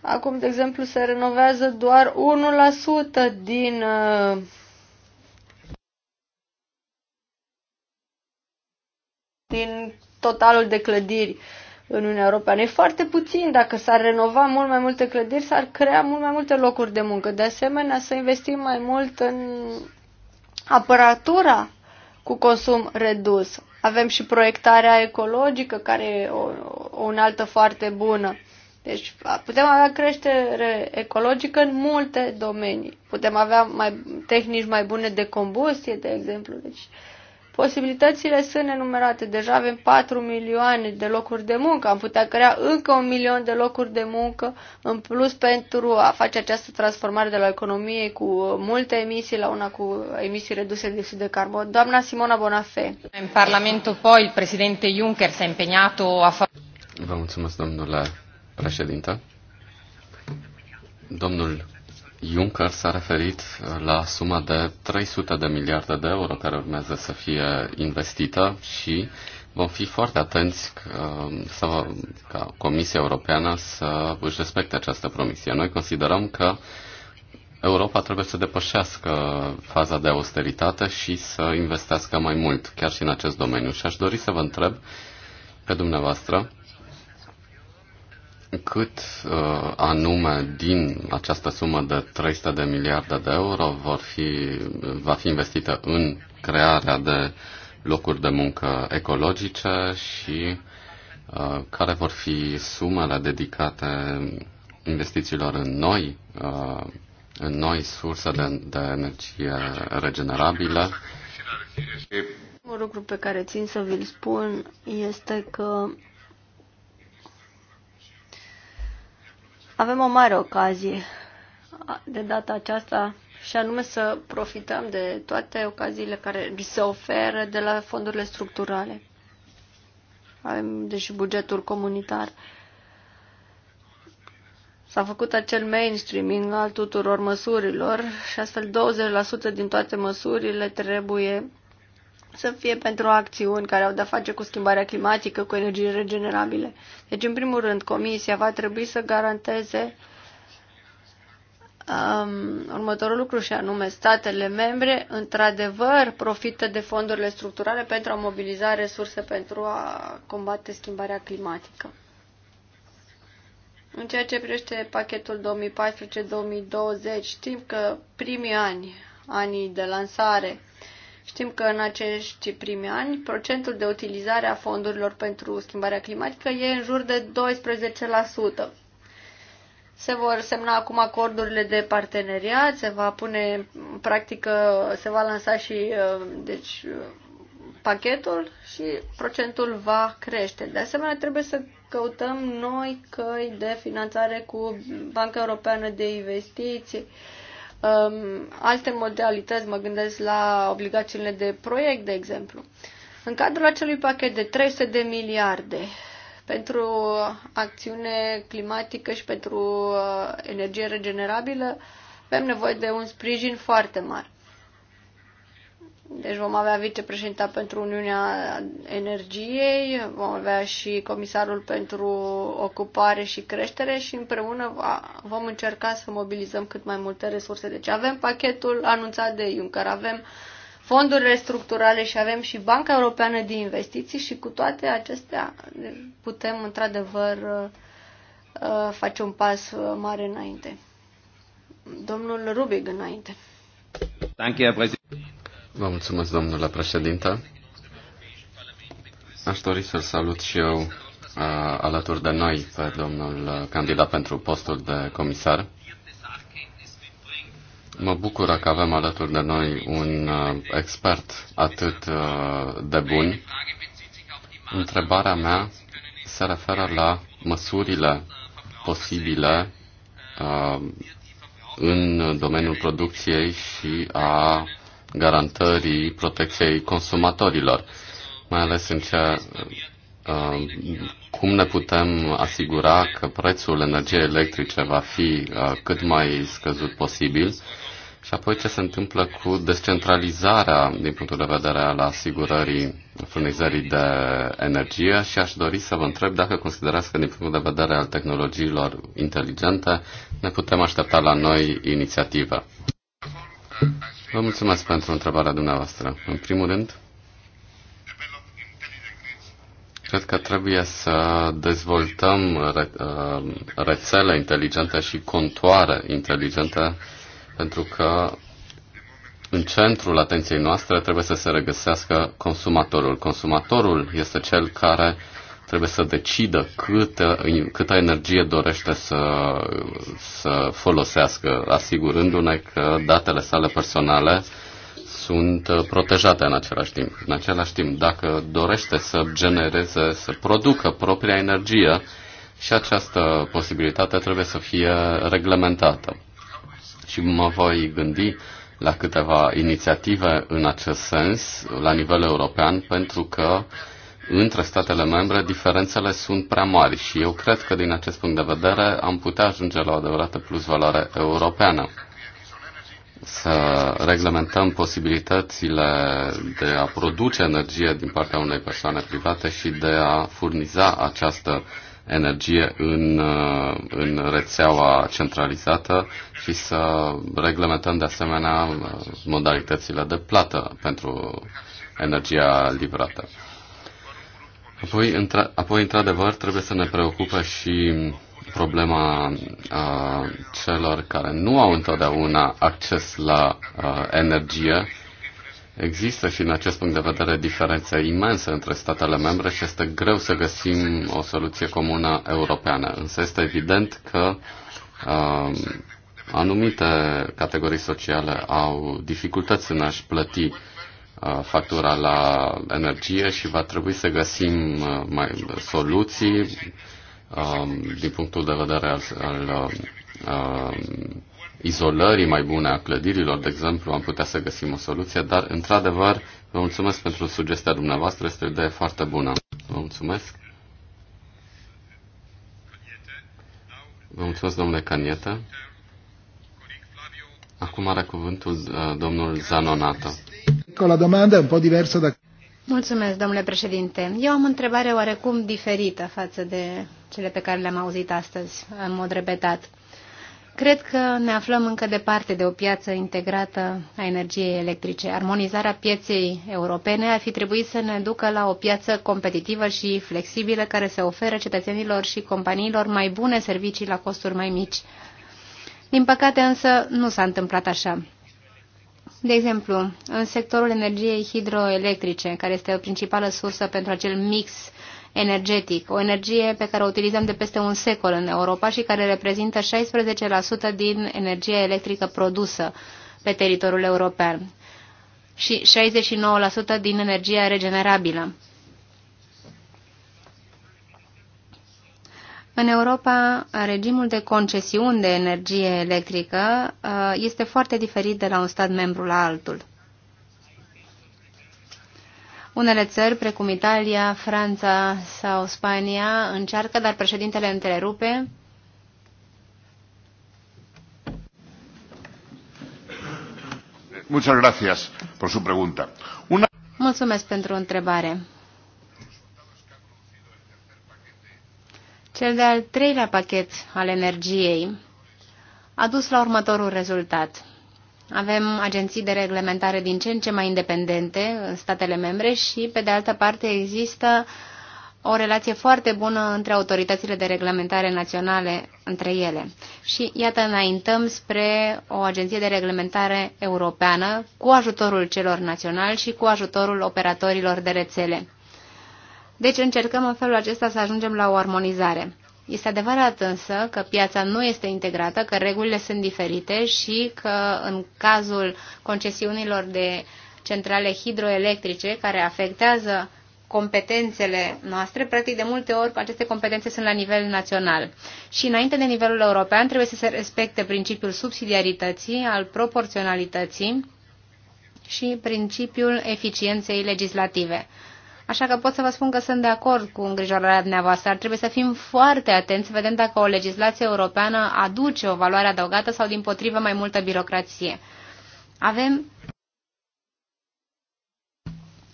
Acum, de exemplu, se renovează doar 1% din uh, din totalul de clădiri în Uniunea Europeană. E foarte puțin. Dacă s-ar renova mult mai multe clădiri, s-ar crea mult mai multe locuri de muncă. De asemenea, să investim mai mult în aparatura cu consum redus. Avem și proiectarea ecologică, care e o, o unaltă foarte bună. Deci putem avea creștere ecologică în multe domenii. Putem avea mai, tehnici mai bune de combustie, de exemplu. Deci Posibilitățile sunt enumerate. Deja avem 4 milioane de locuri de muncă. Am putea crea încă un milion de locuri de muncă în plus pentru a face această transformare de la economie cu multe emisii la una cu emisii reduse de dioxid de carbon. Doamna Simona Bonafé. În Parlamentul poi, președinte Juncker s-a împegnat a fa- Vă mulțumesc, domnule președinte. Domnul Juncker s-a referit uh, la suma de 300 de miliarde de euro care urmează să fie investită și vom fi foarte atenți uh, să, ca Comisia Europeană să își respecte această promisie. Noi considerăm că Europa trebuie să depășească faza de austeritate și să investească mai mult, chiar și în acest domeniu. Și aș dori să vă întreb pe dumneavoastră cât uh, anume din această sumă de 300 de miliarde de euro vor fi, va fi investită în crearea de locuri de muncă ecologice și uh, care vor fi sumele dedicate investițiilor în noi, uh, în noi surse de, de energie regenerabilă. Un lucru pe care țin să vi-l spun este că avem o mare ocazie de data aceasta și anume să profităm de toate ocaziile care se oferă de la fondurile structurale. Avem deși bugetul comunitar. S-a făcut acel mainstreaming al tuturor măsurilor și astfel 20% din toate măsurile trebuie să fie pentru acțiuni care au de-a face cu schimbarea climatică, cu energii regenerabile. Deci, în primul rând, Comisia va trebui să garanteze um, următorul lucru și anume statele membre într-adevăr profită de fondurile structurale pentru a mobiliza resurse pentru a combate schimbarea climatică. În ceea ce privește pachetul 2014-2020, știm că primii ani, anii de lansare, Știm că în acești primi ani procentul de utilizare a fondurilor pentru schimbarea climatică e în jur de 12%. Se vor semna acum acordurile de parteneriat, se va pune în practică, se va lansa și uh, deci, uh, pachetul și procentul va crește. De asemenea, trebuie să căutăm noi căi de finanțare cu Banca Europeană de Investiții, um, alte modalități, mă gândesc la obligațiile de proiect, de exemplu. În cadrul acelui pachet de 300 de miliarde pentru acțiune climatică și pentru uh, energie regenerabilă, avem nevoie de un sprijin foarte mare. Deci vom avea vicepreședinta pentru Uniunea Energiei, vom avea și comisarul pentru ocupare și creștere și împreună vom încerca să mobilizăm cât mai multe resurse. Deci avem pachetul anunțat de Juncker, avem fondurile structurale și avem și Banca Europeană de Investiții și cu toate acestea deci, putem într-adevăr uh, uh, face un pas uh, mare înainte. Domnul Rubig înainte. Danke, Herr Vă mulțumesc, domnule președinte. Aș dori să-l salut și eu uh, alături de noi pe domnul candidat pentru postul de comisar. Mă bucură că avem alături de noi un uh, expert atât uh, de bun. Întrebarea mea se referă la măsurile posibile în domeniul producției și a garantării protecției consumatorilor, mai ales în ceea uh, cum ne putem asigura că prețul energiei electrice va fi uh, cât mai scăzut posibil și apoi ce se întâmplă cu descentralizarea din punctul de vedere al asigurării furnizării de energie și aș dori să vă întreb dacă considerați că din punctul de vedere al tehnologiilor inteligente ne putem aștepta la noi inițiative. Vă mulțumesc pentru întrebarea dumneavoastră. În primul rând, cred că trebuie să dezvoltăm re, uh, rețele inteligente și contoare inteligente, pentru că în centrul atenției noastre trebuie să se regăsească consumatorul. Consumatorul este cel care trebuie să decidă câtă, câtă energie dorește să, să folosească, asigurându-ne că datele sale personale sunt protejate în același timp. În același timp, dacă dorește să genereze, să producă propria energie, și această posibilitate trebuie să fie reglementată. Și mă voi gândi la câteva inițiative în acest sens la nivel european, pentru că uh, între statele membre diferențele sunt prea mari și eu cred că din acest punct de vedere am putea ajunge la o adevărată plusvaloare europeană. Să reglementăm posibilitățile de a produce energie din partea unei persoane private și de a furniza această energie în, în rețeaua centralizată și să reglementăm de asemenea modalitățile de plată pentru energia livrată. Apoi, intra, apoi într-adevăr, trebuie să ne preocupe și problema uh, celor care nu au întotdeauna acces la uh, energie. Există și în acest punct de vedere diferențe imense între statele membre și este greu să găsim o soluție comună europeană. Însă este evident că uh, anumite categorii sociale au dificultăți în a-și plăti factura la energie și va trebui să găsim mai soluții din punctul de vedere al, al izolării mai bune a clădirilor, de exemplu, am putea să găsim o soluție, dar, într-adevăr, vă mulțumesc pentru sugestia dumneavoastră, este o idee foarte bună. Vă mulțumesc. Vă mulțumesc, domnule Canietă. Acum are cuvântul domnul Zanonato la domanda un po' diversa da... Mulțumesc, domnule președinte. Eu am o întrebare oarecum diferită față de cele pe care le-am auzit astăzi, în mod repetat. Cred că ne aflăm încă departe de o piață integrată a energiei electrice. Armonizarea pieței europene ar fi trebuit să ne ducă la o piață competitivă și flexibilă care să ofere cetățenilor și companiilor mai bune servicii la costuri mai mici. Din păcate însă nu s-a întâmplat așa. De exemplu, în sectorul energiei hidroelectrice, care este o principală sursă pentru acel mix energetic, o energie pe care o utilizăm de peste un secol în Europa și care reprezintă 16% din energia electrică produsă pe teritoriul european și 69% din energia regenerabilă. În Europa, regimul de concesiuni de energie electrică uh, este foarte diferit de la un stat membru la altul. Unele țări, precum Italia, Franța sau Spania, încearcă, dar președintele întrerupe. Mulțumesc pentru întrebare. Cel de-al treilea pachet al energiei a dus la următorul rezultat. Avem agenții de reglementare din ce în ce mai independente în statele membre și, pe de altă parte, există o relație foarte bună între autoritățile de reglementare naționale între ele. Și iată, înaintăm spre o agenție de reglementare europeană cu ajutorul celor naționali și cu ajutorul operatorilor de rețele. Deci încercăm în felul acesta să ajungem la o armonizare. Este adevărat însă că piața nu este integrată, că regulile sunt diferite și că în cazul concesiunilor de centrale hidroelectrice care afectează competențele noastre, practic de multe ori aceste competențe sunt la nivel național. Și înainte de nivelul european trebuie să se respecte principiul subsidiarității, al proporționalității și principiul eficienței legislative. Așa că pot să vă spun că sunt de acord cu îngrijorarea dumneavoastră. Ar trebui să fim foarte atenți să vedem dacă o legislație europeană aduce o valoare adăugată sau, din potrivă, mai multă birocrație. Avem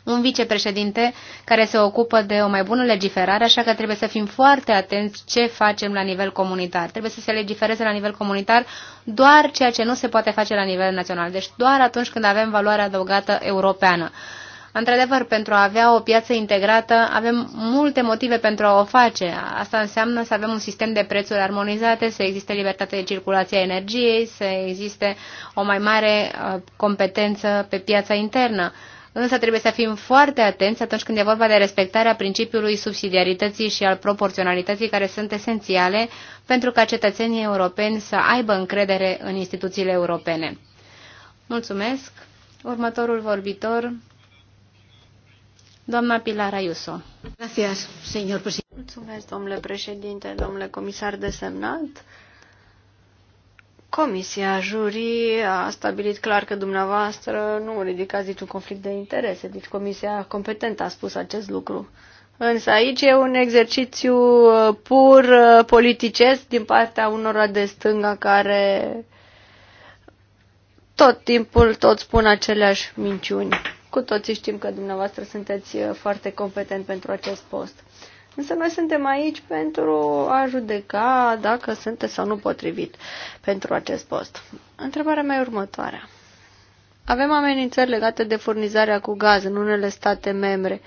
un vicepreședinte care se ocupă de o mai bună legiferare, așa că trebuie să fim foarte atenți ce facem la nivel comunitar. Trebuie să se legifereze la nivel comunitar doar ceea ce nu se poate face la nivel național, deci doar atunci când avem valoare adăugată europeană. Într-adevăr, pentru a avea o piață integrată, avem multe motive pentru a o face. Asta înseamnă să avem un sistem de prețuri armonizate, să existe libertate de circulație a energiei, să existe o mai mare uh, competență pe piața internă. Însă trebuie să fim foarte atenți atunci când e vorba de respectarea principiului subsidiarității și al proporționalității care sunt esențiale pentru ca cetățenii europeni să aibă încredere în instituțiile europene. Mulțumesc! Următorul vorbitor Doamna Pilar Ayuso. Gracias, señor presidente. Mulțumesc, domnule președinte, domnule comisar desemnat. Comisia juri a stabilit clar că dumneavoastră nu ridicați niciun conflict de interese, deci comisia competentă a spus acest lucru. Însă aici e un exercițiu uh, pur uh, politicesc din partea unora de stânga care tot timpul tot spun aceleași minciuni. Cu toții știm că dumneavoastră sunteți uh, foarte competent pentru acest post. Însă noi suntem aici pentru a judeca dacă sunteți sau nu potrivit pentru acest post. Întrebarea mea e următoarea. Avem amenințări legate de furnizarea cu gaz în unele state membre.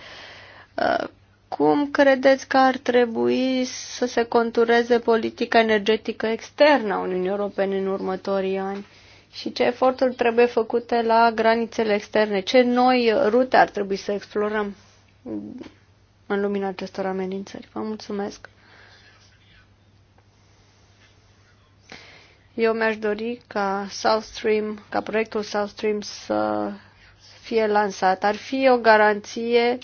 Uh, cum credeți că ar trebui să se contureze politica energetică externă a Uniunii Europene în următorii ani? și ce eforturi trebuie făcute la granițele externe, ce noi rute ar trebui să explorăm în lumina acestor amenințări. Vă mulțumesc! Eu mi-aș dori ca South Stream, ca proiectul South Stream să fie lansat. Ar fi o garanție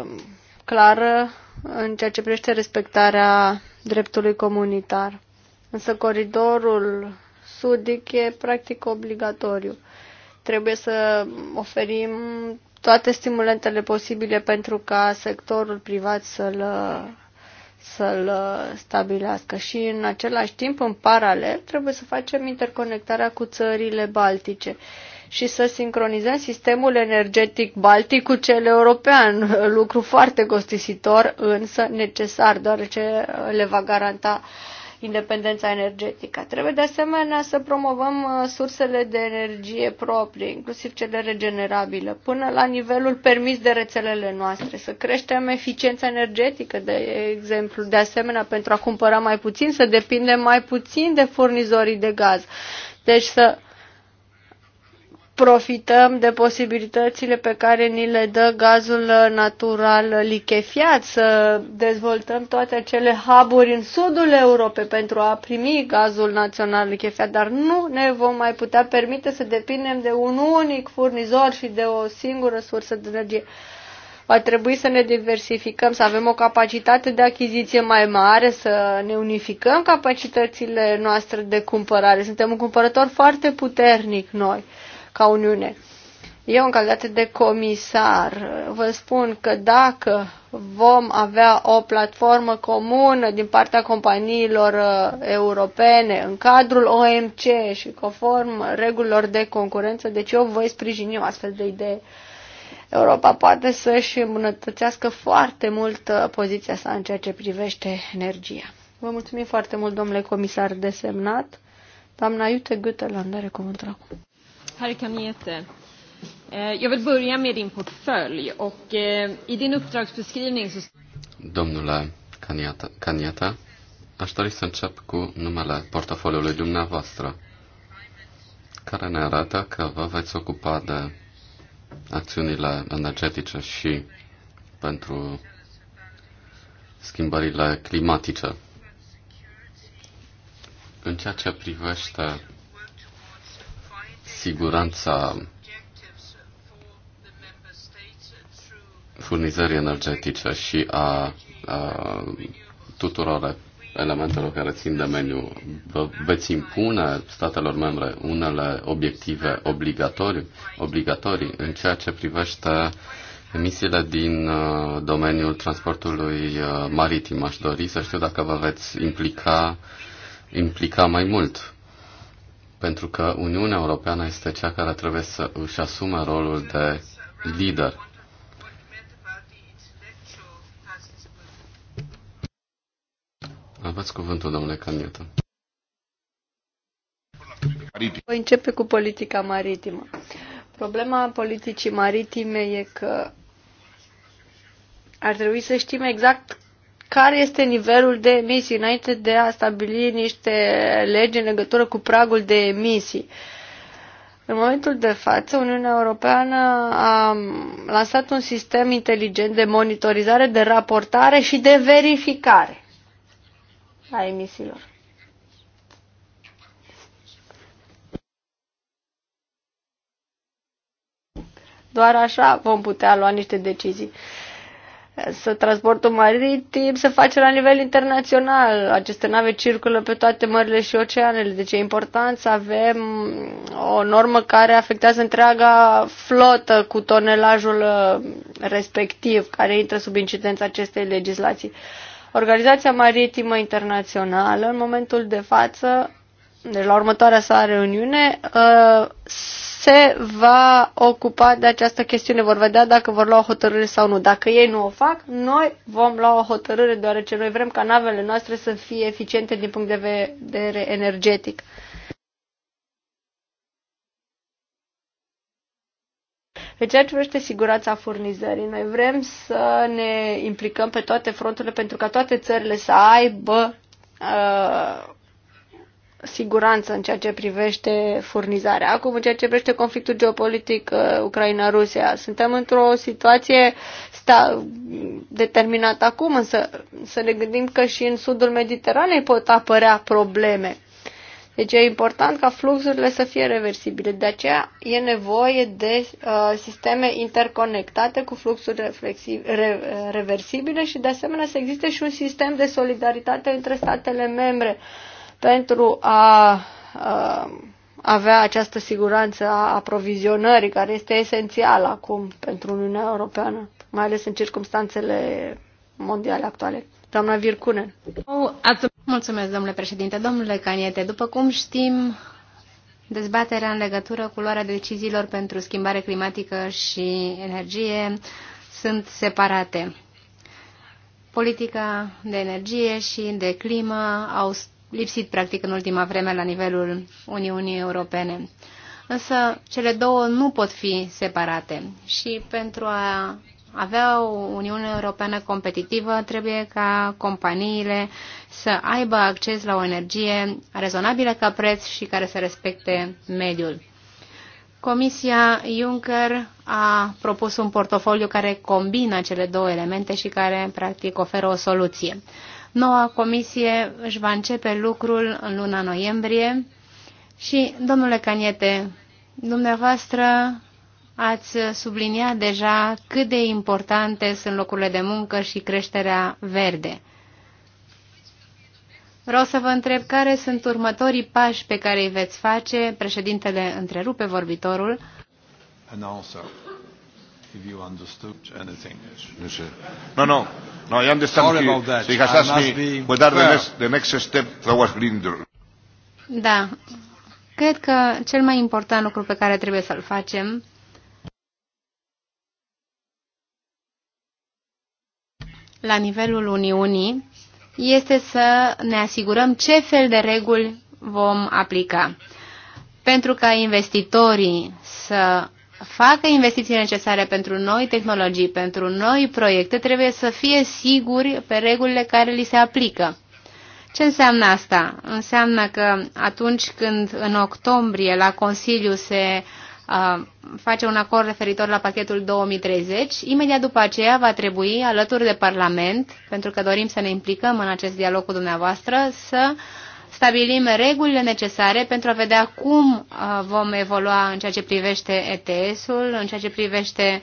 um, clară în ceea ce privește respectarea dreptului comunitar. Însă coridorul sudic e practic obligatoriu. Trebuie să oferim toate stimulentele posibile pentru ca sectorul privat să-l să-l stabilească. Și în același timp, în paralel, trebuie să facem interconectarea cu țările baltice și să sincronizăm sistemul energetic baltic cu cel european, lucru foarte costisitor, însă necesar, deoarece le va garanta uh, independența energetică. Trebuie de asemenea să promovăm uh, sursele de energie proprie, inclusiv cele regenerabile, până la nivelul permis de rețelele noastre, să creștem eficiența energetică, de exemplu, de asemenea pentru a cumpăra mai puțin, să depindem mai puțin de furnizorii de gaz. Deci să profităm de posibilitățile pe care ni le dă gazul natural lichefiat, să dezvoltăm toate acele huburi în sudul Europei pentru a primi gazul național lichefiat, dar nu ne vom mai putea permite să depindem de un unic furnizor și de o singură sursă de energie. Va trebui să ne diversificăm, să avem o capacitate de achiziție mai mare, să ne unificăm capacitățile noastre de cumpărare. Suntem un cumpărător foarte puternic noi ca Uniune. Eu, în calitate de comisar, vă spun că dacă vom avea o platformă comună din partea companiilor uh, europene în cadrul OMC și conform regulilor de concurență, deci eu voi sprijini o astfel de idee. Europa poate să-și îmbunătățească foarte mult uh, poziția sa în ceea ce privește energia. Vă mulțumim foarte mult, domnule comisar desemnat. Doamna Iute Guteland are cuvântul acum. Harikaniete. Eh, jag vill börja med din portfölj och eh, i din uppdragsbeskrivning så... Domnule Caniata, aș dori să încep cu numele portofoliului dumneavoastră, care ne arată că vă veți ocupa de acțiunile energetice și pentru schimbările climatice. În ceea ce privește siguranța furnizării energetice și a, a tuturor elementelor care țin de meniu. Veți impune statelor membre unele obiective obligatorii, obligatorii în ceea ce privește emisiile din uh, domeniul transportului uh, maritim. Aș dori să știu dacă vă veți implica, implica mai mult pentru că Uniunea Europeană este cea care trebuie să își asume rolul de lider. Aveți cuvântul, domnule Caniută. Voi începe cu politica maritimă. Problema politicii maritime e că ar trebui să știm exact care este nivelul de emisii înainte de a stabili niște legi în legătură cu pragul de emisii. În momentul de față, Uniunea Europeană a lansat un sistem inteligent de monitorizare, de raportare și de verificare a emisiilor. Doar așa vom putea lua niște decizii să transportul maritim se face la nivel internațional. Aceste nave circulă pe toate mările și oceanele, deci e important să avem o normă care afectează întreaga flotă cu tonelajul uh, respectiv care intră sub incidența acestei legislații. Organizația Maritimă Internațională, în momentul de față, deci la următoarea sa reuniune, uh, se va ocupa de această chestiune. Vor vedea dacă vor lua o hotărâre sau nu. Dacă ei nu o fac, noi vom lua o hotărâre, deoarece noi vrem ca navele noastre să fie eficiente din punct de vedere energetic. Pe ceea ce privește siguranța furnizării, noi vrem să ne implicăm pe toate fronturile pentru ca toate țările să aibă uh, siguranță în ceea ce privește furnizarea. Acum, în ceea ce privește conflictul geopolitic uh, Ucraina-Rusia, suntem într-o situație sta- determinată acum, însă să ne gândim că și în sudul Mediteranei pot apărea probleme. Deci e important ca fluxurile să fie reversibile. De aceea e nevoie de uh, sisteme interconectate cu fluxuri reflexiv, re, reversibile și de asemenea să existe și un sistem de solidaritate între statele membre. Uh, pentru a avea această siguranță a aprovizionării, care este esențială acum pentru Uniunea Europeană, mai ales în circumstanțele mondiale actuale. Doamna Vircune. Mulțumesc, domnule președinte. Domnule Caniete, după cum știm, dezbaterea în legătură cu luarea deciziilor pentru schimbare climatică și energie sunt separate. Politica de energie și de climă au lipsit practic în ultima vreme la nivelul Uniunii Europene. Însă cele două nu pot fi separate și pentru a avea o Uniune Europeană competitivă, trebuie ca companiile să aibă acces la o energie rezonabilă ca preț și care să respecte mediul. Comisia Juncker a propus un portofoliu care combină cele două elemente și care, practic, oferă o soluție. Noua comisie își va începe lucrul în luna noiembrie și, domnule Caniete, dumneavoastră ați subliniat deja cât de importante sunt locurile de muncă și creșterea verde. Vreau să vă întreb care sunt următorii pași pe care îi veți face. Președintele întrerupe vorbitorul if you understood anything. No, no. No, I understand. Sorry about that. So he has I asked me whether the next, the next step towards Grindr. Da. Cred că cel mai important lucru pe care trebuie să-l facem la nivelul Uniunii este să ne asigurăm ce fel de reguli vom aplica. Pentru ca investitorii să facă investiții necesare pentru noi tehnologii, pentru noi proiecte, trebuie să fie siguri pe regulile care li se aplică. Ce înseamnă asta? Înseamnă că atunci când în octombrie la Consiliu se uh, face un acord referitor la pachetul 2030, imediat după aceea va trebui, alături de Parlament, pentru că dorim să ne implicăm în acest dialog cu dumneavoastră, să uh, stabilim regulile necesare pentru a vedea cum uh, vom evolua în ceea ce privește ETS-ul, în ceea ce privește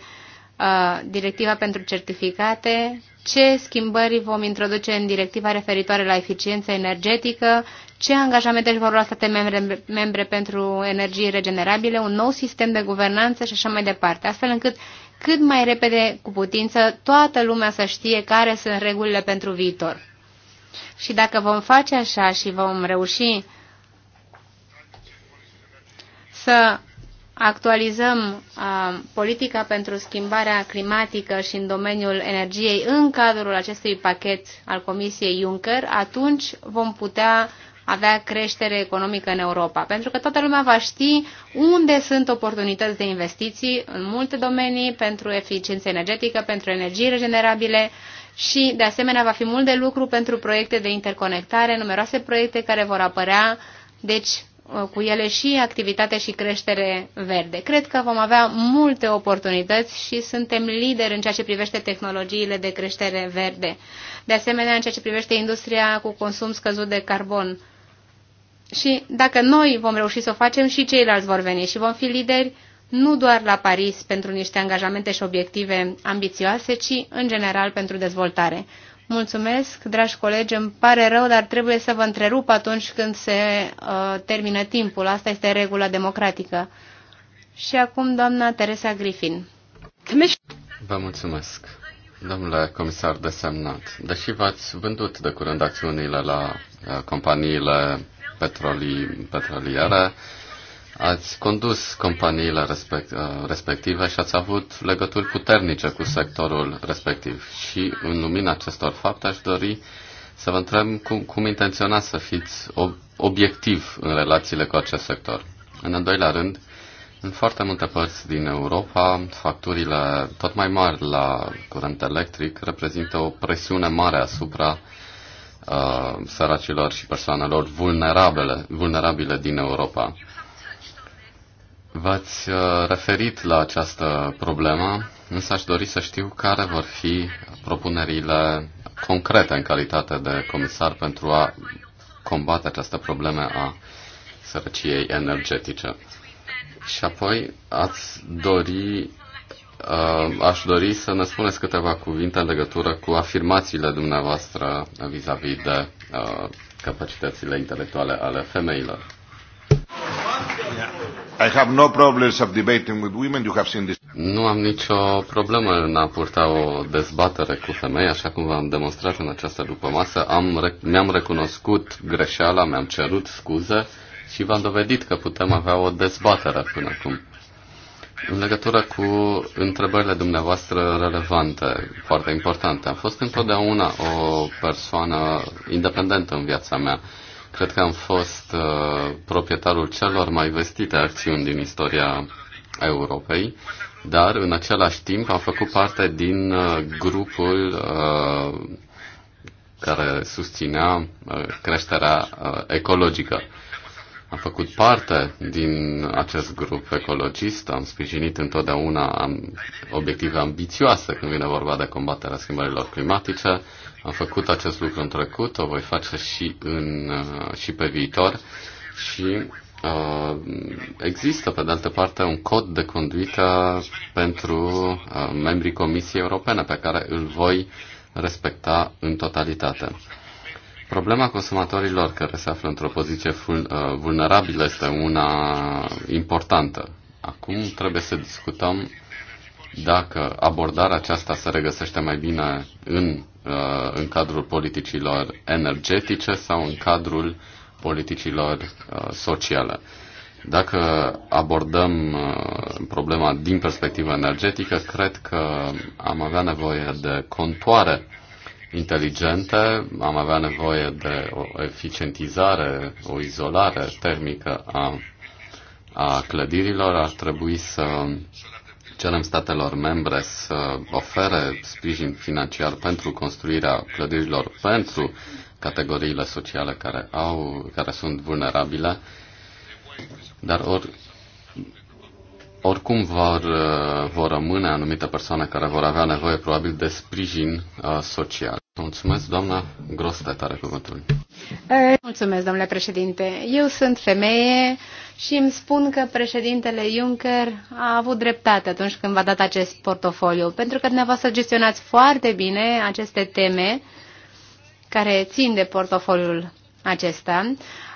uh, directiva pentru certificate, ce schimbări vom introduce în directiva referitoare la eficiență energetică, ce angajamente își vor lua state membre, membre pentru energii regenerabile, un nou sistem de guvernanță și așa mai departe, astfel încât cât mai repede cu putință toată lumea să știe care sunt regulile pentru viitor. Și dacă vom face așa și vom reuși să actualizăm uh, politica pentru schimbarea climatică și în domeniul energiei în cadrul acestui pachet al Comisiei Juncker, atunci vom putea avea creștere economică în Europa, pentru că toată lumea va ști unde sunt oportunități de investiții în multe domenii pentru eficiență energetică, pentru energii regenerabile și, de asemenea, va fi mult de lucru pentru proiecte de interconectare, numeroase proiecte care vor apărea, deci uh, cu ele și activitate și creștere verde. Cred că vom avea multe oportunități și suntem lideri în ceea ce privește tehnologiile de creștere verde. De asemenea, în ceea ce privește industria cu consum scăzut de carbon. Și dacă noi vom reuși să o facem, și ceilalți vor veni și vom fi lideri nu doar la Paris pentru niște angajamente și obiective ambițioase, ci în general pentru dezvoltare. Mulțumesc, dragi colegi, îmi pare rău, dar trebuie să vă întrerup atunci când se uh, termină timpul. Asta este regula democratică. Și acum doamna Teresa Griffin. Vă mulțumesc, domnule comisar desemnat. Deși v-ați vândut de curând acțiunile la uh, companiile petroli, petroliere, uh, ați condus companiile respect, uh, respective și ați avut legături puternice cu sectorul respectiv. Și în lumina acestor fapte aș dori să vă întreb cum, cum intenționați să fiți obiectiv în relațiile cu acest sector. În al doilea rând, în foarte multe părți din Europa, facturile tot mai mari la curent electric reprezintă o presiune mare asupra uh, săracilor și persoanelor vulnerabile, vulnerabile din Europa. V-ați uh, referit la această problemă, însă aș dori să știu care vor fi propunerile concrete în calitate de comisar pentru a combate această problemă a sărăciei energetice. Și apoi ați dori, uh, aș dori să ne spuneți câteva cuvinte în legătură cu afirmațiile dumneavoastră vis-a-vis -vis de uh, capacitățile intelectuale ale femeilor. Yeah. I have no problems of debating with women. You have seen this. Nu am nicio problemă în a purta o dezbatere cu femei, așa cum v-am demonstrat în această masă. Am, mi-am recunoscut greșeala, mi-am cerut scuze și v-am dovedit că putem avea o dezbatere până acum. În legătură cu întrebările dumneavoastră relevante, foarte importante, am fost întotdeauna o persoană independentă în viața mea. Cred că am fost uh, proprietarul celor mai vestite acțiuni din istoria Europei, dar în același timp am făcut parte din uh, grupul uh, care susținea uh, creșterea uh, ecologică. Am făcut parte din acest grup ecologist, am sprijinit întotdeauna am obiective ambițioase când vine vorba de combaterea schimbărilor climatice, am făcut acest lucru în trecut, o voi face și, în, uh, și pe viitor și uh, există, pe de altă parte, un cod de conduită pentru uh, membrii Comisiei Europene pe care îl voi respecta în totalitate. Problema consumatorilor care se află într-o poziție uh, vulnerabilă este una importantă. Acum trebuie să discutăm dacă abordarea aceasta se regăsește mai bine în Uh, în cadrul politicilor energetice sau în cadrul politicilor uh, sociale. Dacă abordăm uh, problema din perspectivă energetică, cred că am avea nevoie de contoare inteligente, am avea nevoie de o eficientizare, o izolare termică a, a clădirilor, ar trebui să cerem statelor membre să ofere sprijin financiar pentru construirea clădirilor pentru categoriile sociale care, au, care sunt vulnerabile, dar or, oricum vor, vor rămâne anumite persoane care vor avea nevoie probabil de sprijin uh, social. Mulțumesc, doamna de tare cuvântul. Mulțumesc, domnule președinte. Eu sunt femeie, și îmi spun că președintele Juncker a avut dreptate atunci când v-a dat acest portofoliu, pentru că dumneavoastră gestionați foarte bine aceste teme care țin de portofoliul acesta.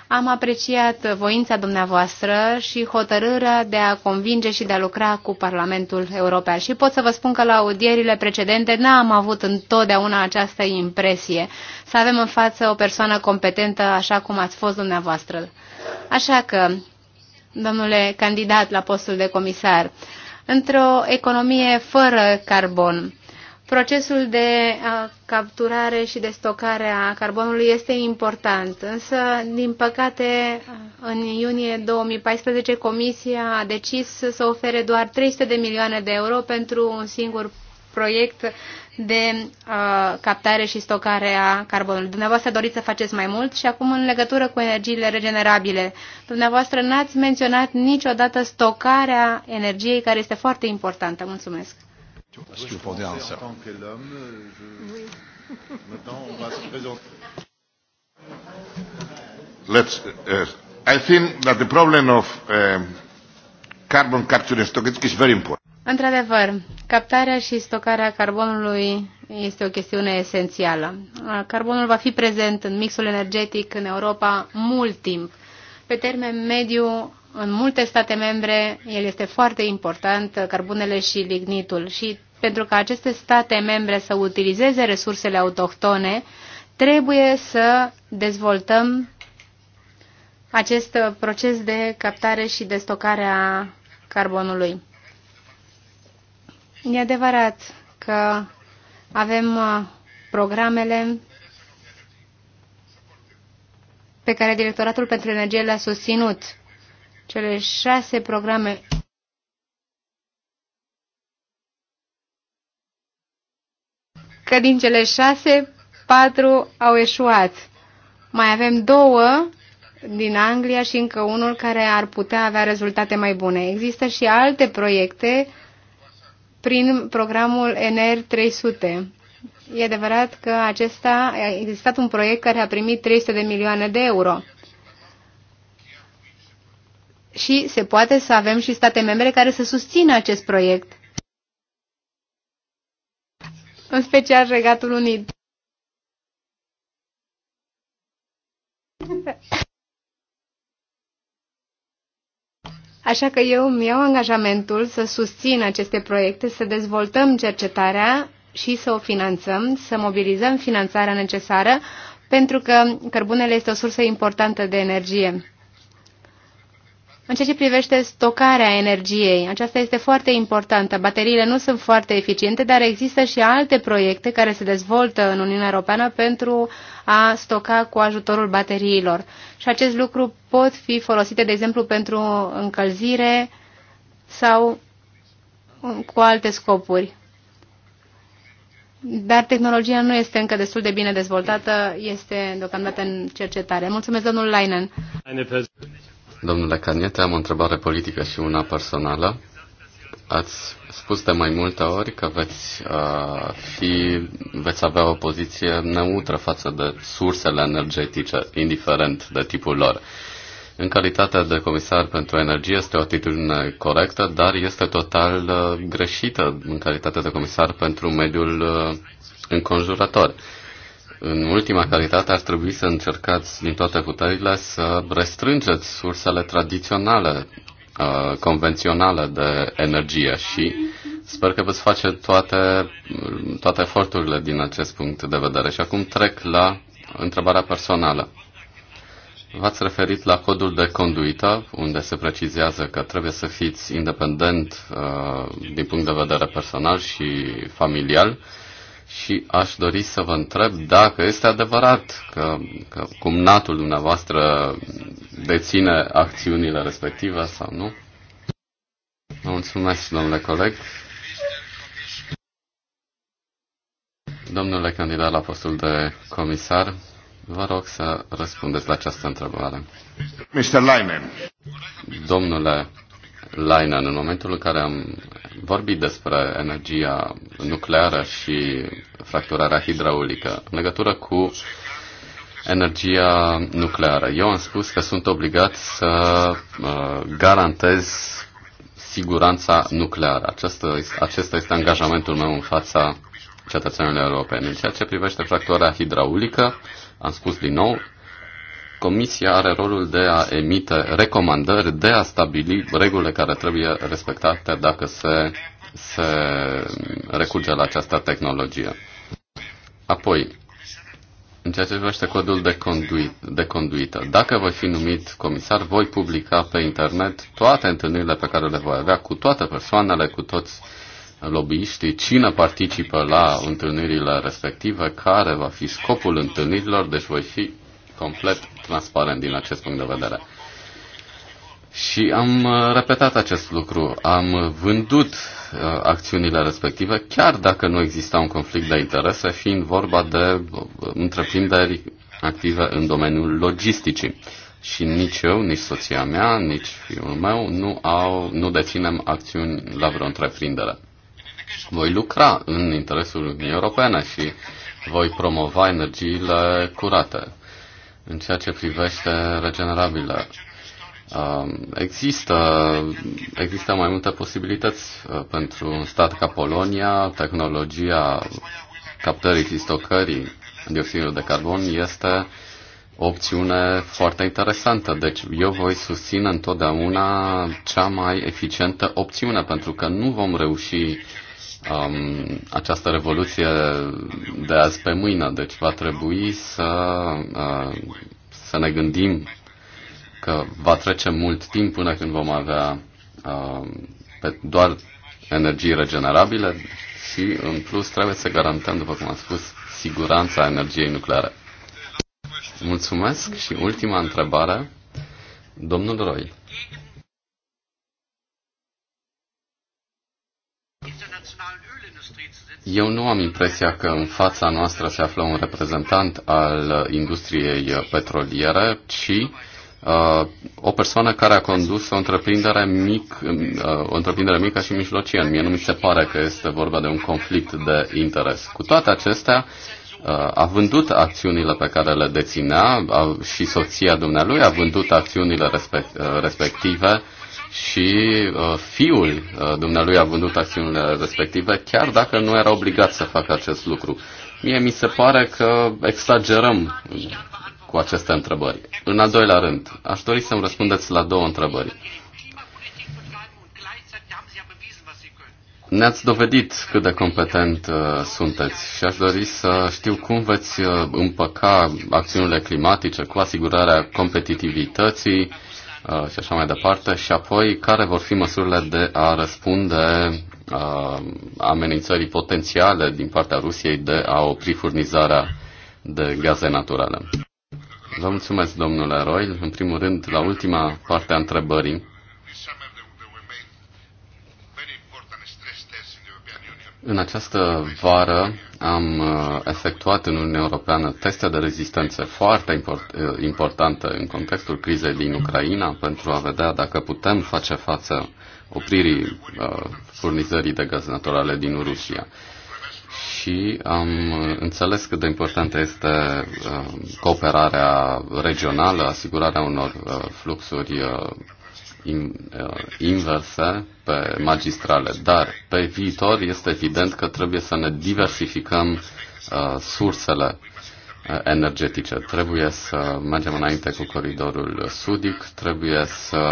Am apreciat voința dumneavoastră și hotărârea de a convinge și de a lucra cu Parlamentul European. Și pot să vă spun că la audierile precedente n-am avut întotdeauna această impresie să avem în față o persoană competentă așa cum ați fost dumneavoastră. Așa că domnule candidat la postul de comisar, într-o economie fără carbon. Procesul de capturare și de stocare a carbonului este important, însă, din păcate, în iunie 2014 Comisia a decis să ofere doar 300 de milioane de euro pentru un singur proiect de uh, captare și stocare a carbonului. Dumneavoastră doriți să faceți mai mult și acum în legătură cu energiile regenerabile. Dumneavoastră n-ați menționat niciodată stocarea energiei care este foarte importantă. Mulțumesc. Let's, uh, I think that the problem of uh, carbon capture and storage is very important. Într-adevăr, captarea și stocarea carbonului este o chestiune esențială. Carbonul va fi prezent în mixul energetic în Europa mult timp. Pe termen mediu, în multe state membre, el este foarte important, carbunele și lignitul. Și pentru ca aceste state membre să utilizeze resursele autohtone, trebuie să dezvoltăm acest proces de captare și de stocare a carbonului. E adevărat că avem uh, programele pe care Directoratul pentru Energie le-a susținut. Cele șase programe că din cele șase, patru au eșuat. Mai avem două din Anglia și încă unul care ar putea avea rezultate mai bune. Există și alte proiecte uh, prin programul NR300. E adevărat că acesta a existat un proiect care a primit 300 de milioane de euro. Și se poate să avem și state membre care să susțină acest proiect. În special Regatul Unit. Așa că eu îmi iau angajamentul să susțin aceste proiecte, să dezvoltăm cercetarea și să o finanțăm, să mobilizăm finanțarea necesară, pentru că cărbunele este o sursă importantă de energie. În ceea ce privește stocarea energiei, aceasta este foarte importantă. Bateriile nu sunt foarte eficiente, dar există și alte proiecte care se dezvoltă în Uniunea Europeană pentru a stoca cu ajutorul bateriilor. Și acest lucru pot fi folosite, de exemplu, pentru încălzire sau um, cu alte scopuri. Dar tehnologia nu este încă destul de bine dezvoltată, este deocamdată în cercetare. Mulțumesc, domnul Leinen. Domnule Caniete, am o întrebare politică și una personală. Ați spus de mai multe ori că veți, uh, fi, veți avea o poziție neutră față de sursele energetice, indiferent de tipul lor. În calitate de comisar pentru energie este o atitudine corectă, dar este total uh, greșită în calitate de comisar pentru mediul uh, înconjurător. În ultima calitate ar trebui să încercați din toate puterile să restrângeți sursele tradiționale Uh, convențională de energie și sper că veți face toate, toate eforturile din acest punct de vedere. Și acum trec la întrebarea personală. V-ați referit la codul de conduită, unde se precizează că trebuie să fiți independent uh, din punct de vedere personal și familial. Uh, și aș dori să vă întreb dacă este adevărat că, că cumnatul dumneavoastră deține acțiunile respective sau nu. Vă mulțumesc, domnule coleg. Domnule candidat la postul de comisar, vă rog să răspundeți la această întrebare. Mr. Leinen. Domnule Leinen, în momentul în care am vorbit despre energia nucleară și fracturarea hidraulică, în legătură cu energia nucleară, eu am spus că sunt obligat să uh, garantez siguranța nucleară. acesta acesta este angajamentul meu în fața cetățenilor europeni. În ceea ce privește fracturarea hidraulică, am spus din nou, Comisia are rolul de a emite recomandări, de a stabili regulile care trebuie respectate dacă se, se recurge la această tehnologie. Apoi, în ceea ce privește codul de, conduit, de conduită, dacă voi fi numit comisar, voi publica pe internet toate întâlnirile pe care le voi avea cu toate persoanele, cu toți lobbyiștii, cine participă la întâlnirile respective, care va fi scopul întâlnirilor, deci voi fi complet transparent din acest punct de vedere. Și am uh, repetat acest lucru. Am vândut uh, acțiunile respective, chiar dacă nu exista un conflict de interese, fiind vorba de uh, întreprinderi active în domeniul logisticii. Și nici eu, nici soția mea, nici fiul meu nu, au, nu deținem acțiuni la vreo întreprindere. Voi lucra în interesul Uniunii Europene și voi promova energiile curate în ceea ce privește regenerabilă, um, Există, există mai multe posibilități uh, pentru un stat ca Polonia. Tehnologia captării și stocării dioxidului de carbon este o opțiune foarte interesantă. Deci eu voi susține întotdeauna cea mai eficientă opțiune, pentru că nu vom reuși um, această revoluție de azi pe mâine. Deci va trebui să, uh, să ne gândim că va trece mult timp până când vom avea uh, pe doar energii regenerabile și, în plus, trebuie să garantăm, după cum am spus, siguranța energiei nucleare. Mulțumesc și ultima întrebare, domnul Roy. Eu nu am impresia că în fața noastră se află un reprezentant al industriei petroliere, ci uh, o persoană care a condus o întreprindere, mic, uh, o întreprindere mică și mijlocie. Mie nu mi se pare că este vorba de un conflict de interes. Cu toate acestea, uh, a vândut acțiunile pe care le deținea uh, și soția dumnealui a vândut acțiunile respect, uh, respective și uh, fiul uh, dumnealui a vândut acțiunile respective, chiar dacă nu era obligat să facă acest lucru. Mie mi se pare că exagerăm cu aceste întrebări. În al doilea rând, aș dori să-mi răspundeți la două întrebări. Ne-ați dovedit cât de competent uh, sunteți și aș dori să știu cum veți uh, împăca acțiunile climatice cu asigurarea competitivității, Uh, și așa mai departe, și apoi care vor fi măsurile de a răspunde uh, amenințării potențiale din partea Rusiei de a opri furnizarea de gaze naturale. Vă mulțumesc, domnule Roy. În primul rând, la ultima parte a întrebării, În această vară am uh, efectuat în Uniunea Europeană teste de rezistență foarte import, uh, importante în contextul crizei din Ucraina pentru a vedea dacă putem face față opririi uh, furnizării de gaze naturale din Rusia. Și am uh, înțeles cât de importantă este uh, cooperarea regională, asigurarea unor uh, fluxuri uh, Uh, inverse pe magistrale, dar pe viitor este evident că trebuie să ne diversificăm uh, sursele uh, energetice. Trebuie să mergem înainte cu coridorul sudic, trebuie să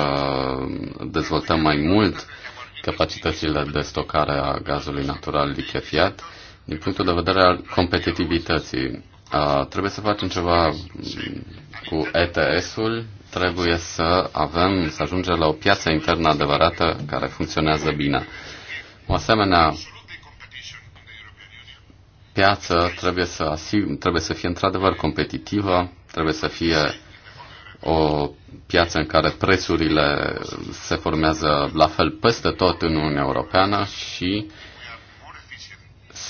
dezvoltăm mai mult capacitățile de stocare a gazului natural lichefiat din punctul de vedere al competitivității trebuie să facem ceva cu ETS-ul, trebuie să avem, să ajungem la o piață internă adevărată care funcționează bine. O asemenea piață trebuie să, asim, trebuie să fie într-adevăr competitivă, trebuie să fie o piață în care prețurile se formează la fel peste tot în Uniunea Europeană și uh,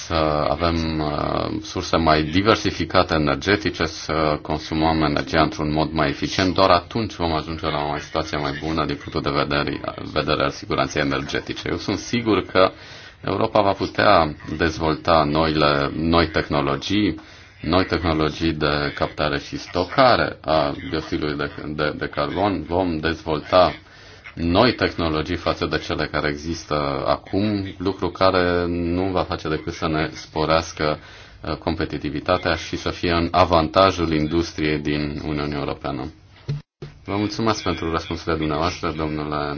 să avem uh, surse mai diversificate energetice, să consumăm energia într-un mod mai eficient, doar atunci vom ajunge la o situație mai bună din punctul de vedere, vedere al siguranței energetice. Eu sunt sigur că Europa va putea dezvolta noile, noi tehnologii, noi tehnologii de captare și stocare a dioxidului de, de, de carbon, vom dezvolta noi tehnologii față de cele care există acum, lucru care nu va face decât să ne sporească uh, competitivitatea și să fie în avantajul industriei din Uniunea Europeană. Vă mulțumesc pentru răspunsurile dumneavoastră, domnule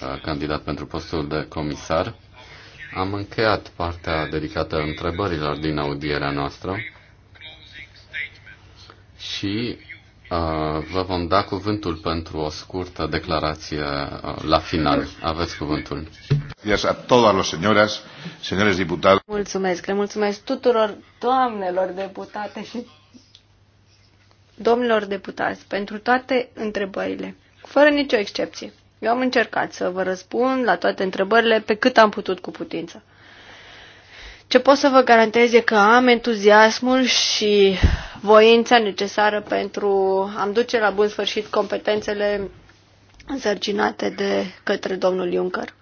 uh, candidat pentru postul de comisar. Am încheiat partea dedicată întrebărilor din audierea noastră și Uh, vă vom da cuvântul pentru o scurtă declarație uh, la final. Aveți cuvântul. Mulțumesc, le mulțumesc tuturor doamnelor deputate și domnilor deputați pentru toate întrebările, fără nicio excepție. Eu am încercat să vă răspund la toate întrebările pe cât am putut cu putință. Ce pot să vă garantez e că am entuziasmul și voința necesară pentru a-mi duce la bun sfârșit competențele însărcinate de către domnul Juncker.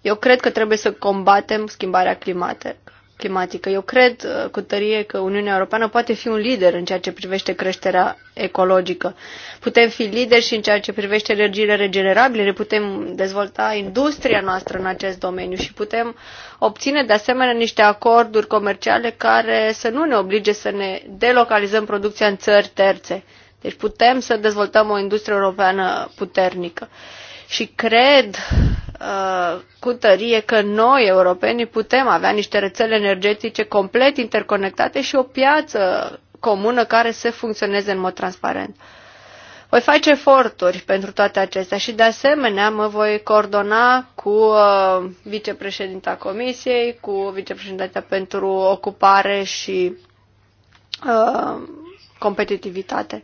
Eu cred că trebuie să combatem schimbarea climatică climatică. Eu cred uh, cu tărie că Uniunea Europeană poate fi un lider în ceea ce privește creșterea ecologică. Putem fi lideri și în ceea ce privește energiile regenerabile, ne putem dezvolta industria noastră în acest domeniu și putem obține de asemenea niște acorduri comerciale care să nu ne oblige să ne delocalizăm producția în țări terțe. Deci putem să dezvoltăm o industrie europeană puternică. Și cred Uh, cu tărie că noi, europenii, putem avea niște rețele energetice complet interconectate și o piață comună care să funcționeze în mod transparent. Voi face eforturi pentru toate acestea și, de asemenea, mă voi coordona cu uh, vicepreședinta Comisiei, cu vicepreședinta pentru ocupare și uh, competitivitate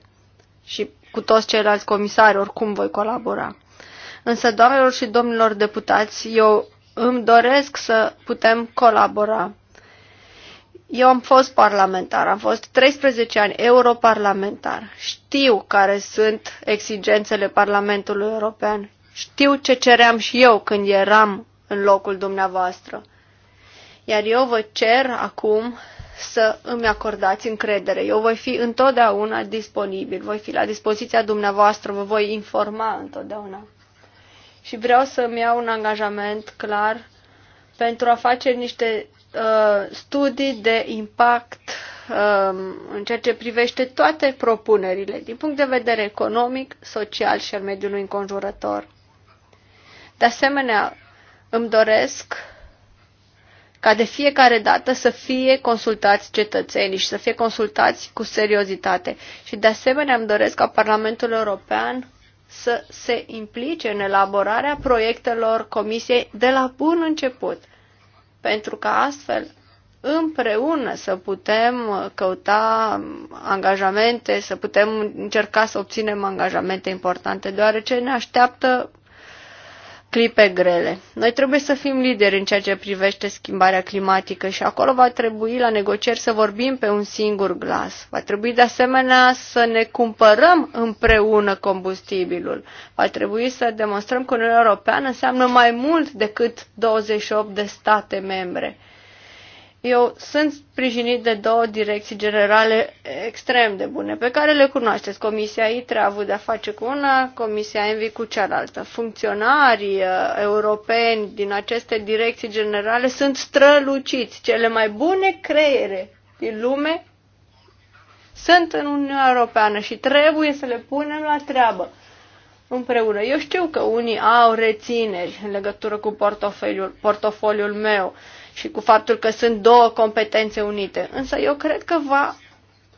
și cu toți ceilalți comisari, oricum voi colabora. Însă, doamnelor și domnilor deputați, eu îmi doresc să putem colabora. Eu am fost parlamentar, am fost 13 ani europarlamentar. Știu care sunt exigențele Parlamentului European. Știu ce ceream și eu când eram în locul dumneavoastră. Iar eu vă cer acum să îmi acordați încredere. Eu voi fi întotdeauna disponibil, voi fi la dispoziția dumneavoastră, vă voi informa întotdeauna și vreau să-mi iau un angajament clar pentru a face niște uh, studii de impact uh, în ceea ce privește toate propunerile, din punct de vedere economic, social și al mediului înconjurător. De asemenea, îmi doresc ca de fiecare dată să fie consultați cetățenii și să fie consultați cu seriozitate. Și de asemenea îmi doresc ca Parlamentul European să se implice în elaborarea proiectelor comisiei de la bun început, pentru că astfel împreună să putem căuta angajamente, să putem încerca să obținem angajamente importante, deoarece ne așteaptă clipe grele. Noi trebuie să fim lideri în ceea ce privește schimbarea climatică și acolo va trebui la negocieri să vorbim pe un singur glas. Va trebui de asemenea să ne cumpărăm împreună combustibilul. Va trebui să demonstrăm că Uniunea Europeană înseamnă mai mult decât 28 de state membre. Eu sunt sprijinit de două direcții generale extrem de bune, pe care le cunoașteți. Comisia ITRE a avut de-a face cu una, Comisia ENVI cu cealaltă. Funcționarii uh, europeni din aceste direcții generale sunt străluciți. Cele mai bune creiere din lume sunt în Uniunea Europeană și trebuie să le punem la treabă împreună. Eu știu că unii au rețineri în legătură cu portofoliul, portofoliul meu și cu faptul că sunt două competențe unite. Însă eu cred că va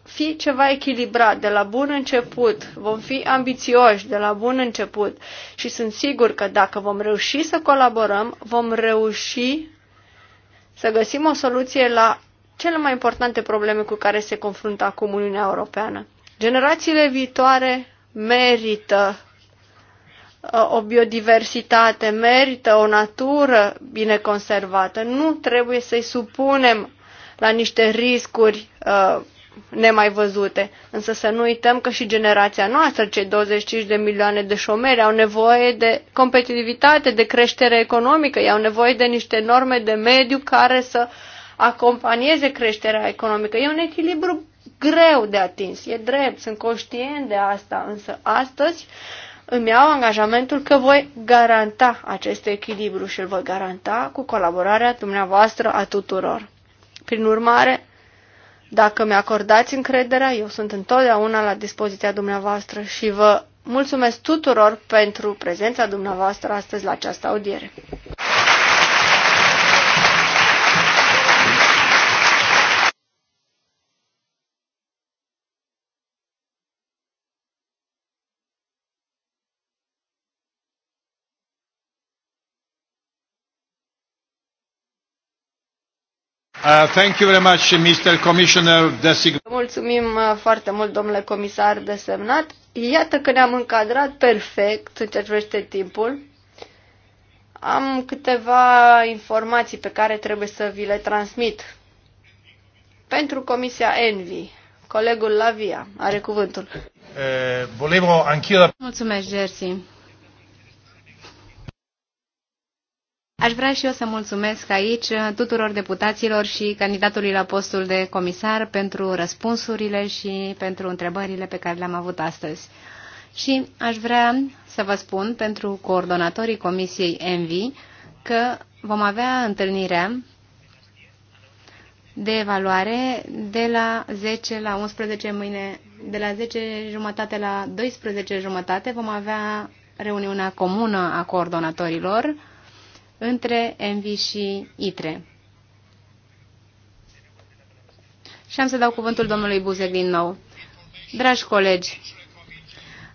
fi ceva echilibrat de la bun început, vom fi ambițioși de la bun început și sunt sigur că dacă vom reuși să colaborăm, vom reuși să găsim o soluție la cele mai importante probleme cu care se confruntă acum Uniunea Europeană. Generațiile viitoare merită Uh, o biodiversitate, merită o natură bine conservată. Nu trebuie să-i supunem la niște riscuri uh, nemai văzute. Însă să nu uităm că și generația noastră, cei 25 de milioane de șomeri, au nevoie de competitivitate, de creștere economică, ei au nevoie de niște norme de mediu care să acompanieze creșterea economică. E un echilibru greu de atins, e drept, sunt conștient de asta, însă astăzi uh, îmi iau angajamentul că voi garanta acest echilibru și îl voi garanta cu colaborarea dumneavoastră a tuturor. Prin urmare, dacă mi-acordați încrederea, eu sunt întotdeauna la dispoziția dumneavoastră și vă mulțumesc tuturor pentru prezența dumneavoastră astăzi la această audiere. Uh, thank you very much, Mr. Commissioner Mulțumim uh, foarte mult, domnule comisar desemnat. Iată că ne-am încadrat perfect în ceea ce privește timpul. Am câteva informații pe care trebuie să vi le transmit. Pentru Comisia Envi, colegul Lavia are cuvântul. Uh, volevo anch'io... Mulțumesc, Jersey. Aș vrea și eu să mulțumesc aici uh, tuturor deputaților și candidatului la postul de comisar pentru răspunsurile și pentru întrebările pe care le-am avut astăzi. Și aș vrea să vă spun pentru coordonatorii Comisiei ENVI că vom avea întâlnirea de evaluare de la 10 la 11 mâine, de la 10 jumătate la 12 jumătate vom avea reuniunea comună a coordonatorilor între Envi și ITRE. Și am să dau cuvântul domnului Buzec din nou. Dragi colegi,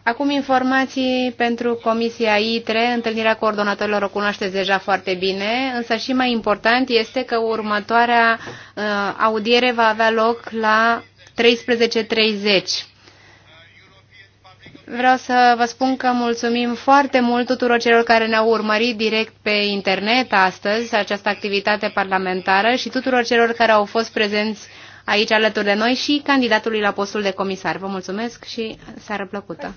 acum informații pentru Comisia ITRE. Întâlnirea coordonatorilor o cunoașteți deja foarte bine, însă și mai important este că următoarea uh, audiere va avea loc la 13.30 Vreau să vă spun că mulțumim foarte mult tuturor celor care ne-au urmărit direct pe internet astăzi această activitate parlamentară și tuturor celor care au fost prezenți aici alături de noi și candidatului la postul de comisar. Vă mulțumesc și seară plăcută!